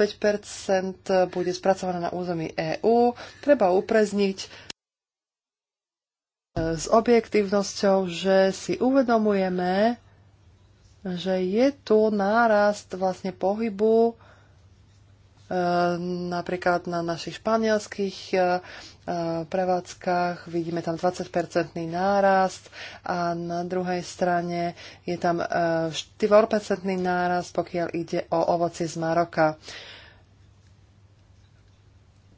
bude spracované na území EÚ. Treba uprezniť, s objektívnosťou, že si uvedomujeme, že je tu nárast vlastne pohybu e, napríklad na našich španielských e, e, prevádzkach vidíme tam 20-percentný nárast a na druhej strane je tam 4-percentný nárast, pokiaľ ide o ovocie z Maroka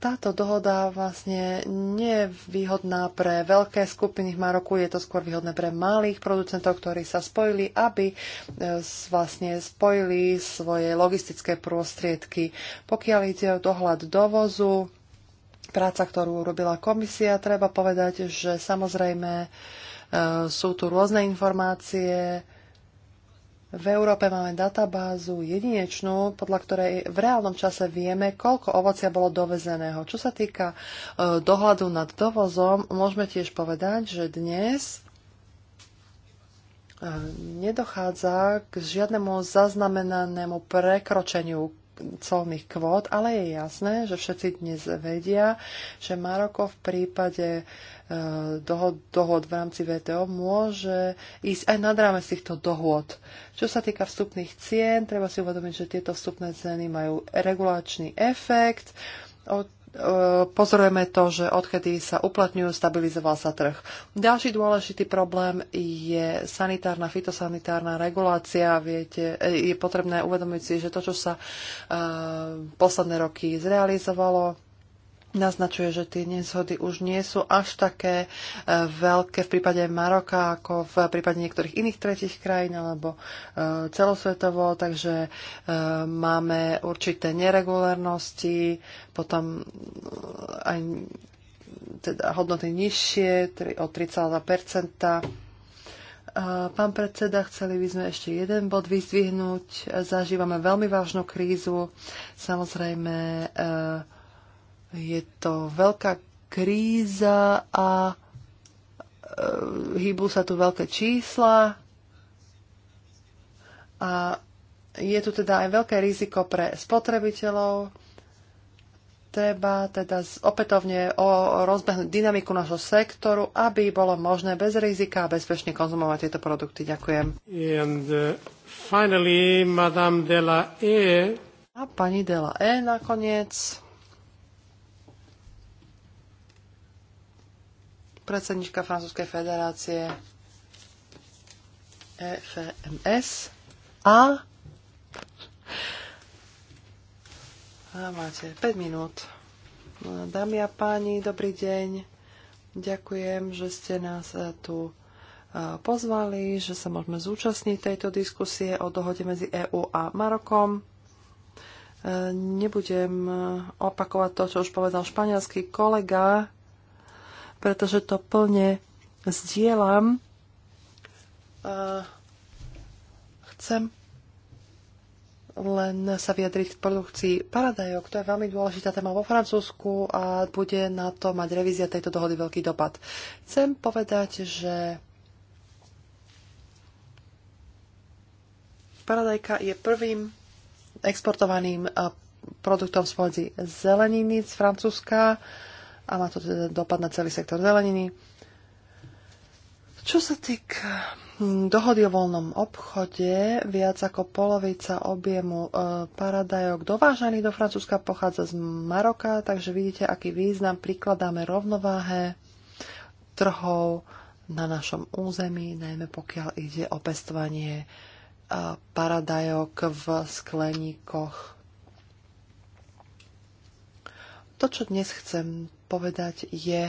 táto dohoda vlastne nie je výhodná pre veľké skupiny v Maroku, je to skôr výhodné pre malých producentov, ktorí sa spojili, aby e, vlastne spojili svoje logistické prostriedky. Pokiaľ ide o dohľad dovozu, práca, ktorú urobila komisia, treba povedať, že samozrejme e, sú tu rôzne informácie, v Európe máme databázu jedinečnú, podľa ktorej v reálnom čase vieme, koľko ovocia bolo dovezeného. Čo sa týka e, dohľadu nad dovozom, môžeme tiež povedať, že dnes e, nedochádza k žiadnemu zaznamenanému prekročeniu colných kvót, ale je jasné, že všetci dnes vedia, že Maroko v prípade e, dohod, dohod v rámci VTO môže ísť aj nad rámec týchto dohôd. Čo sa týka vstupných cien, treba si uvedomiť, že tieto vstupné ceny majú regulačný efekt, E, pozorujeme to, že odkedy sa uplatňujú, stabilizoval sa trh. Ďalší dôležitý problém je sanitárna, fitosanitárna regulácia. Viete, e, je potrebné uvedomiť si, že to, čo sa uh, posledné roky zrealizovalo, naznačuje, že tie nezhody už nie sú až také e, veľké v prípade Maroka ako v prípade niektorých iných tretich krajín alebo e, celosvetovo, takže e, máme určité neregulárnosti, potom aj teda hodnoty nižšie o 3,2 Pán predseda, chceli by sme ešte jeden bod vyzdvihnúť. Zažívame veľmi vážnu krízu. Samozrejme, je to veľká kríza a e, hýbu sa tu veľké čísla a je tu teda aj veľké riziko pre spotrebiteľov. Treba teda opätovne o rozbehnúť dynamiku nášho sektoru, aby bolo možné bez rizika a bezpečne konzumovať tieto produkty. Ďakujem. And, uh, finally, Madame de la E. A pani Dela E nakoniec. predsednička Francúzskej federácie EFMS a a máte 5 minút. No, dámy a páni, dobrý deň. Ďakujem, že ste nás e, tu e, pozvali, že sa môžeme zúčastniť tejto diskusie o dohode medzi EÚ a Marokom. E, nebudem opakovať to, čo už povedal španielský kolega pretože to plne zdieľam. Chcem len sa vyjadriť k produkcii Paradajok. To je veľmi dôležitá téma vo Francúzsku a bude na to mať revízia tejto dohody veľký dopad. Chcem povedať, že Paradajka je prvým exportovaným eh, produktom spomedzi zeleniny z Francúzska a má to teda dopad na celý sektor zeleniny. Čo sa týka dohody o voľnom obchode, viac ako polovica objemu e, paradajok dovážených do Francúzska pochádza z Maroka, takže vidíte, aký význam prikladáme rovnováhe trhov na našom území, najmä pokiaľ ide o pestovanie e, paradajok v skleníkoch to, čo dnes chcem povedať, je,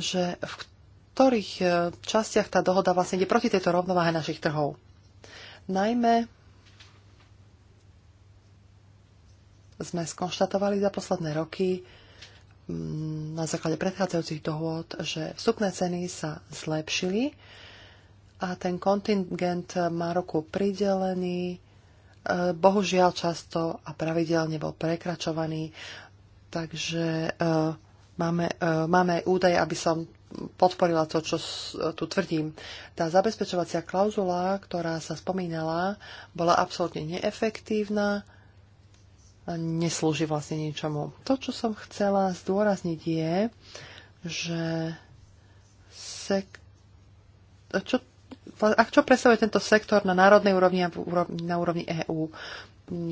že v ktorých e, častiach tá dohoda vlastne ide proti tejto rovnováhe našich trhov. Najmä sme skonštatovali za posledné roky mm, na základe predchádzajúcich dohôd, že vstupné ceny sa zlepšili a ten kontingent má roku pridelený bohužiaľ často a pravidelne bol prekračovaný, takže e, máme, e, máme aj aby som podporila to, čo tu tvrdím. Tá zabezpečovacia klauzula, ktorá sa spomínala, bola absolútne neefektívna a neslúži vlastne ničomu. To, čo som chcela zdôrazniť je, že sek- čo a čo predstavuje tento sektor na národnej úrovni a na úrovni EÚ?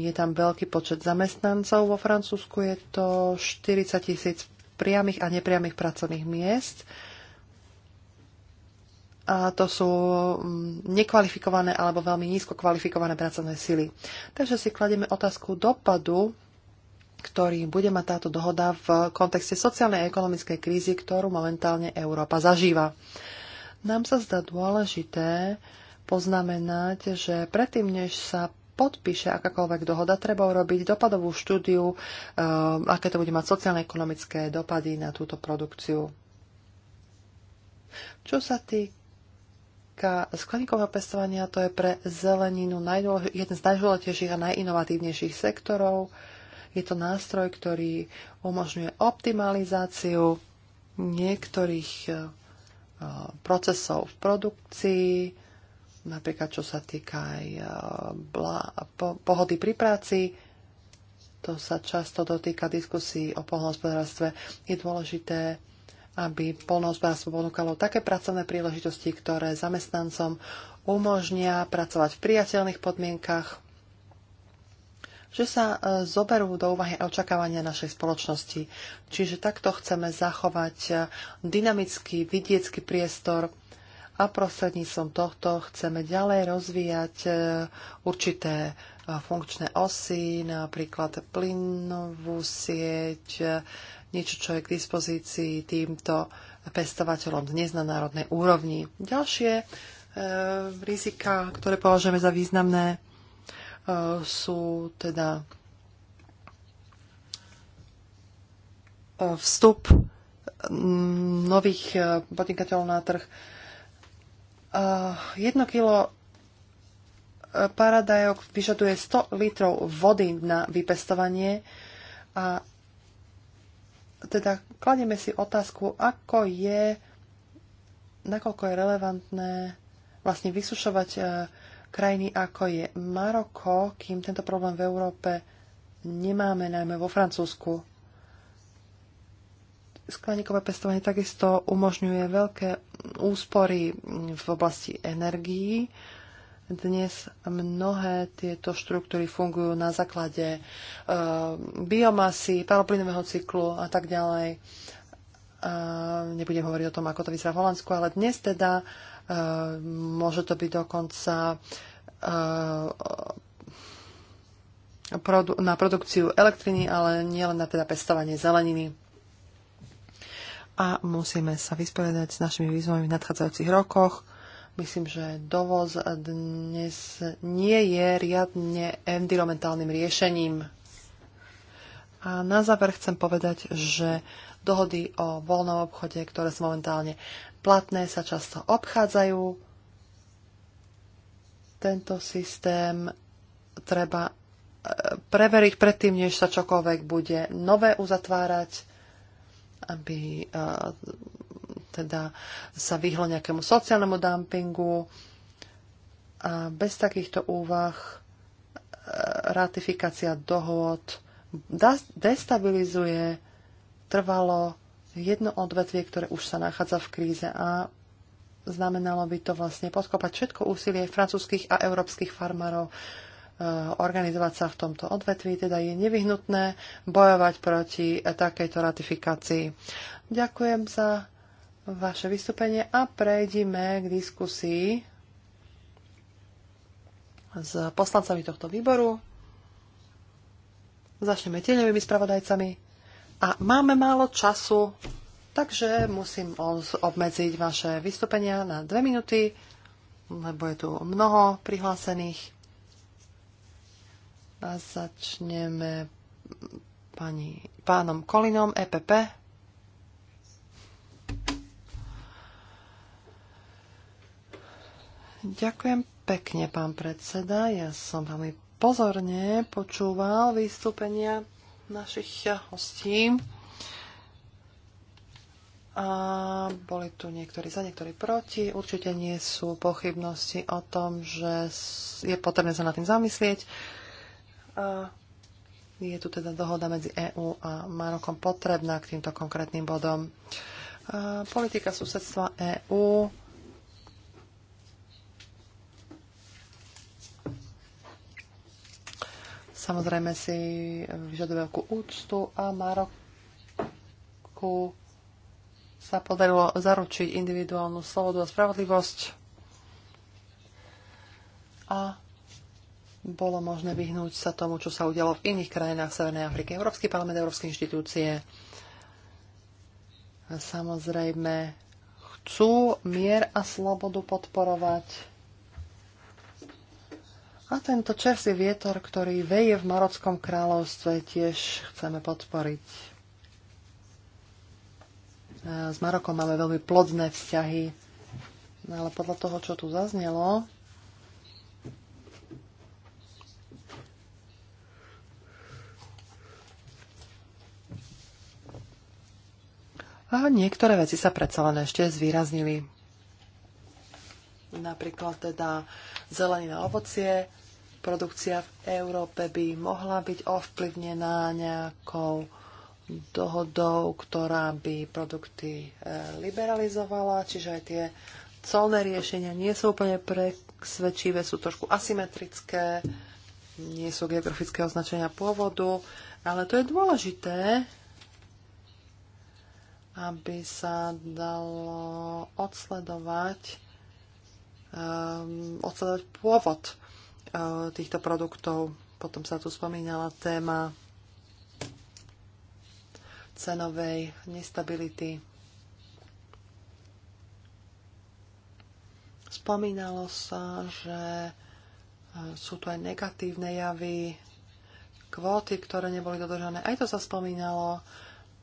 Je tam veľký počet zamestnancov vo Francúzsku, je to 40 tisíc priamých a nepriamých pracovných miest. A to sú mm, nekvalifikované alebo veľmi nízko kvalifikované pracovné sily. Takže si kladieme otázku dopadu ktorý bude mať táto dohoda v kontexte sociálnej a ekonomickej krízy, ktorú momentálne Európa zažíva. Nám sa zdá dôležité poznamenať, že predtým, než sa podpíše akákoľvek dohoda, treba urobiť dopadovú štúdiu, e, aké to bude mať sociálne-ekonomické dopady na túto produkciu. Čo sa týka skleníkového pestovania, to je pre zeleninu jeden z najdôležitejších a najinovatívnejších sektorov. Je to nástroj, ktorý umožňuje optimalizáciu niektorých e, procesov v produkcii, napríklad čo sa týka aj pohody pri práci. To sa často dotýka diskusí o poľnohospodárstve. Je dôležité, aby poľnohospodárstvo ponúkalo také pracovné príležitosti, ktoré zamestnancom umožnia pracovať v priateľných podmienkach že sa e, zoberú do úvahy očakávania našej spoločnosti. Čiže takto chceme zachovať e, dynamický vidiecký priestor a prostredníctvom tohto chceme ďalej rozvíjať e, určité funkčné osy, napríklad plynovú sieť, niečo, čo je k dispozícii týmto pestovateľom dnes na národnej úrovni. Ďalšie e, rizika, ktoré považujeme za významné, Eh, sú teda eh, vstup mm, nových eh, podnikateľov na trh. Jedno kilo paradajok vyžaduje 100 litrov vody na vypestovanie a teda kladieme si otázku, ako je, nakoľko je relevantné vlastne vysušovať krajiny ako je Maroko, kým tento problém v Európe nemáme, najmä vo Francúzsku. Skleníkové pestovanie takisto umožňuje veľké úspory v oblasti energií. Dnes mnohé tieto štruktúry fungujú na základe e, biomasy, paloplynového cyklu a tak ďalej. E, nebudem hovoriť o tom, ako to vyzerá v Holandsku, ale dnes teda e, Ehm, môže to byť dokonca ehm, na produkciu elektriny, ale nielen na teda pestovanie zeleniny. A musíme sa vyspovedať s našimi výzvami v nadchádzajúcich rokoch. Myslím, že dovoz dnes nie je riadne environmentálnym riešením. A na záver chcem povedať, že dohody o voľnom obchode, ktoré sú momentálne platné sa často obchádzajú. Tento systém treba e, preveriť predtým, než sa čokoľvek bude nové uzatvárať, aby e, teda sa vyhlo nejakému sociálnemu dumpingu. A bez takýchto úvah e, ratifikácia dohôd destabilizuje trvalo jedno odvetvie, ktoré už sa nachádza v kríze a znamenalo by to vlastne podkopať všetko úsilie francúzskych a európskych farmárov eh, organizovať sa v tomto odvetví, teda je nevyhnutné bojovať proti takejto ratifikácii. Ďakujem za vaše vystúpenie a prejdime k diskusii s poslancami tohto výboru. Začneme tieňovými spravodajcami. A máme málo času, takže musím obmedziť vaše vystúpenia na dve minúty, lebo je tu mnoho prihlásených. A začneme pani, pánom Kolinom, EPP. Ďakujem pekne, pán predseda. Ja som veľmi pozorne počúval vystúpenia našich eh, hostí. A boli tu niektorí za, niektorí proti. Určite nie sú pochybnosti o tom, že je potrebné sa nad tým zamyslieť. A je tu teda dohoda medzi EÚ a Marokom potrebná k týmto konkrétnym bodom. A politika susedstva EÚ samozrejme si vyžaduje veľkú úctu a Maroku sa podarilo zaručiť individuálnu slobodu a spravodlivosť a bolo možné vyhnúť sa tomu, čo sa udialo v iných krajinách Severnej Afriky. Európsky parlament, európske inštitúcie samozrejme chcú mier a slobodu podporovať a tento čerstvý vietor, ktorý veje v Marockom kráľovstve, tiež chceme podporiť. S Marokom máme veľmi plodné vzťahy, ale podľa toho, čo tu zaznelo, A niektoré veci sa predsa len ešte zvýraznili. Napríklad teda zelenina ovocie, produkcia v Európe by mohla byť ovplyvnená nejakou dohodou, ktorá by produkty e, liberalizovala, čiže aj tie colné riešenia nie sú úplne presvedčivé, sú trošku asymetrické, nie sú geografické označenia pôvodu, ale to je dôležité, aby sa dalo odsledovať, um, odsledovať pôvod Eh, týchto produktov. Potom sa tu spomínala téma cenovej nestability. Spomínalo sa, že eh, sú tu aj negatívne javy, kvóty, ktoré neboli dodržané. Aj to sa spomínalo.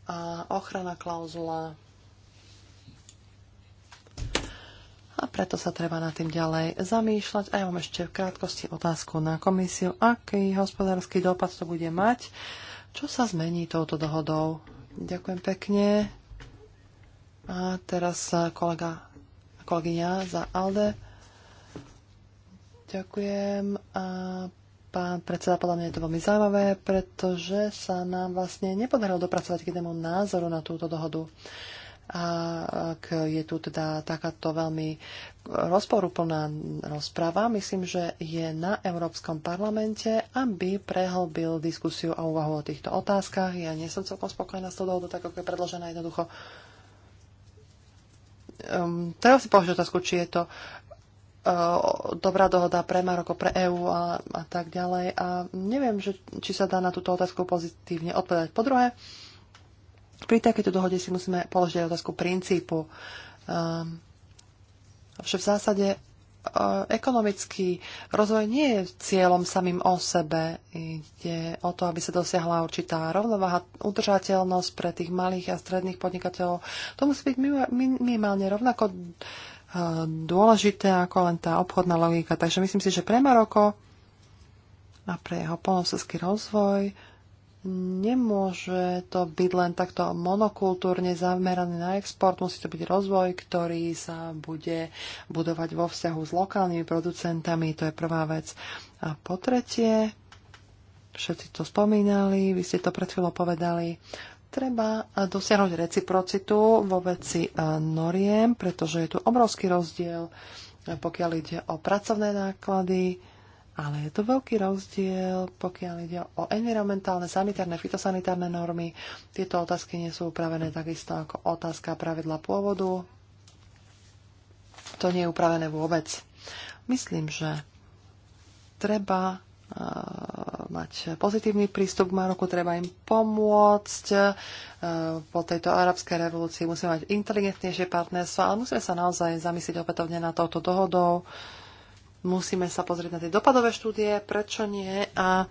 A ochrana klauzula a preto sa treba nad tým ďalej zamýšľať. A ja mám ešte v krátkosti otázku na komisiu, aký hospodársky dopad to bude mať, čo sa zmení touto dohodou. Ďakujem pekne. A teraz kolega a kolegyňa za ALDE. Ďakujem. A pán predseda, podľa mňa je to veľmi zaujímavé, pretože sa nám vlastne nepodarilo dopracovať k jednému názoru na túto dohodu a ak je tu teda takáto veľmi rozporúplná rozprava, myslím, že je na Európskom parlamente, aby prehlbil diskusiu a úvahu o týchto otázkach. Ja nie som celkom spokojná s tou dohodou, tak ako je predložená jednoducho. Um, teraz si povedať otázku, či je to e, dobrá dohoda pre Maroko, pre EÚ a, a tak ďalej. A neviem, že, či sa dá na túto otázku pozitívne odpovedať. Po druhé, uh, pri takéto dohode si musíme položiť otázku princípu. Um, v zásade e, ekonomický rozvoj nie je cieľom samým o sebe. Ide o to, aby sa dosiahla určitá rovnováha, udržateľnosť pre tých malých a stredných podnikateľov. To musí byť minimálne rovnako e, dôležité ako len tá obchodná logika. Takže myslím si, že pre Maroko a pre jeho polnospodársky rozvoj Nemôže to byť len takto monokultúrne zamerané na export, musí to byť rozvoj, ktorý sa bude budovať vo vzťahu s lokálnymi producentami, to je prvá vec. A po tretie, všetci to spomínali, vy ste to pred chvíľou povedali, treba dosiahnuť reciprocitu vo veci e, noriem, pretože je tu obrovský rozdiel, pokiaľ ide o pracovné náklady, ale je to veľký rozdiel, pokiaľ ide o environmentálne, sanitárne, fitosanitárne normy. Tieto otázky nie sú upravené takisto ako otázka pravidla pôvodu. To nie je upravené vôbec. Myslím, že treba eh, mať pozitívny prístup k Maroku, treba im pomôcť. Eh, po tejto arabskej revolúcii musíme mať inteligentnejšie partnerstvo, ale musíme sa naozaj zamyslieť opätovne na touto dohodou. Musíme sa pozrieť na tie dopadové štúdie, prečo nie a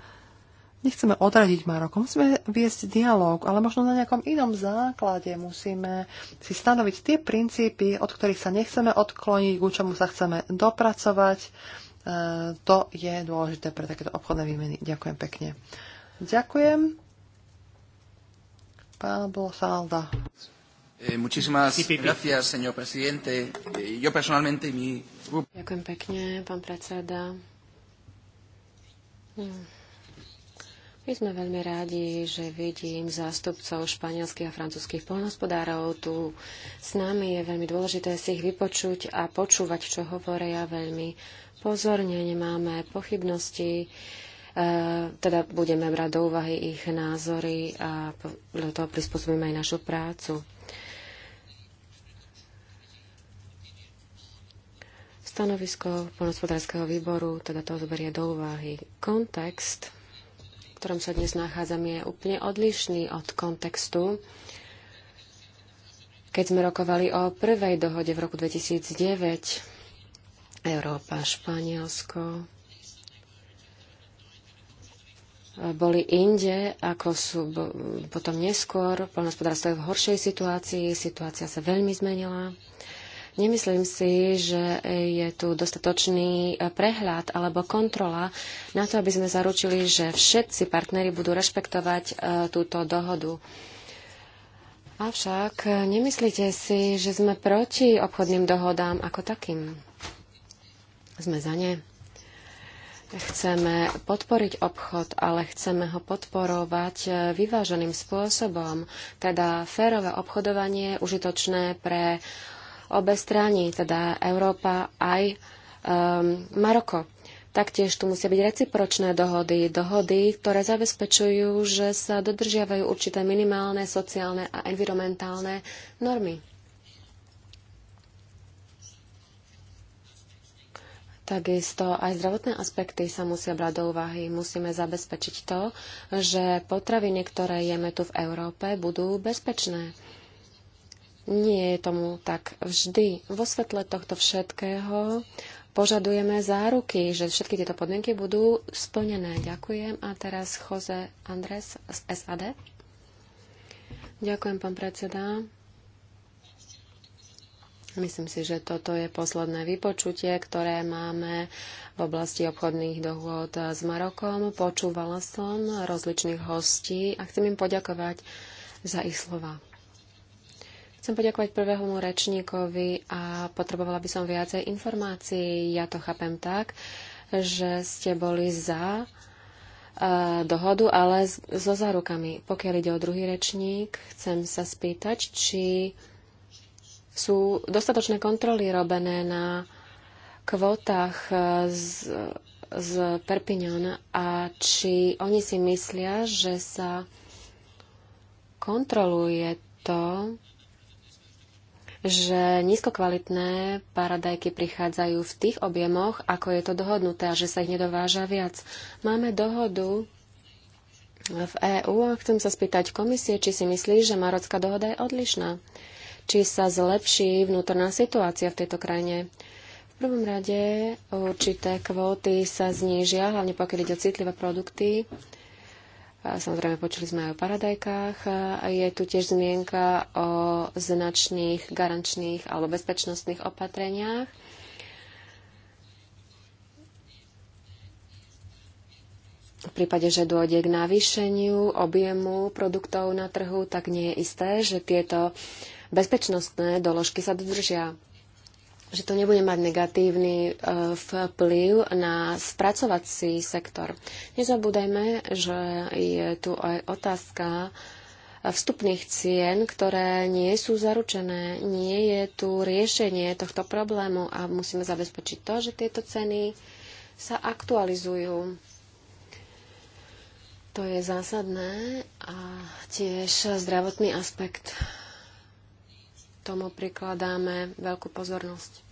nechceme odradiť Maroko. Musíme viesť dialog, ale možno na nejakom inom základe musíme si stanoviť tie princípy, od ktorých sa nechceme odkloniť, k čomu sa chceme dopracovať. E, to je dôležité pre takéto obchodné výmeny. Ďakujem pekne. Ďakujem. Pablo Salda. Eh, muchísimas gracias, señor presidente. Eh, yo personalmente y mi grupo... Ďakujem pekne, pán predseda. No. My sme veľmi rádi, že vidím zástupcov španielských a francúzských polnospodárov tu s nami. Je veľmi dôležité si ich vypočuť a počúvať, čo hovoria veľmi pozorne. Nemáme pochybnosti eh, teda budeme brať do úvahy ich názory a do toho prispôsobíme aj našu prácu. Stanovisko poľnohospodárskeho výboru teda to zoberie do úvahy. Kontext, v ktorom sa dnes nachádzam, je úplne odlišný od kontextu, keď sme rokovali o prvej dohode v roku 2009, Európa, Španielsko, boli inde, ako sú potom neskôr. Poľnohospodárstvo je v horšej situácii, situácia sa veľmi zmenila. Nemyslím si, že je tu dostatočný eh, prehľad alebo kontrola na to, aby sme zaručili, že všetci partnery budú rešpektovať eh, túto dohodu. Avšak eh, nemyslíte si, že sme proti obchodným dohodám ako takým? Sme za ne. Chceme podporiť obchod, ale chceme ho podporovať vyváženým spôsobom, teda férové obchodovanie užitočné pre obe strany, teda Európa aj um, Maroko. Taktiež tu musia byť recipročné dohody, dohody, ktoré zabezpečujú, že sa dodržiavajú určité minimálne sociálne a environmentálne normy. Takisto aj zdravotné aspekty sa musia brať do úvahy. Musíme zabezpečiť to, že potraviny, ktoré jeme tu v Európe, budú bezpečné. Nie je tomu tak vždy. Vo svetle tohto všetkého požadujeme záruky, že všetky tieto podmienky budú splnené. Ďakujem. A teraz Jose Andres z SAD. Ďakujem, pán predseda. Myslím si, že toto je posledné vypočutie, ktoré máme v oblasti obchodných dohôd s Marokom. Počúvala som rozličných hostí a chcem im poďakovať za ich slova. Chcem poďakovať prvému rečníkovi a potrebovala by som viacej informácií. Ja to chápem tak, že ste boli za e, dohodu, ale so zárukami. Pokiaľ ide o druhý rečník, chcem sa spýtať, či sú dostatočné kontroly robené na kvótach e, z, z Perpignan a či oni si myslia, že sa kontroluje to, že nízkokvalitné paradajky prichádzajú v tých objemoch, ako je to dohodnuté a že sa ich nedováža viac. Máme dohodu v EÚ a chcem sa spýtať komisie, či si myslí, že marocká dohoda je odlišná. Či sa zlepší vnútorná situácia v tejto krajine. V prvom rade určité kvóty sa znížia, hlavne pokiaľ ide o citlivé produkty Samozrejme, počuli sme aj o paradajkách. Je tu tiež zmienka o značných garančných alebo bezpečnostných opatreniach. V prípade, že dôjde k navýšeniu objemu produktov na trhu, tak nie je isté, že tieto bezpečnostné doložky sa dodržia že to nebude mať negatívny e, vplyv na spracovací sektor. Nezabúdajme, že je tu aj otázka vstupných cien, ktoré nie sú zaručené. Nie je tu riešenie tohto problému a musíme zabezpečiť to, že tieto ceny sa aktualizujú. To je zásadné a tiež zdravotný aspekt tomu prikladáme veľkú pozornosť.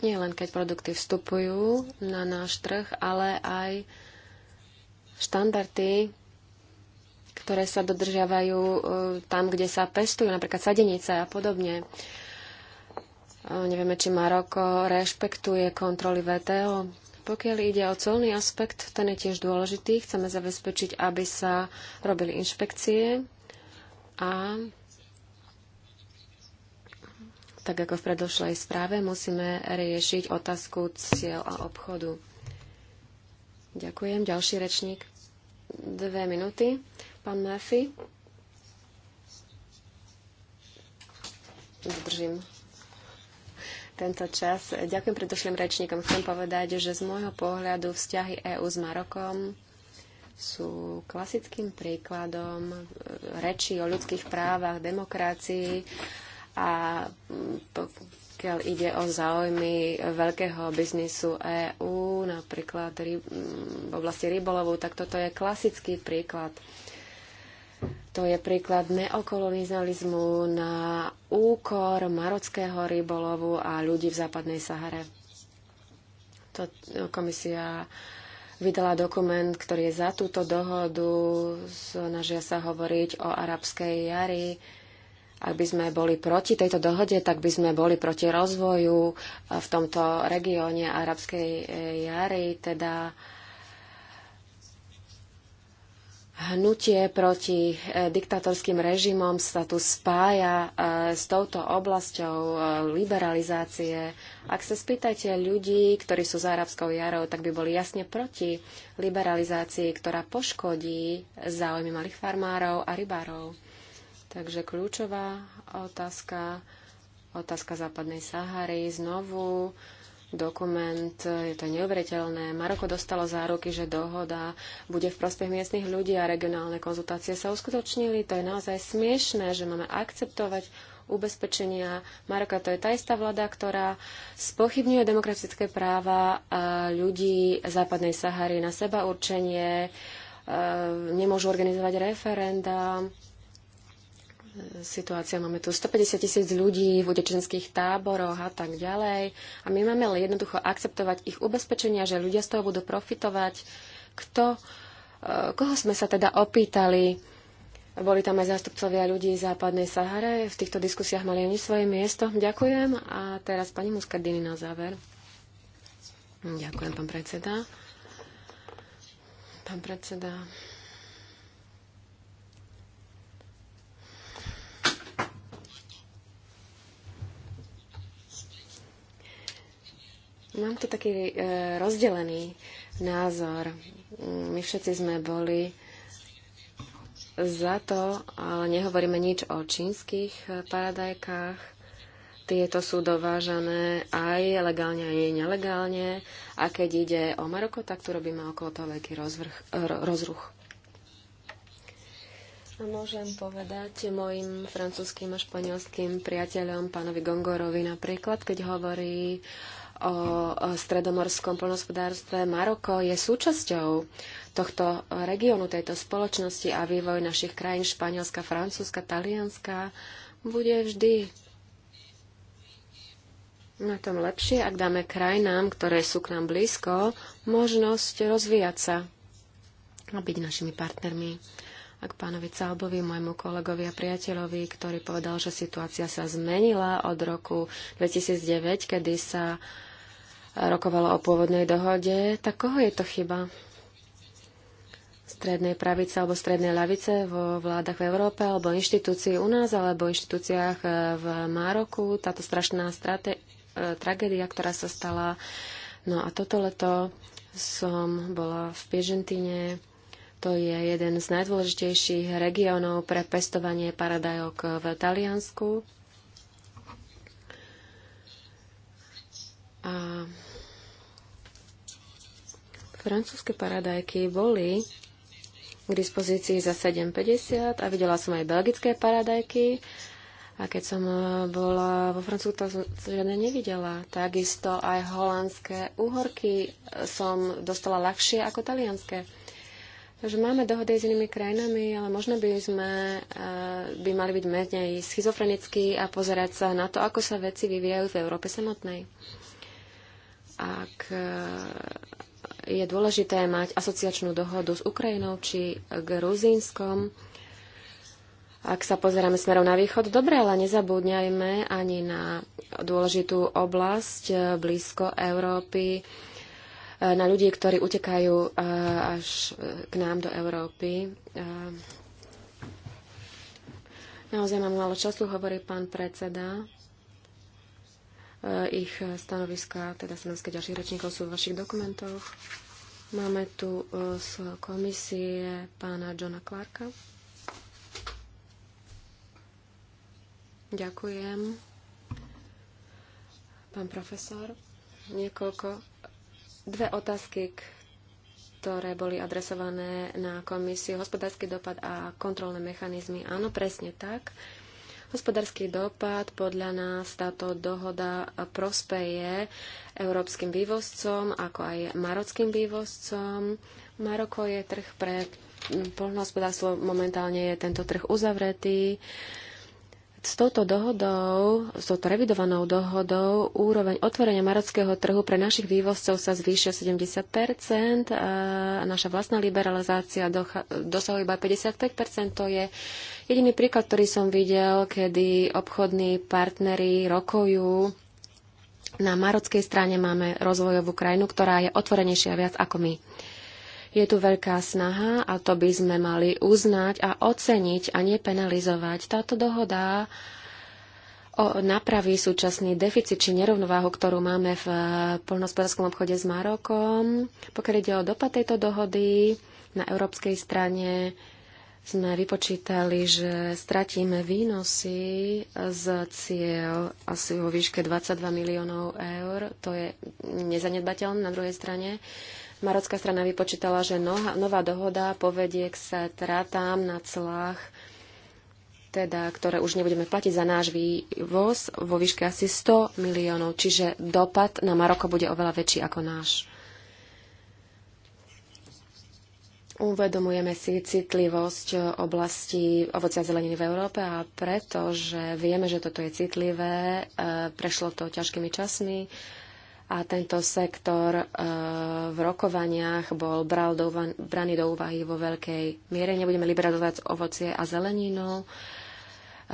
Nie len keď produkty vstupujú na náš trh, ale aj štandardy, ktoré sa dodržiavajú e, tam, kde sa pestujú, napríklad sadenice a podobne. E, nevieme, či Maroko rešpektuje kontroly VTO. Pokiaľ ide o colný aspekt, ten je tiež dôležitý. Chceme zabezpečiť, aby sa robili inšpekcie a tak ako v predošlej správe, musíme riešiť otázku cieľ a obchodu. Ďakujem. Ďalší rečník. Dve minúty. Pán Murphy. Zdržím tento čas. Ďakujem predošlým rečníkom. Chcem povedať, že z môjho pohľadu vzťahy EÚ s Marokom sú klasickým príkladom e, reči o ľudských právach, demokracii a pokiaľ ide o záujmy veľkého biznisu EÚ, napríklad v oblasti rybolovu, tak toto je klasický príklad. To je príklad neokolonializmu na úkor marockého rybolovu a ľudí v západnej Sahare. To komisia vydala dokument, ktorý je za túto dohodu. Snažia sa hovoriť o arabskej jari. Ak by sme boli proti tejto dohode, tak by sme boli proti rozvoju v tomto regióne arabskej jary, teda Hnutie proti e, diktatorským režimom sa tu spája e, s touto oblasťou e, liberalizácie. Ak sa spýtate ľudí, ktorí sú za arabskou jarou, tak by boli jasne proti liberalizácii, ktorá poškodí záujmy malých farmárov a rybárov. Takže kľúčová otázka, otázka západnej Sahary znovu dokument, je to neuveriteľné. Maroko dostalo záruky, že dohoda bude v prospech miestnych ľudí a regionálne konzultácie sa uskutočnili. To je naozaj smiešné, že máme akceptovať ubezpečenia Maroka. To je tá istá vláda, ktorá spochybňuje demokratické práva ľudí západnej Sahary na seba určenie, nemôžu organizovať referenda, situácia. Máme tu 150 tisíc ľudí v utečenských táboroch a tak ďalej. A my máme jednoducho akceptovať ich ubezpečenia, že ľudia z toho budú profitovať. Kto, eh, koho sme sa teda opýtali? Boli tam aj zástupcovia ľudí z západnej Sahare. V týchto diskusiách mali oni svoje miesto. Ďakujem. A teraz pani Muscardini na záver. Ďakujem, pán predseda. Pán predseda. Mám tu taký e, rozdelený názor. My všetci sme boli za to, ale nehovoríme nič o čínskych e, paradajkách. Tieto sú dovážané aj legálne, aj nelegálne. A keď ide o Maroko, tak tu robíme okolo toho veľký rozvrch, rozruch. A môžem povedať mojim francúzským a španielským priateľom, pánovi Gongorovi napríklad, keď hovorí o stredomorskom poľnohospodárstve. Maroko je súčasťou tohto regiónu, tejto spoločnosti a vývoj našich krajín Španielska, Francúzska, Talianska bude vždy na tom lepšie, ak dáme krajinám, ktoré sú k nám blízko, možnosť rozvíjať sa a byť našimi partnermi. A k pánovi Calbovi, môjmu kolegovi a priateľovi, ktorý povedal, že situácia sa zmenila od roku 2009, kedy sa rokovalo o pôvodnej dohode, tak koho je to chyba? strednej pravice alebo strednej lavice vo vládach v Európe alebo inštitúcii u nás alebo inštitúciách e, v Mároku. Táto strašná strate- e, tragédia, ktorá sa stala. No a toto leto som bola v Piežentíne. To je jeden z najdôležitejších regiónov pre pestovanie paradajok v Taliansku. A Francúzske paradajky boli k dispozícii za 7,50 a videla som aj belgické paradajky. A keď som eh, bola vo Francúzsku, to som žiadne nevidela. Takisto aj holandské úhorky eh, som dostala ľahšie ako talianské. Takže máme dohody s inými krajinami, ale možno by sme eh, by mali byť menej schizofrenickí a pozerať sa na to, ako sa veci vyvíjajú v Európe samotnej. Ak je dôležité mať asociačnú dohodu s Ukrajinou či Gruzínskom. Ak sa pozeráme smerom na východ, dobre, ale nezabúdňajme ani na dôležitú oblasť eh, blízko Európy, eh, na ľudí, ktorí utekajú eh, až k nám do Európy. Naozaj mám málo času, hovorí pán predseda. E, ich stanoviska, teda stanoviska ďalších rečníkov sú v vašich dokumentoch. Máme tu e, z komisie pána Johna Clarka. Ďakujem. Pán profesor, niekoľko, dve otázky, ktoré boli adresované na komisiu hospodársky dopad a kontrolné mechanizmy. Áno, presne tak. Uh, Hospodársky dopad podľa nás táto dohoda prospeje európskym vývozcom, ako aj marockým vývozcom. Maroko je trh pre poľnohospodárstvo, momentálne je tento trh uzavretý. S touto dohodou, s touto revidovanou dohodou, úroveň otvorenia marockého trhu pre našich vývozcov sa zvýšia 70 a naša vlastná liberalizácia dosahuje iba 55 To je Jediný príklad, ktorý som videl, kedy obchodní partnery rokujú, na marockej strane máme rozvojovú krajinu, ktorá je otvorenejšia viac ako my. Je tu veľká snaha a to by sme mali uznať a oceniť a nepenalizovať. Táto dohoda o napraví súčasný deficit či nerovnováhu, ktorú máme v eh, poľnohospodárskom obchode s Marokom. Pokiaľ ide o dopad tejto dohody na európskej strane, sme vypočítali, že stratíme výnosy z cieľ asi vo výške 22 miliónov eur. To je nezanedbateľné na druhej strane. Marocká strana vypočítala, že noha, nová dohoda povedie k stratám na clách, teda, ktoré už nebudeme platiť za náš vývoz vo výške asi 100 miliónov. Čiže dopad na Maroko bude oveľa väčší ako náš. Uvedomujeme si citlivosť oblasti ovocia a zeleniny v Európe a pretože vieme, že toto je citlivé, e, prešlo to ťažkými časmi a tento sektor e, v rokovaniach bol bral do, braný do úvahy vo veľkej miere. Nebudeme liberalizovať ovocie a zeleninu, e,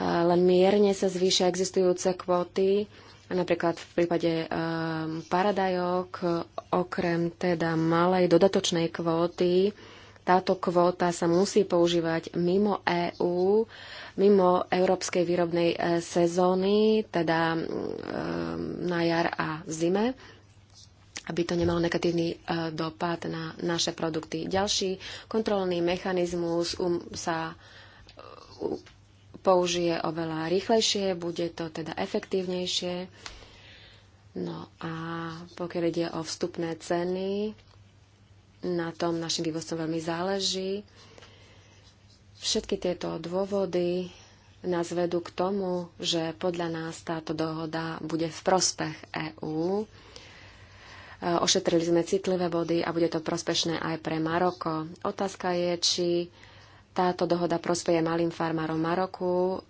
len mierne sa zvýšia existujúce kvóty. Napríklad v prípade um, paradajok, okrem teda malej dodatočnej kvóty, táto kvóta sa musí používať mimo EÚ, mimo európskej výrobnej e, sezóny, teda e, na jar a v zime aby to nemalo negatívny e, dopad na naše produkty. Ďalší kontrolný mechanizmus um, sa použije oveľa rýchlejšie, bude to teda efektívnejšie. No a pokiaľ ide o vstupné ceny, na tom našim vývozcom veľmi záleží. Všetky tieto dôvody nás vedú k tomu, že podľa nás táto dohoda bude v prospech EÚ. E, ošetrili sme citlivé body a bude to prospešné aj pre Maroko. Otázka je, či táto dohoda prospeje malým farmárom Maroku.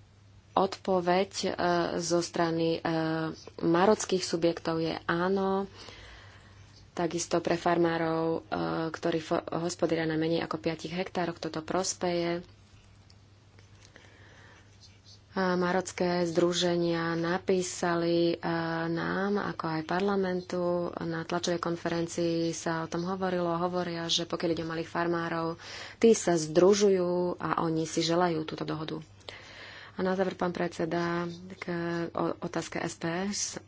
Odpoveď e, zo strany e, marockých subjektov je áno takisto pre farmárov, e, ktorí hospodária na menej ako 5 hektároch, toto prospeje. Marocké združenia napísali e, nám, ako aj parlamentu, na tlačovej konferencii sa o tom hovorilo, hovoria, že pokiaľ ide o malých farmárov, tí sa združujú a oni si želajú túto dohodu. A na záver, pán predseda, k otázke SPS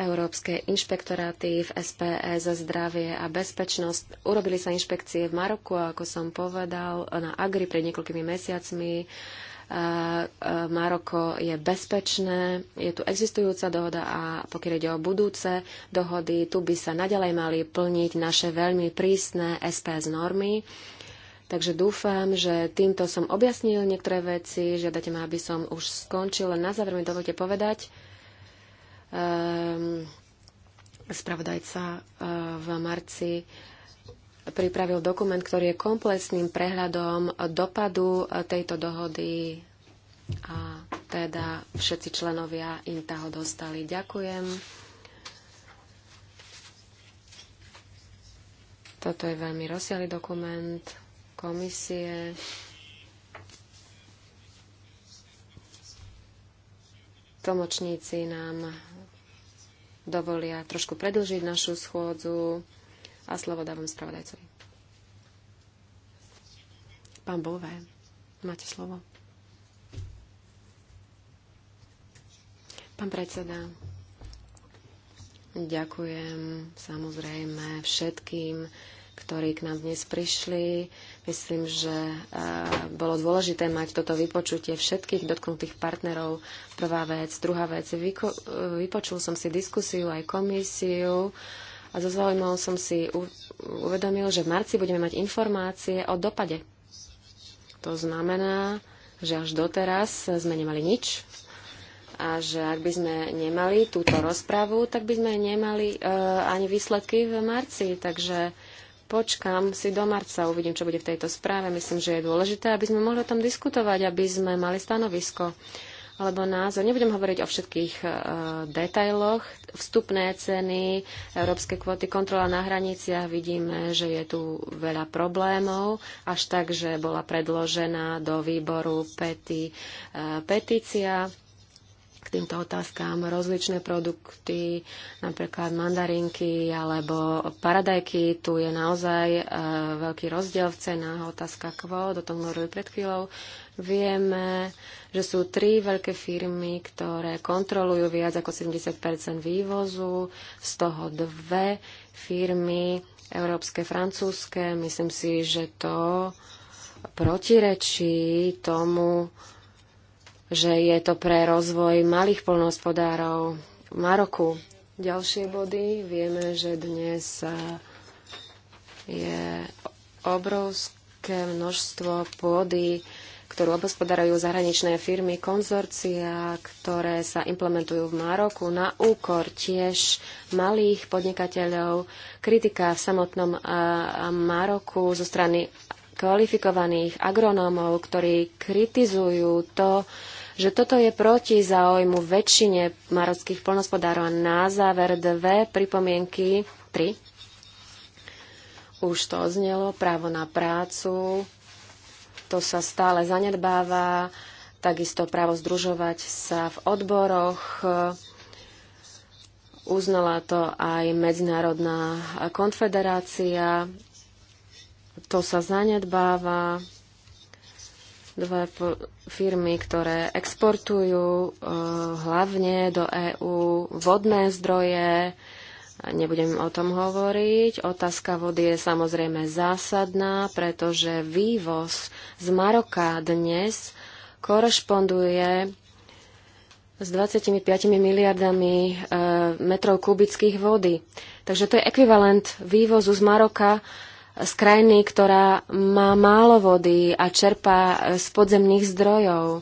Európske inšpektoráty v SPS e za zdravie a bezpečnosť. Urobili sa inšpekcie v Maroku, ako som povedal, na Agri pred niekoľkými mesiacmi. E, e, Maroko je bezpečné, je tu existujúca dohoda a pokiaľ ide o budúce dohody, tu by sa naďalej mali plniť naše veľmi prísne SPS normy. Takže dúfam, že týmto som objasnil niektoré veci. Žiadate ma, aby som už skončil. na záver mi dovolte povedať, Ehm, spravodajca eh, v marci pripravil dokument, ktorý je komplexným prehľadom dopadu eh, tejto dohody a teda všetci členovia INTA ho dostali. Ďakujem. Toto je veľmi rozsiahly dokument komisie. Tomočníci nám dovolia trošku predlžiť našu schôdzu a slovo dávam spravodajcovi. Pán Bové, máte slovo. Pán predseda, ďakujem samozrejme všetkým, ktorí k nám dnes prišli. Myslím, že e, bolo dôležité mať toto vypočutie všetkých dotknutých partnerov. Prvá vec. Druhá vec. Vypočul som si diskusiu aj komisiu a so zaujímavou som si uvedomil, že v marci budeme mať informácie o dopade. To znamená, že až doteraz sme nemali nič a že ak by sme nemali túto rozpravu, tak by sme nemali e, ani výsledky v marci. Takže počkám si do marca, uvidím, čo bude v tejto správe. Myslím, že je dôležité, aby sme mohli o tom diskutovať, aby sme mali stanovisko alebo názor. Nebudem hovoriť o všetkých uh, detailoch. Vstupné ceny, európske kvóty, kontrola na hraniciach. Vidíme, že je tu veľa problémov, až tak, že bola predložená do výboru peti, uh, petícia týmto otázkám. Rozličné produkty, napríklad mandarinky alebo paradajky, tu je naozaj e, veľký rozdiel v cenách. Otázka kvót, o tom hovorili pred chvíľou. Vieme, že sú tri veľké firmy, ktoré kontrolujú viac ako 70 vývozu, z toho dve firmy európske, francúzske. Myslím si, že to protirečí tomu, že je to pre rozvoj malých polnohospodárov v Maroku. Ďalšie body. Vieme, že dnes je obrovské množstvo pôdy, ktorú obhospodarajú zahraničné firmy, konzorcia, ktoré sa implementujú v Maroku na úkor tiež malých podnikateľov. Kritika v samotnom Maroku zo strany kvalifikovaných agronómov, ktorí kritizujú to, že toto je proti záujmu väčšine marockých plnospodárov. A na záver dve pripomienky, tri. Už to oznelo, právo na prácu, to sa stále zanedbáva, takisto právo združovať sa v odboroch, uznala to aj Medzinárodná konfederácia, to sa zanedbáva, dve firmy, ktoré exportujú e, hlavne do EÚ vodné zdroje. Nebudem o tom hovoriť. Otázka vody je samozrejme zásadná, pretože vývoz z Maroka dnes korešponduje s 25 miliardami e, metrov kubických vody. Takže to je ekvivalent vývozu z Maroka z krajiny, ktorá má málo vody a čerpá z podzemných zdrojov.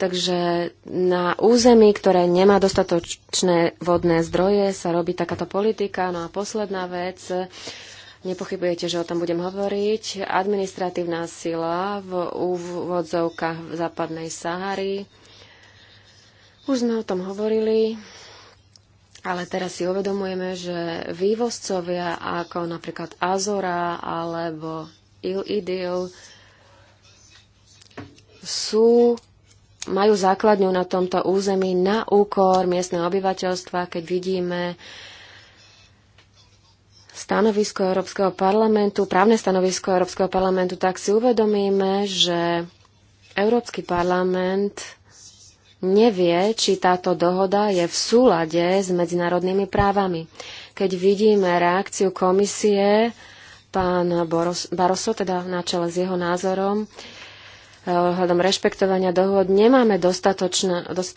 Takže na území, ktoré nemá dostatočné vodné zdroje, sa robí takáto politika. No a posledná vec, nepochybujete, že o tom budem hovoriť, administratívna sila v úvodzovkách západnej Sahary. Už sme o tom hovorili. Ale teraz si uvedomujeme, že vývozcovia ako napríklad Azora alebo Il Idil sú, majú základňu na tomto území na úkor miestneho obyvateľstva, keď vidíme stanovisko Európskeho parlamentu, právne stanovisko Európskeho parlamentu, tak si uvedomíme, že Európsky parlament nevie, či táto dohoda je v súlade s medzinárodnými právami. Keď vidíme reakciu komisie, pán Boros, Baroso, teda na čele s jeho názorom, eh, hľadom rešpektovania dohod nemáme dostatok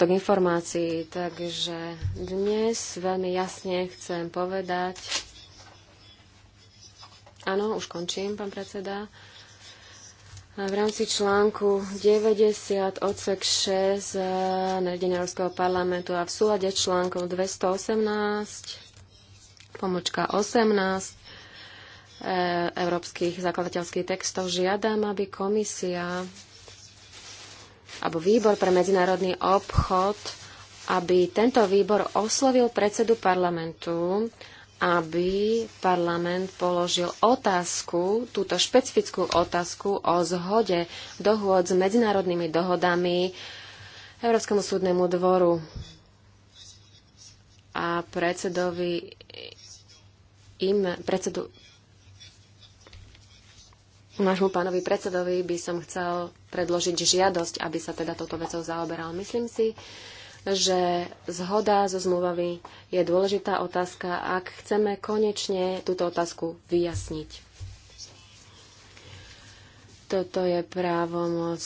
informácií, takže dnes veľmi jasne chcem povedať. Áno, už končím, pán predseda v rámci článku 90 odsek 6 e, nariadenia Európskeho parlamentu a v súlade článkom 218 pomočka 18 európskych zakladateľských textov žiadam, aby komisia alebo výbor pre medzinárodný obchod, aby tento výbor oslovil predsedu parlamentu aby parlament položil otázku, túto špecifickú otázku o zhode dohôd s medzinárodnými dohodami Európskemu súdnemu dvoru a predsedovi im, predsedu, nášmu pánovi predsedovi by som chcel predložiť žiadosť, aby sa teda toto vecou zaoberal. Myslím si, že zhoda so zmluvami je dôležitá otázka, ak chceme konečne túto otázku vyjasniť. Toto je právomoc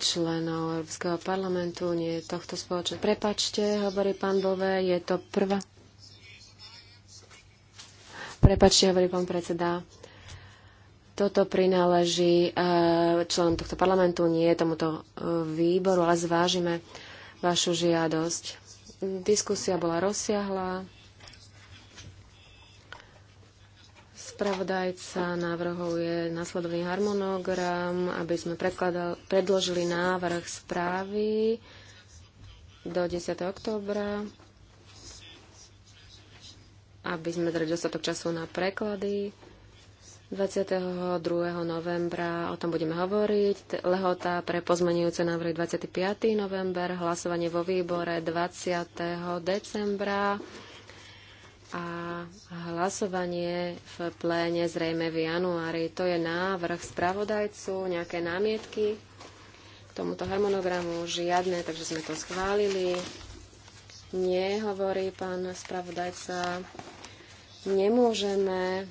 členov Európskeho parlamentu, nie tohto spoločenstva. Prepačte, hovorí pán Bové, je to prvá. Prepačte, hovorí pán predseda. Toto prináleží eh, členom tohto parlamentu, nie tomuto eh, výboru, ale zvážime vašu žiadosť. Diskusia bola rozsiahla. Spravodajca navrhuje nasledovný harmonogram, aby sme predložili návrh správy do 10. októbra, aby sme dali dostatok času na preklady 22. novembra o tom budeme hovoriť. Lehota pre pozmenujúce návrhy 25. november, hlasovanie vo výbore 20. decembra a hlasovanie v pléne zrejme v januári. To je návrh spravodajcu, nejaké námietky k tomuto harmonogramu, žiadne, takže sme to schválili. Nie, hovorí pán spravodajca, nemôžeme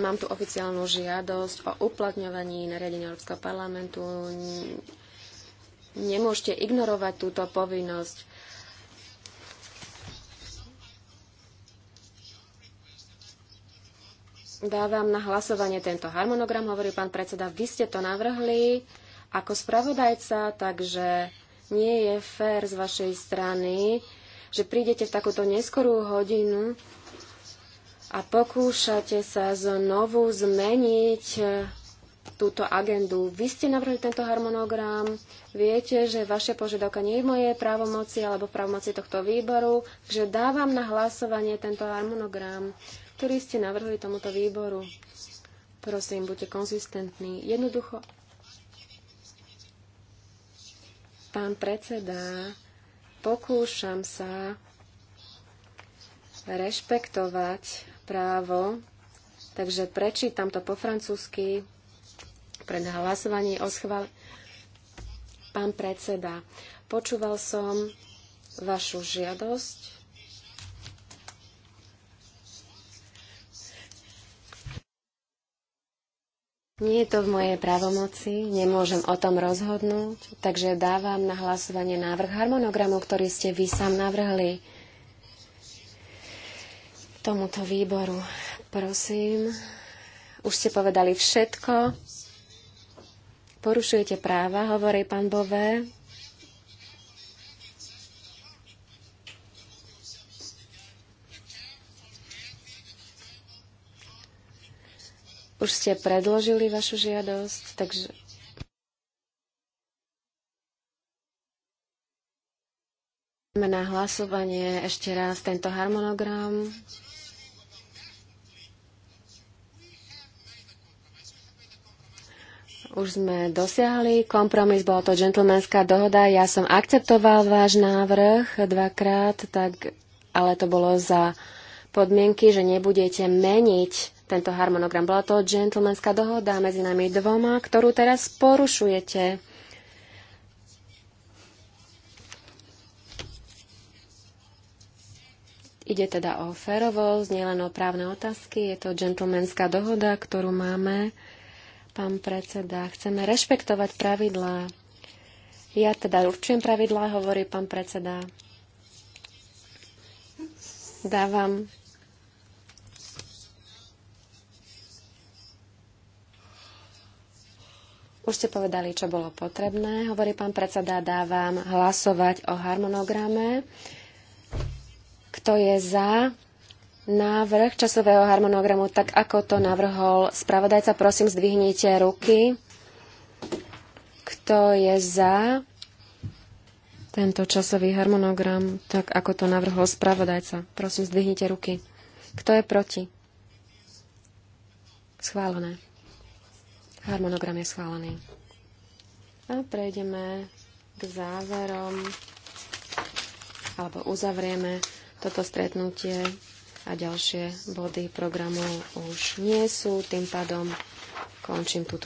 Mám tu oficiálnu žiadosť o uplatňovaní nariadenia Európskeho parlamentu. Nemôžete ignorovať túto povinnosť. Dávam na hlasovanie tento harmonogram, hovorí pán predseda. Vy ste to navrhli ako spravodajca, takže nie je fér z vašej strany, že prídete v takúto neskorú hodinu a pokúšate sa znovu zmeniť e, túto agendu. Vy ste navrhli tento harmonogram, viete, že vaše požiadavka nie je mojej právomoci alebo právomoci tohto výboru, že dávam na hlasovanie tento harmonogram, ktorý ste navrhli tomuto výboru. Prosím, buďte konzistentní. Jednoducho. Pán predseda, pokúšam sa rešpektovať právo, takže prečítam to po francúzsky pred hlasovaním o schvále. Pán predseda, počúval som vašu žiadosť Nie je to v mojej právomoci, nemôžem o tom rozhodnúť, takže dávam na hlasovanie návrh harmonogramu, ktorý ste vy sám navrhli tomuto výboru. Prosím, už ste povedali všetko. Porušujete práva, hovorí pán Bové. Už ste predložili vašu žiadosť, takže na hlasovanie ešte raz tento harmonogram. Už sme dosiahli kompromis, bola to džentlmenská dohoda. Ja som akceptoval váš návrh dvakrát, tak, ale to bolo za podmienky, že nebudete meniť tento harmonogram. Bola to džentlmenská dohoda medzi nami dvoma, ktorú teraz porušujete. Ide teda o férovosť, nielen o právne otázky. Je to džentlmenská dohoda, ktorú máme pán predseda. Chceme rešpektovať pravidlá. Ja teda určujem pravidlá, hovorí pán predseda. Dávam Už ste povedali, čo bolo potrebné. Hovorí pán predseda, dávam hlasovať o harmonograme. Kto je za návrh časového harmonogramu, tak ako to navrhol spravodajca. Prosím, zdvihnite ruky. Kto je za tento časový harmonogram, tak ako to navrhol spravodajca? Prosím, zdvihnite ruky. Kto je proti? Schválené. Harmonogram je schválený. A prejdeme k záverom alebo uzavrieme toto stretnutie a ďalšie body programu už nie sú. Tým pádom končím túto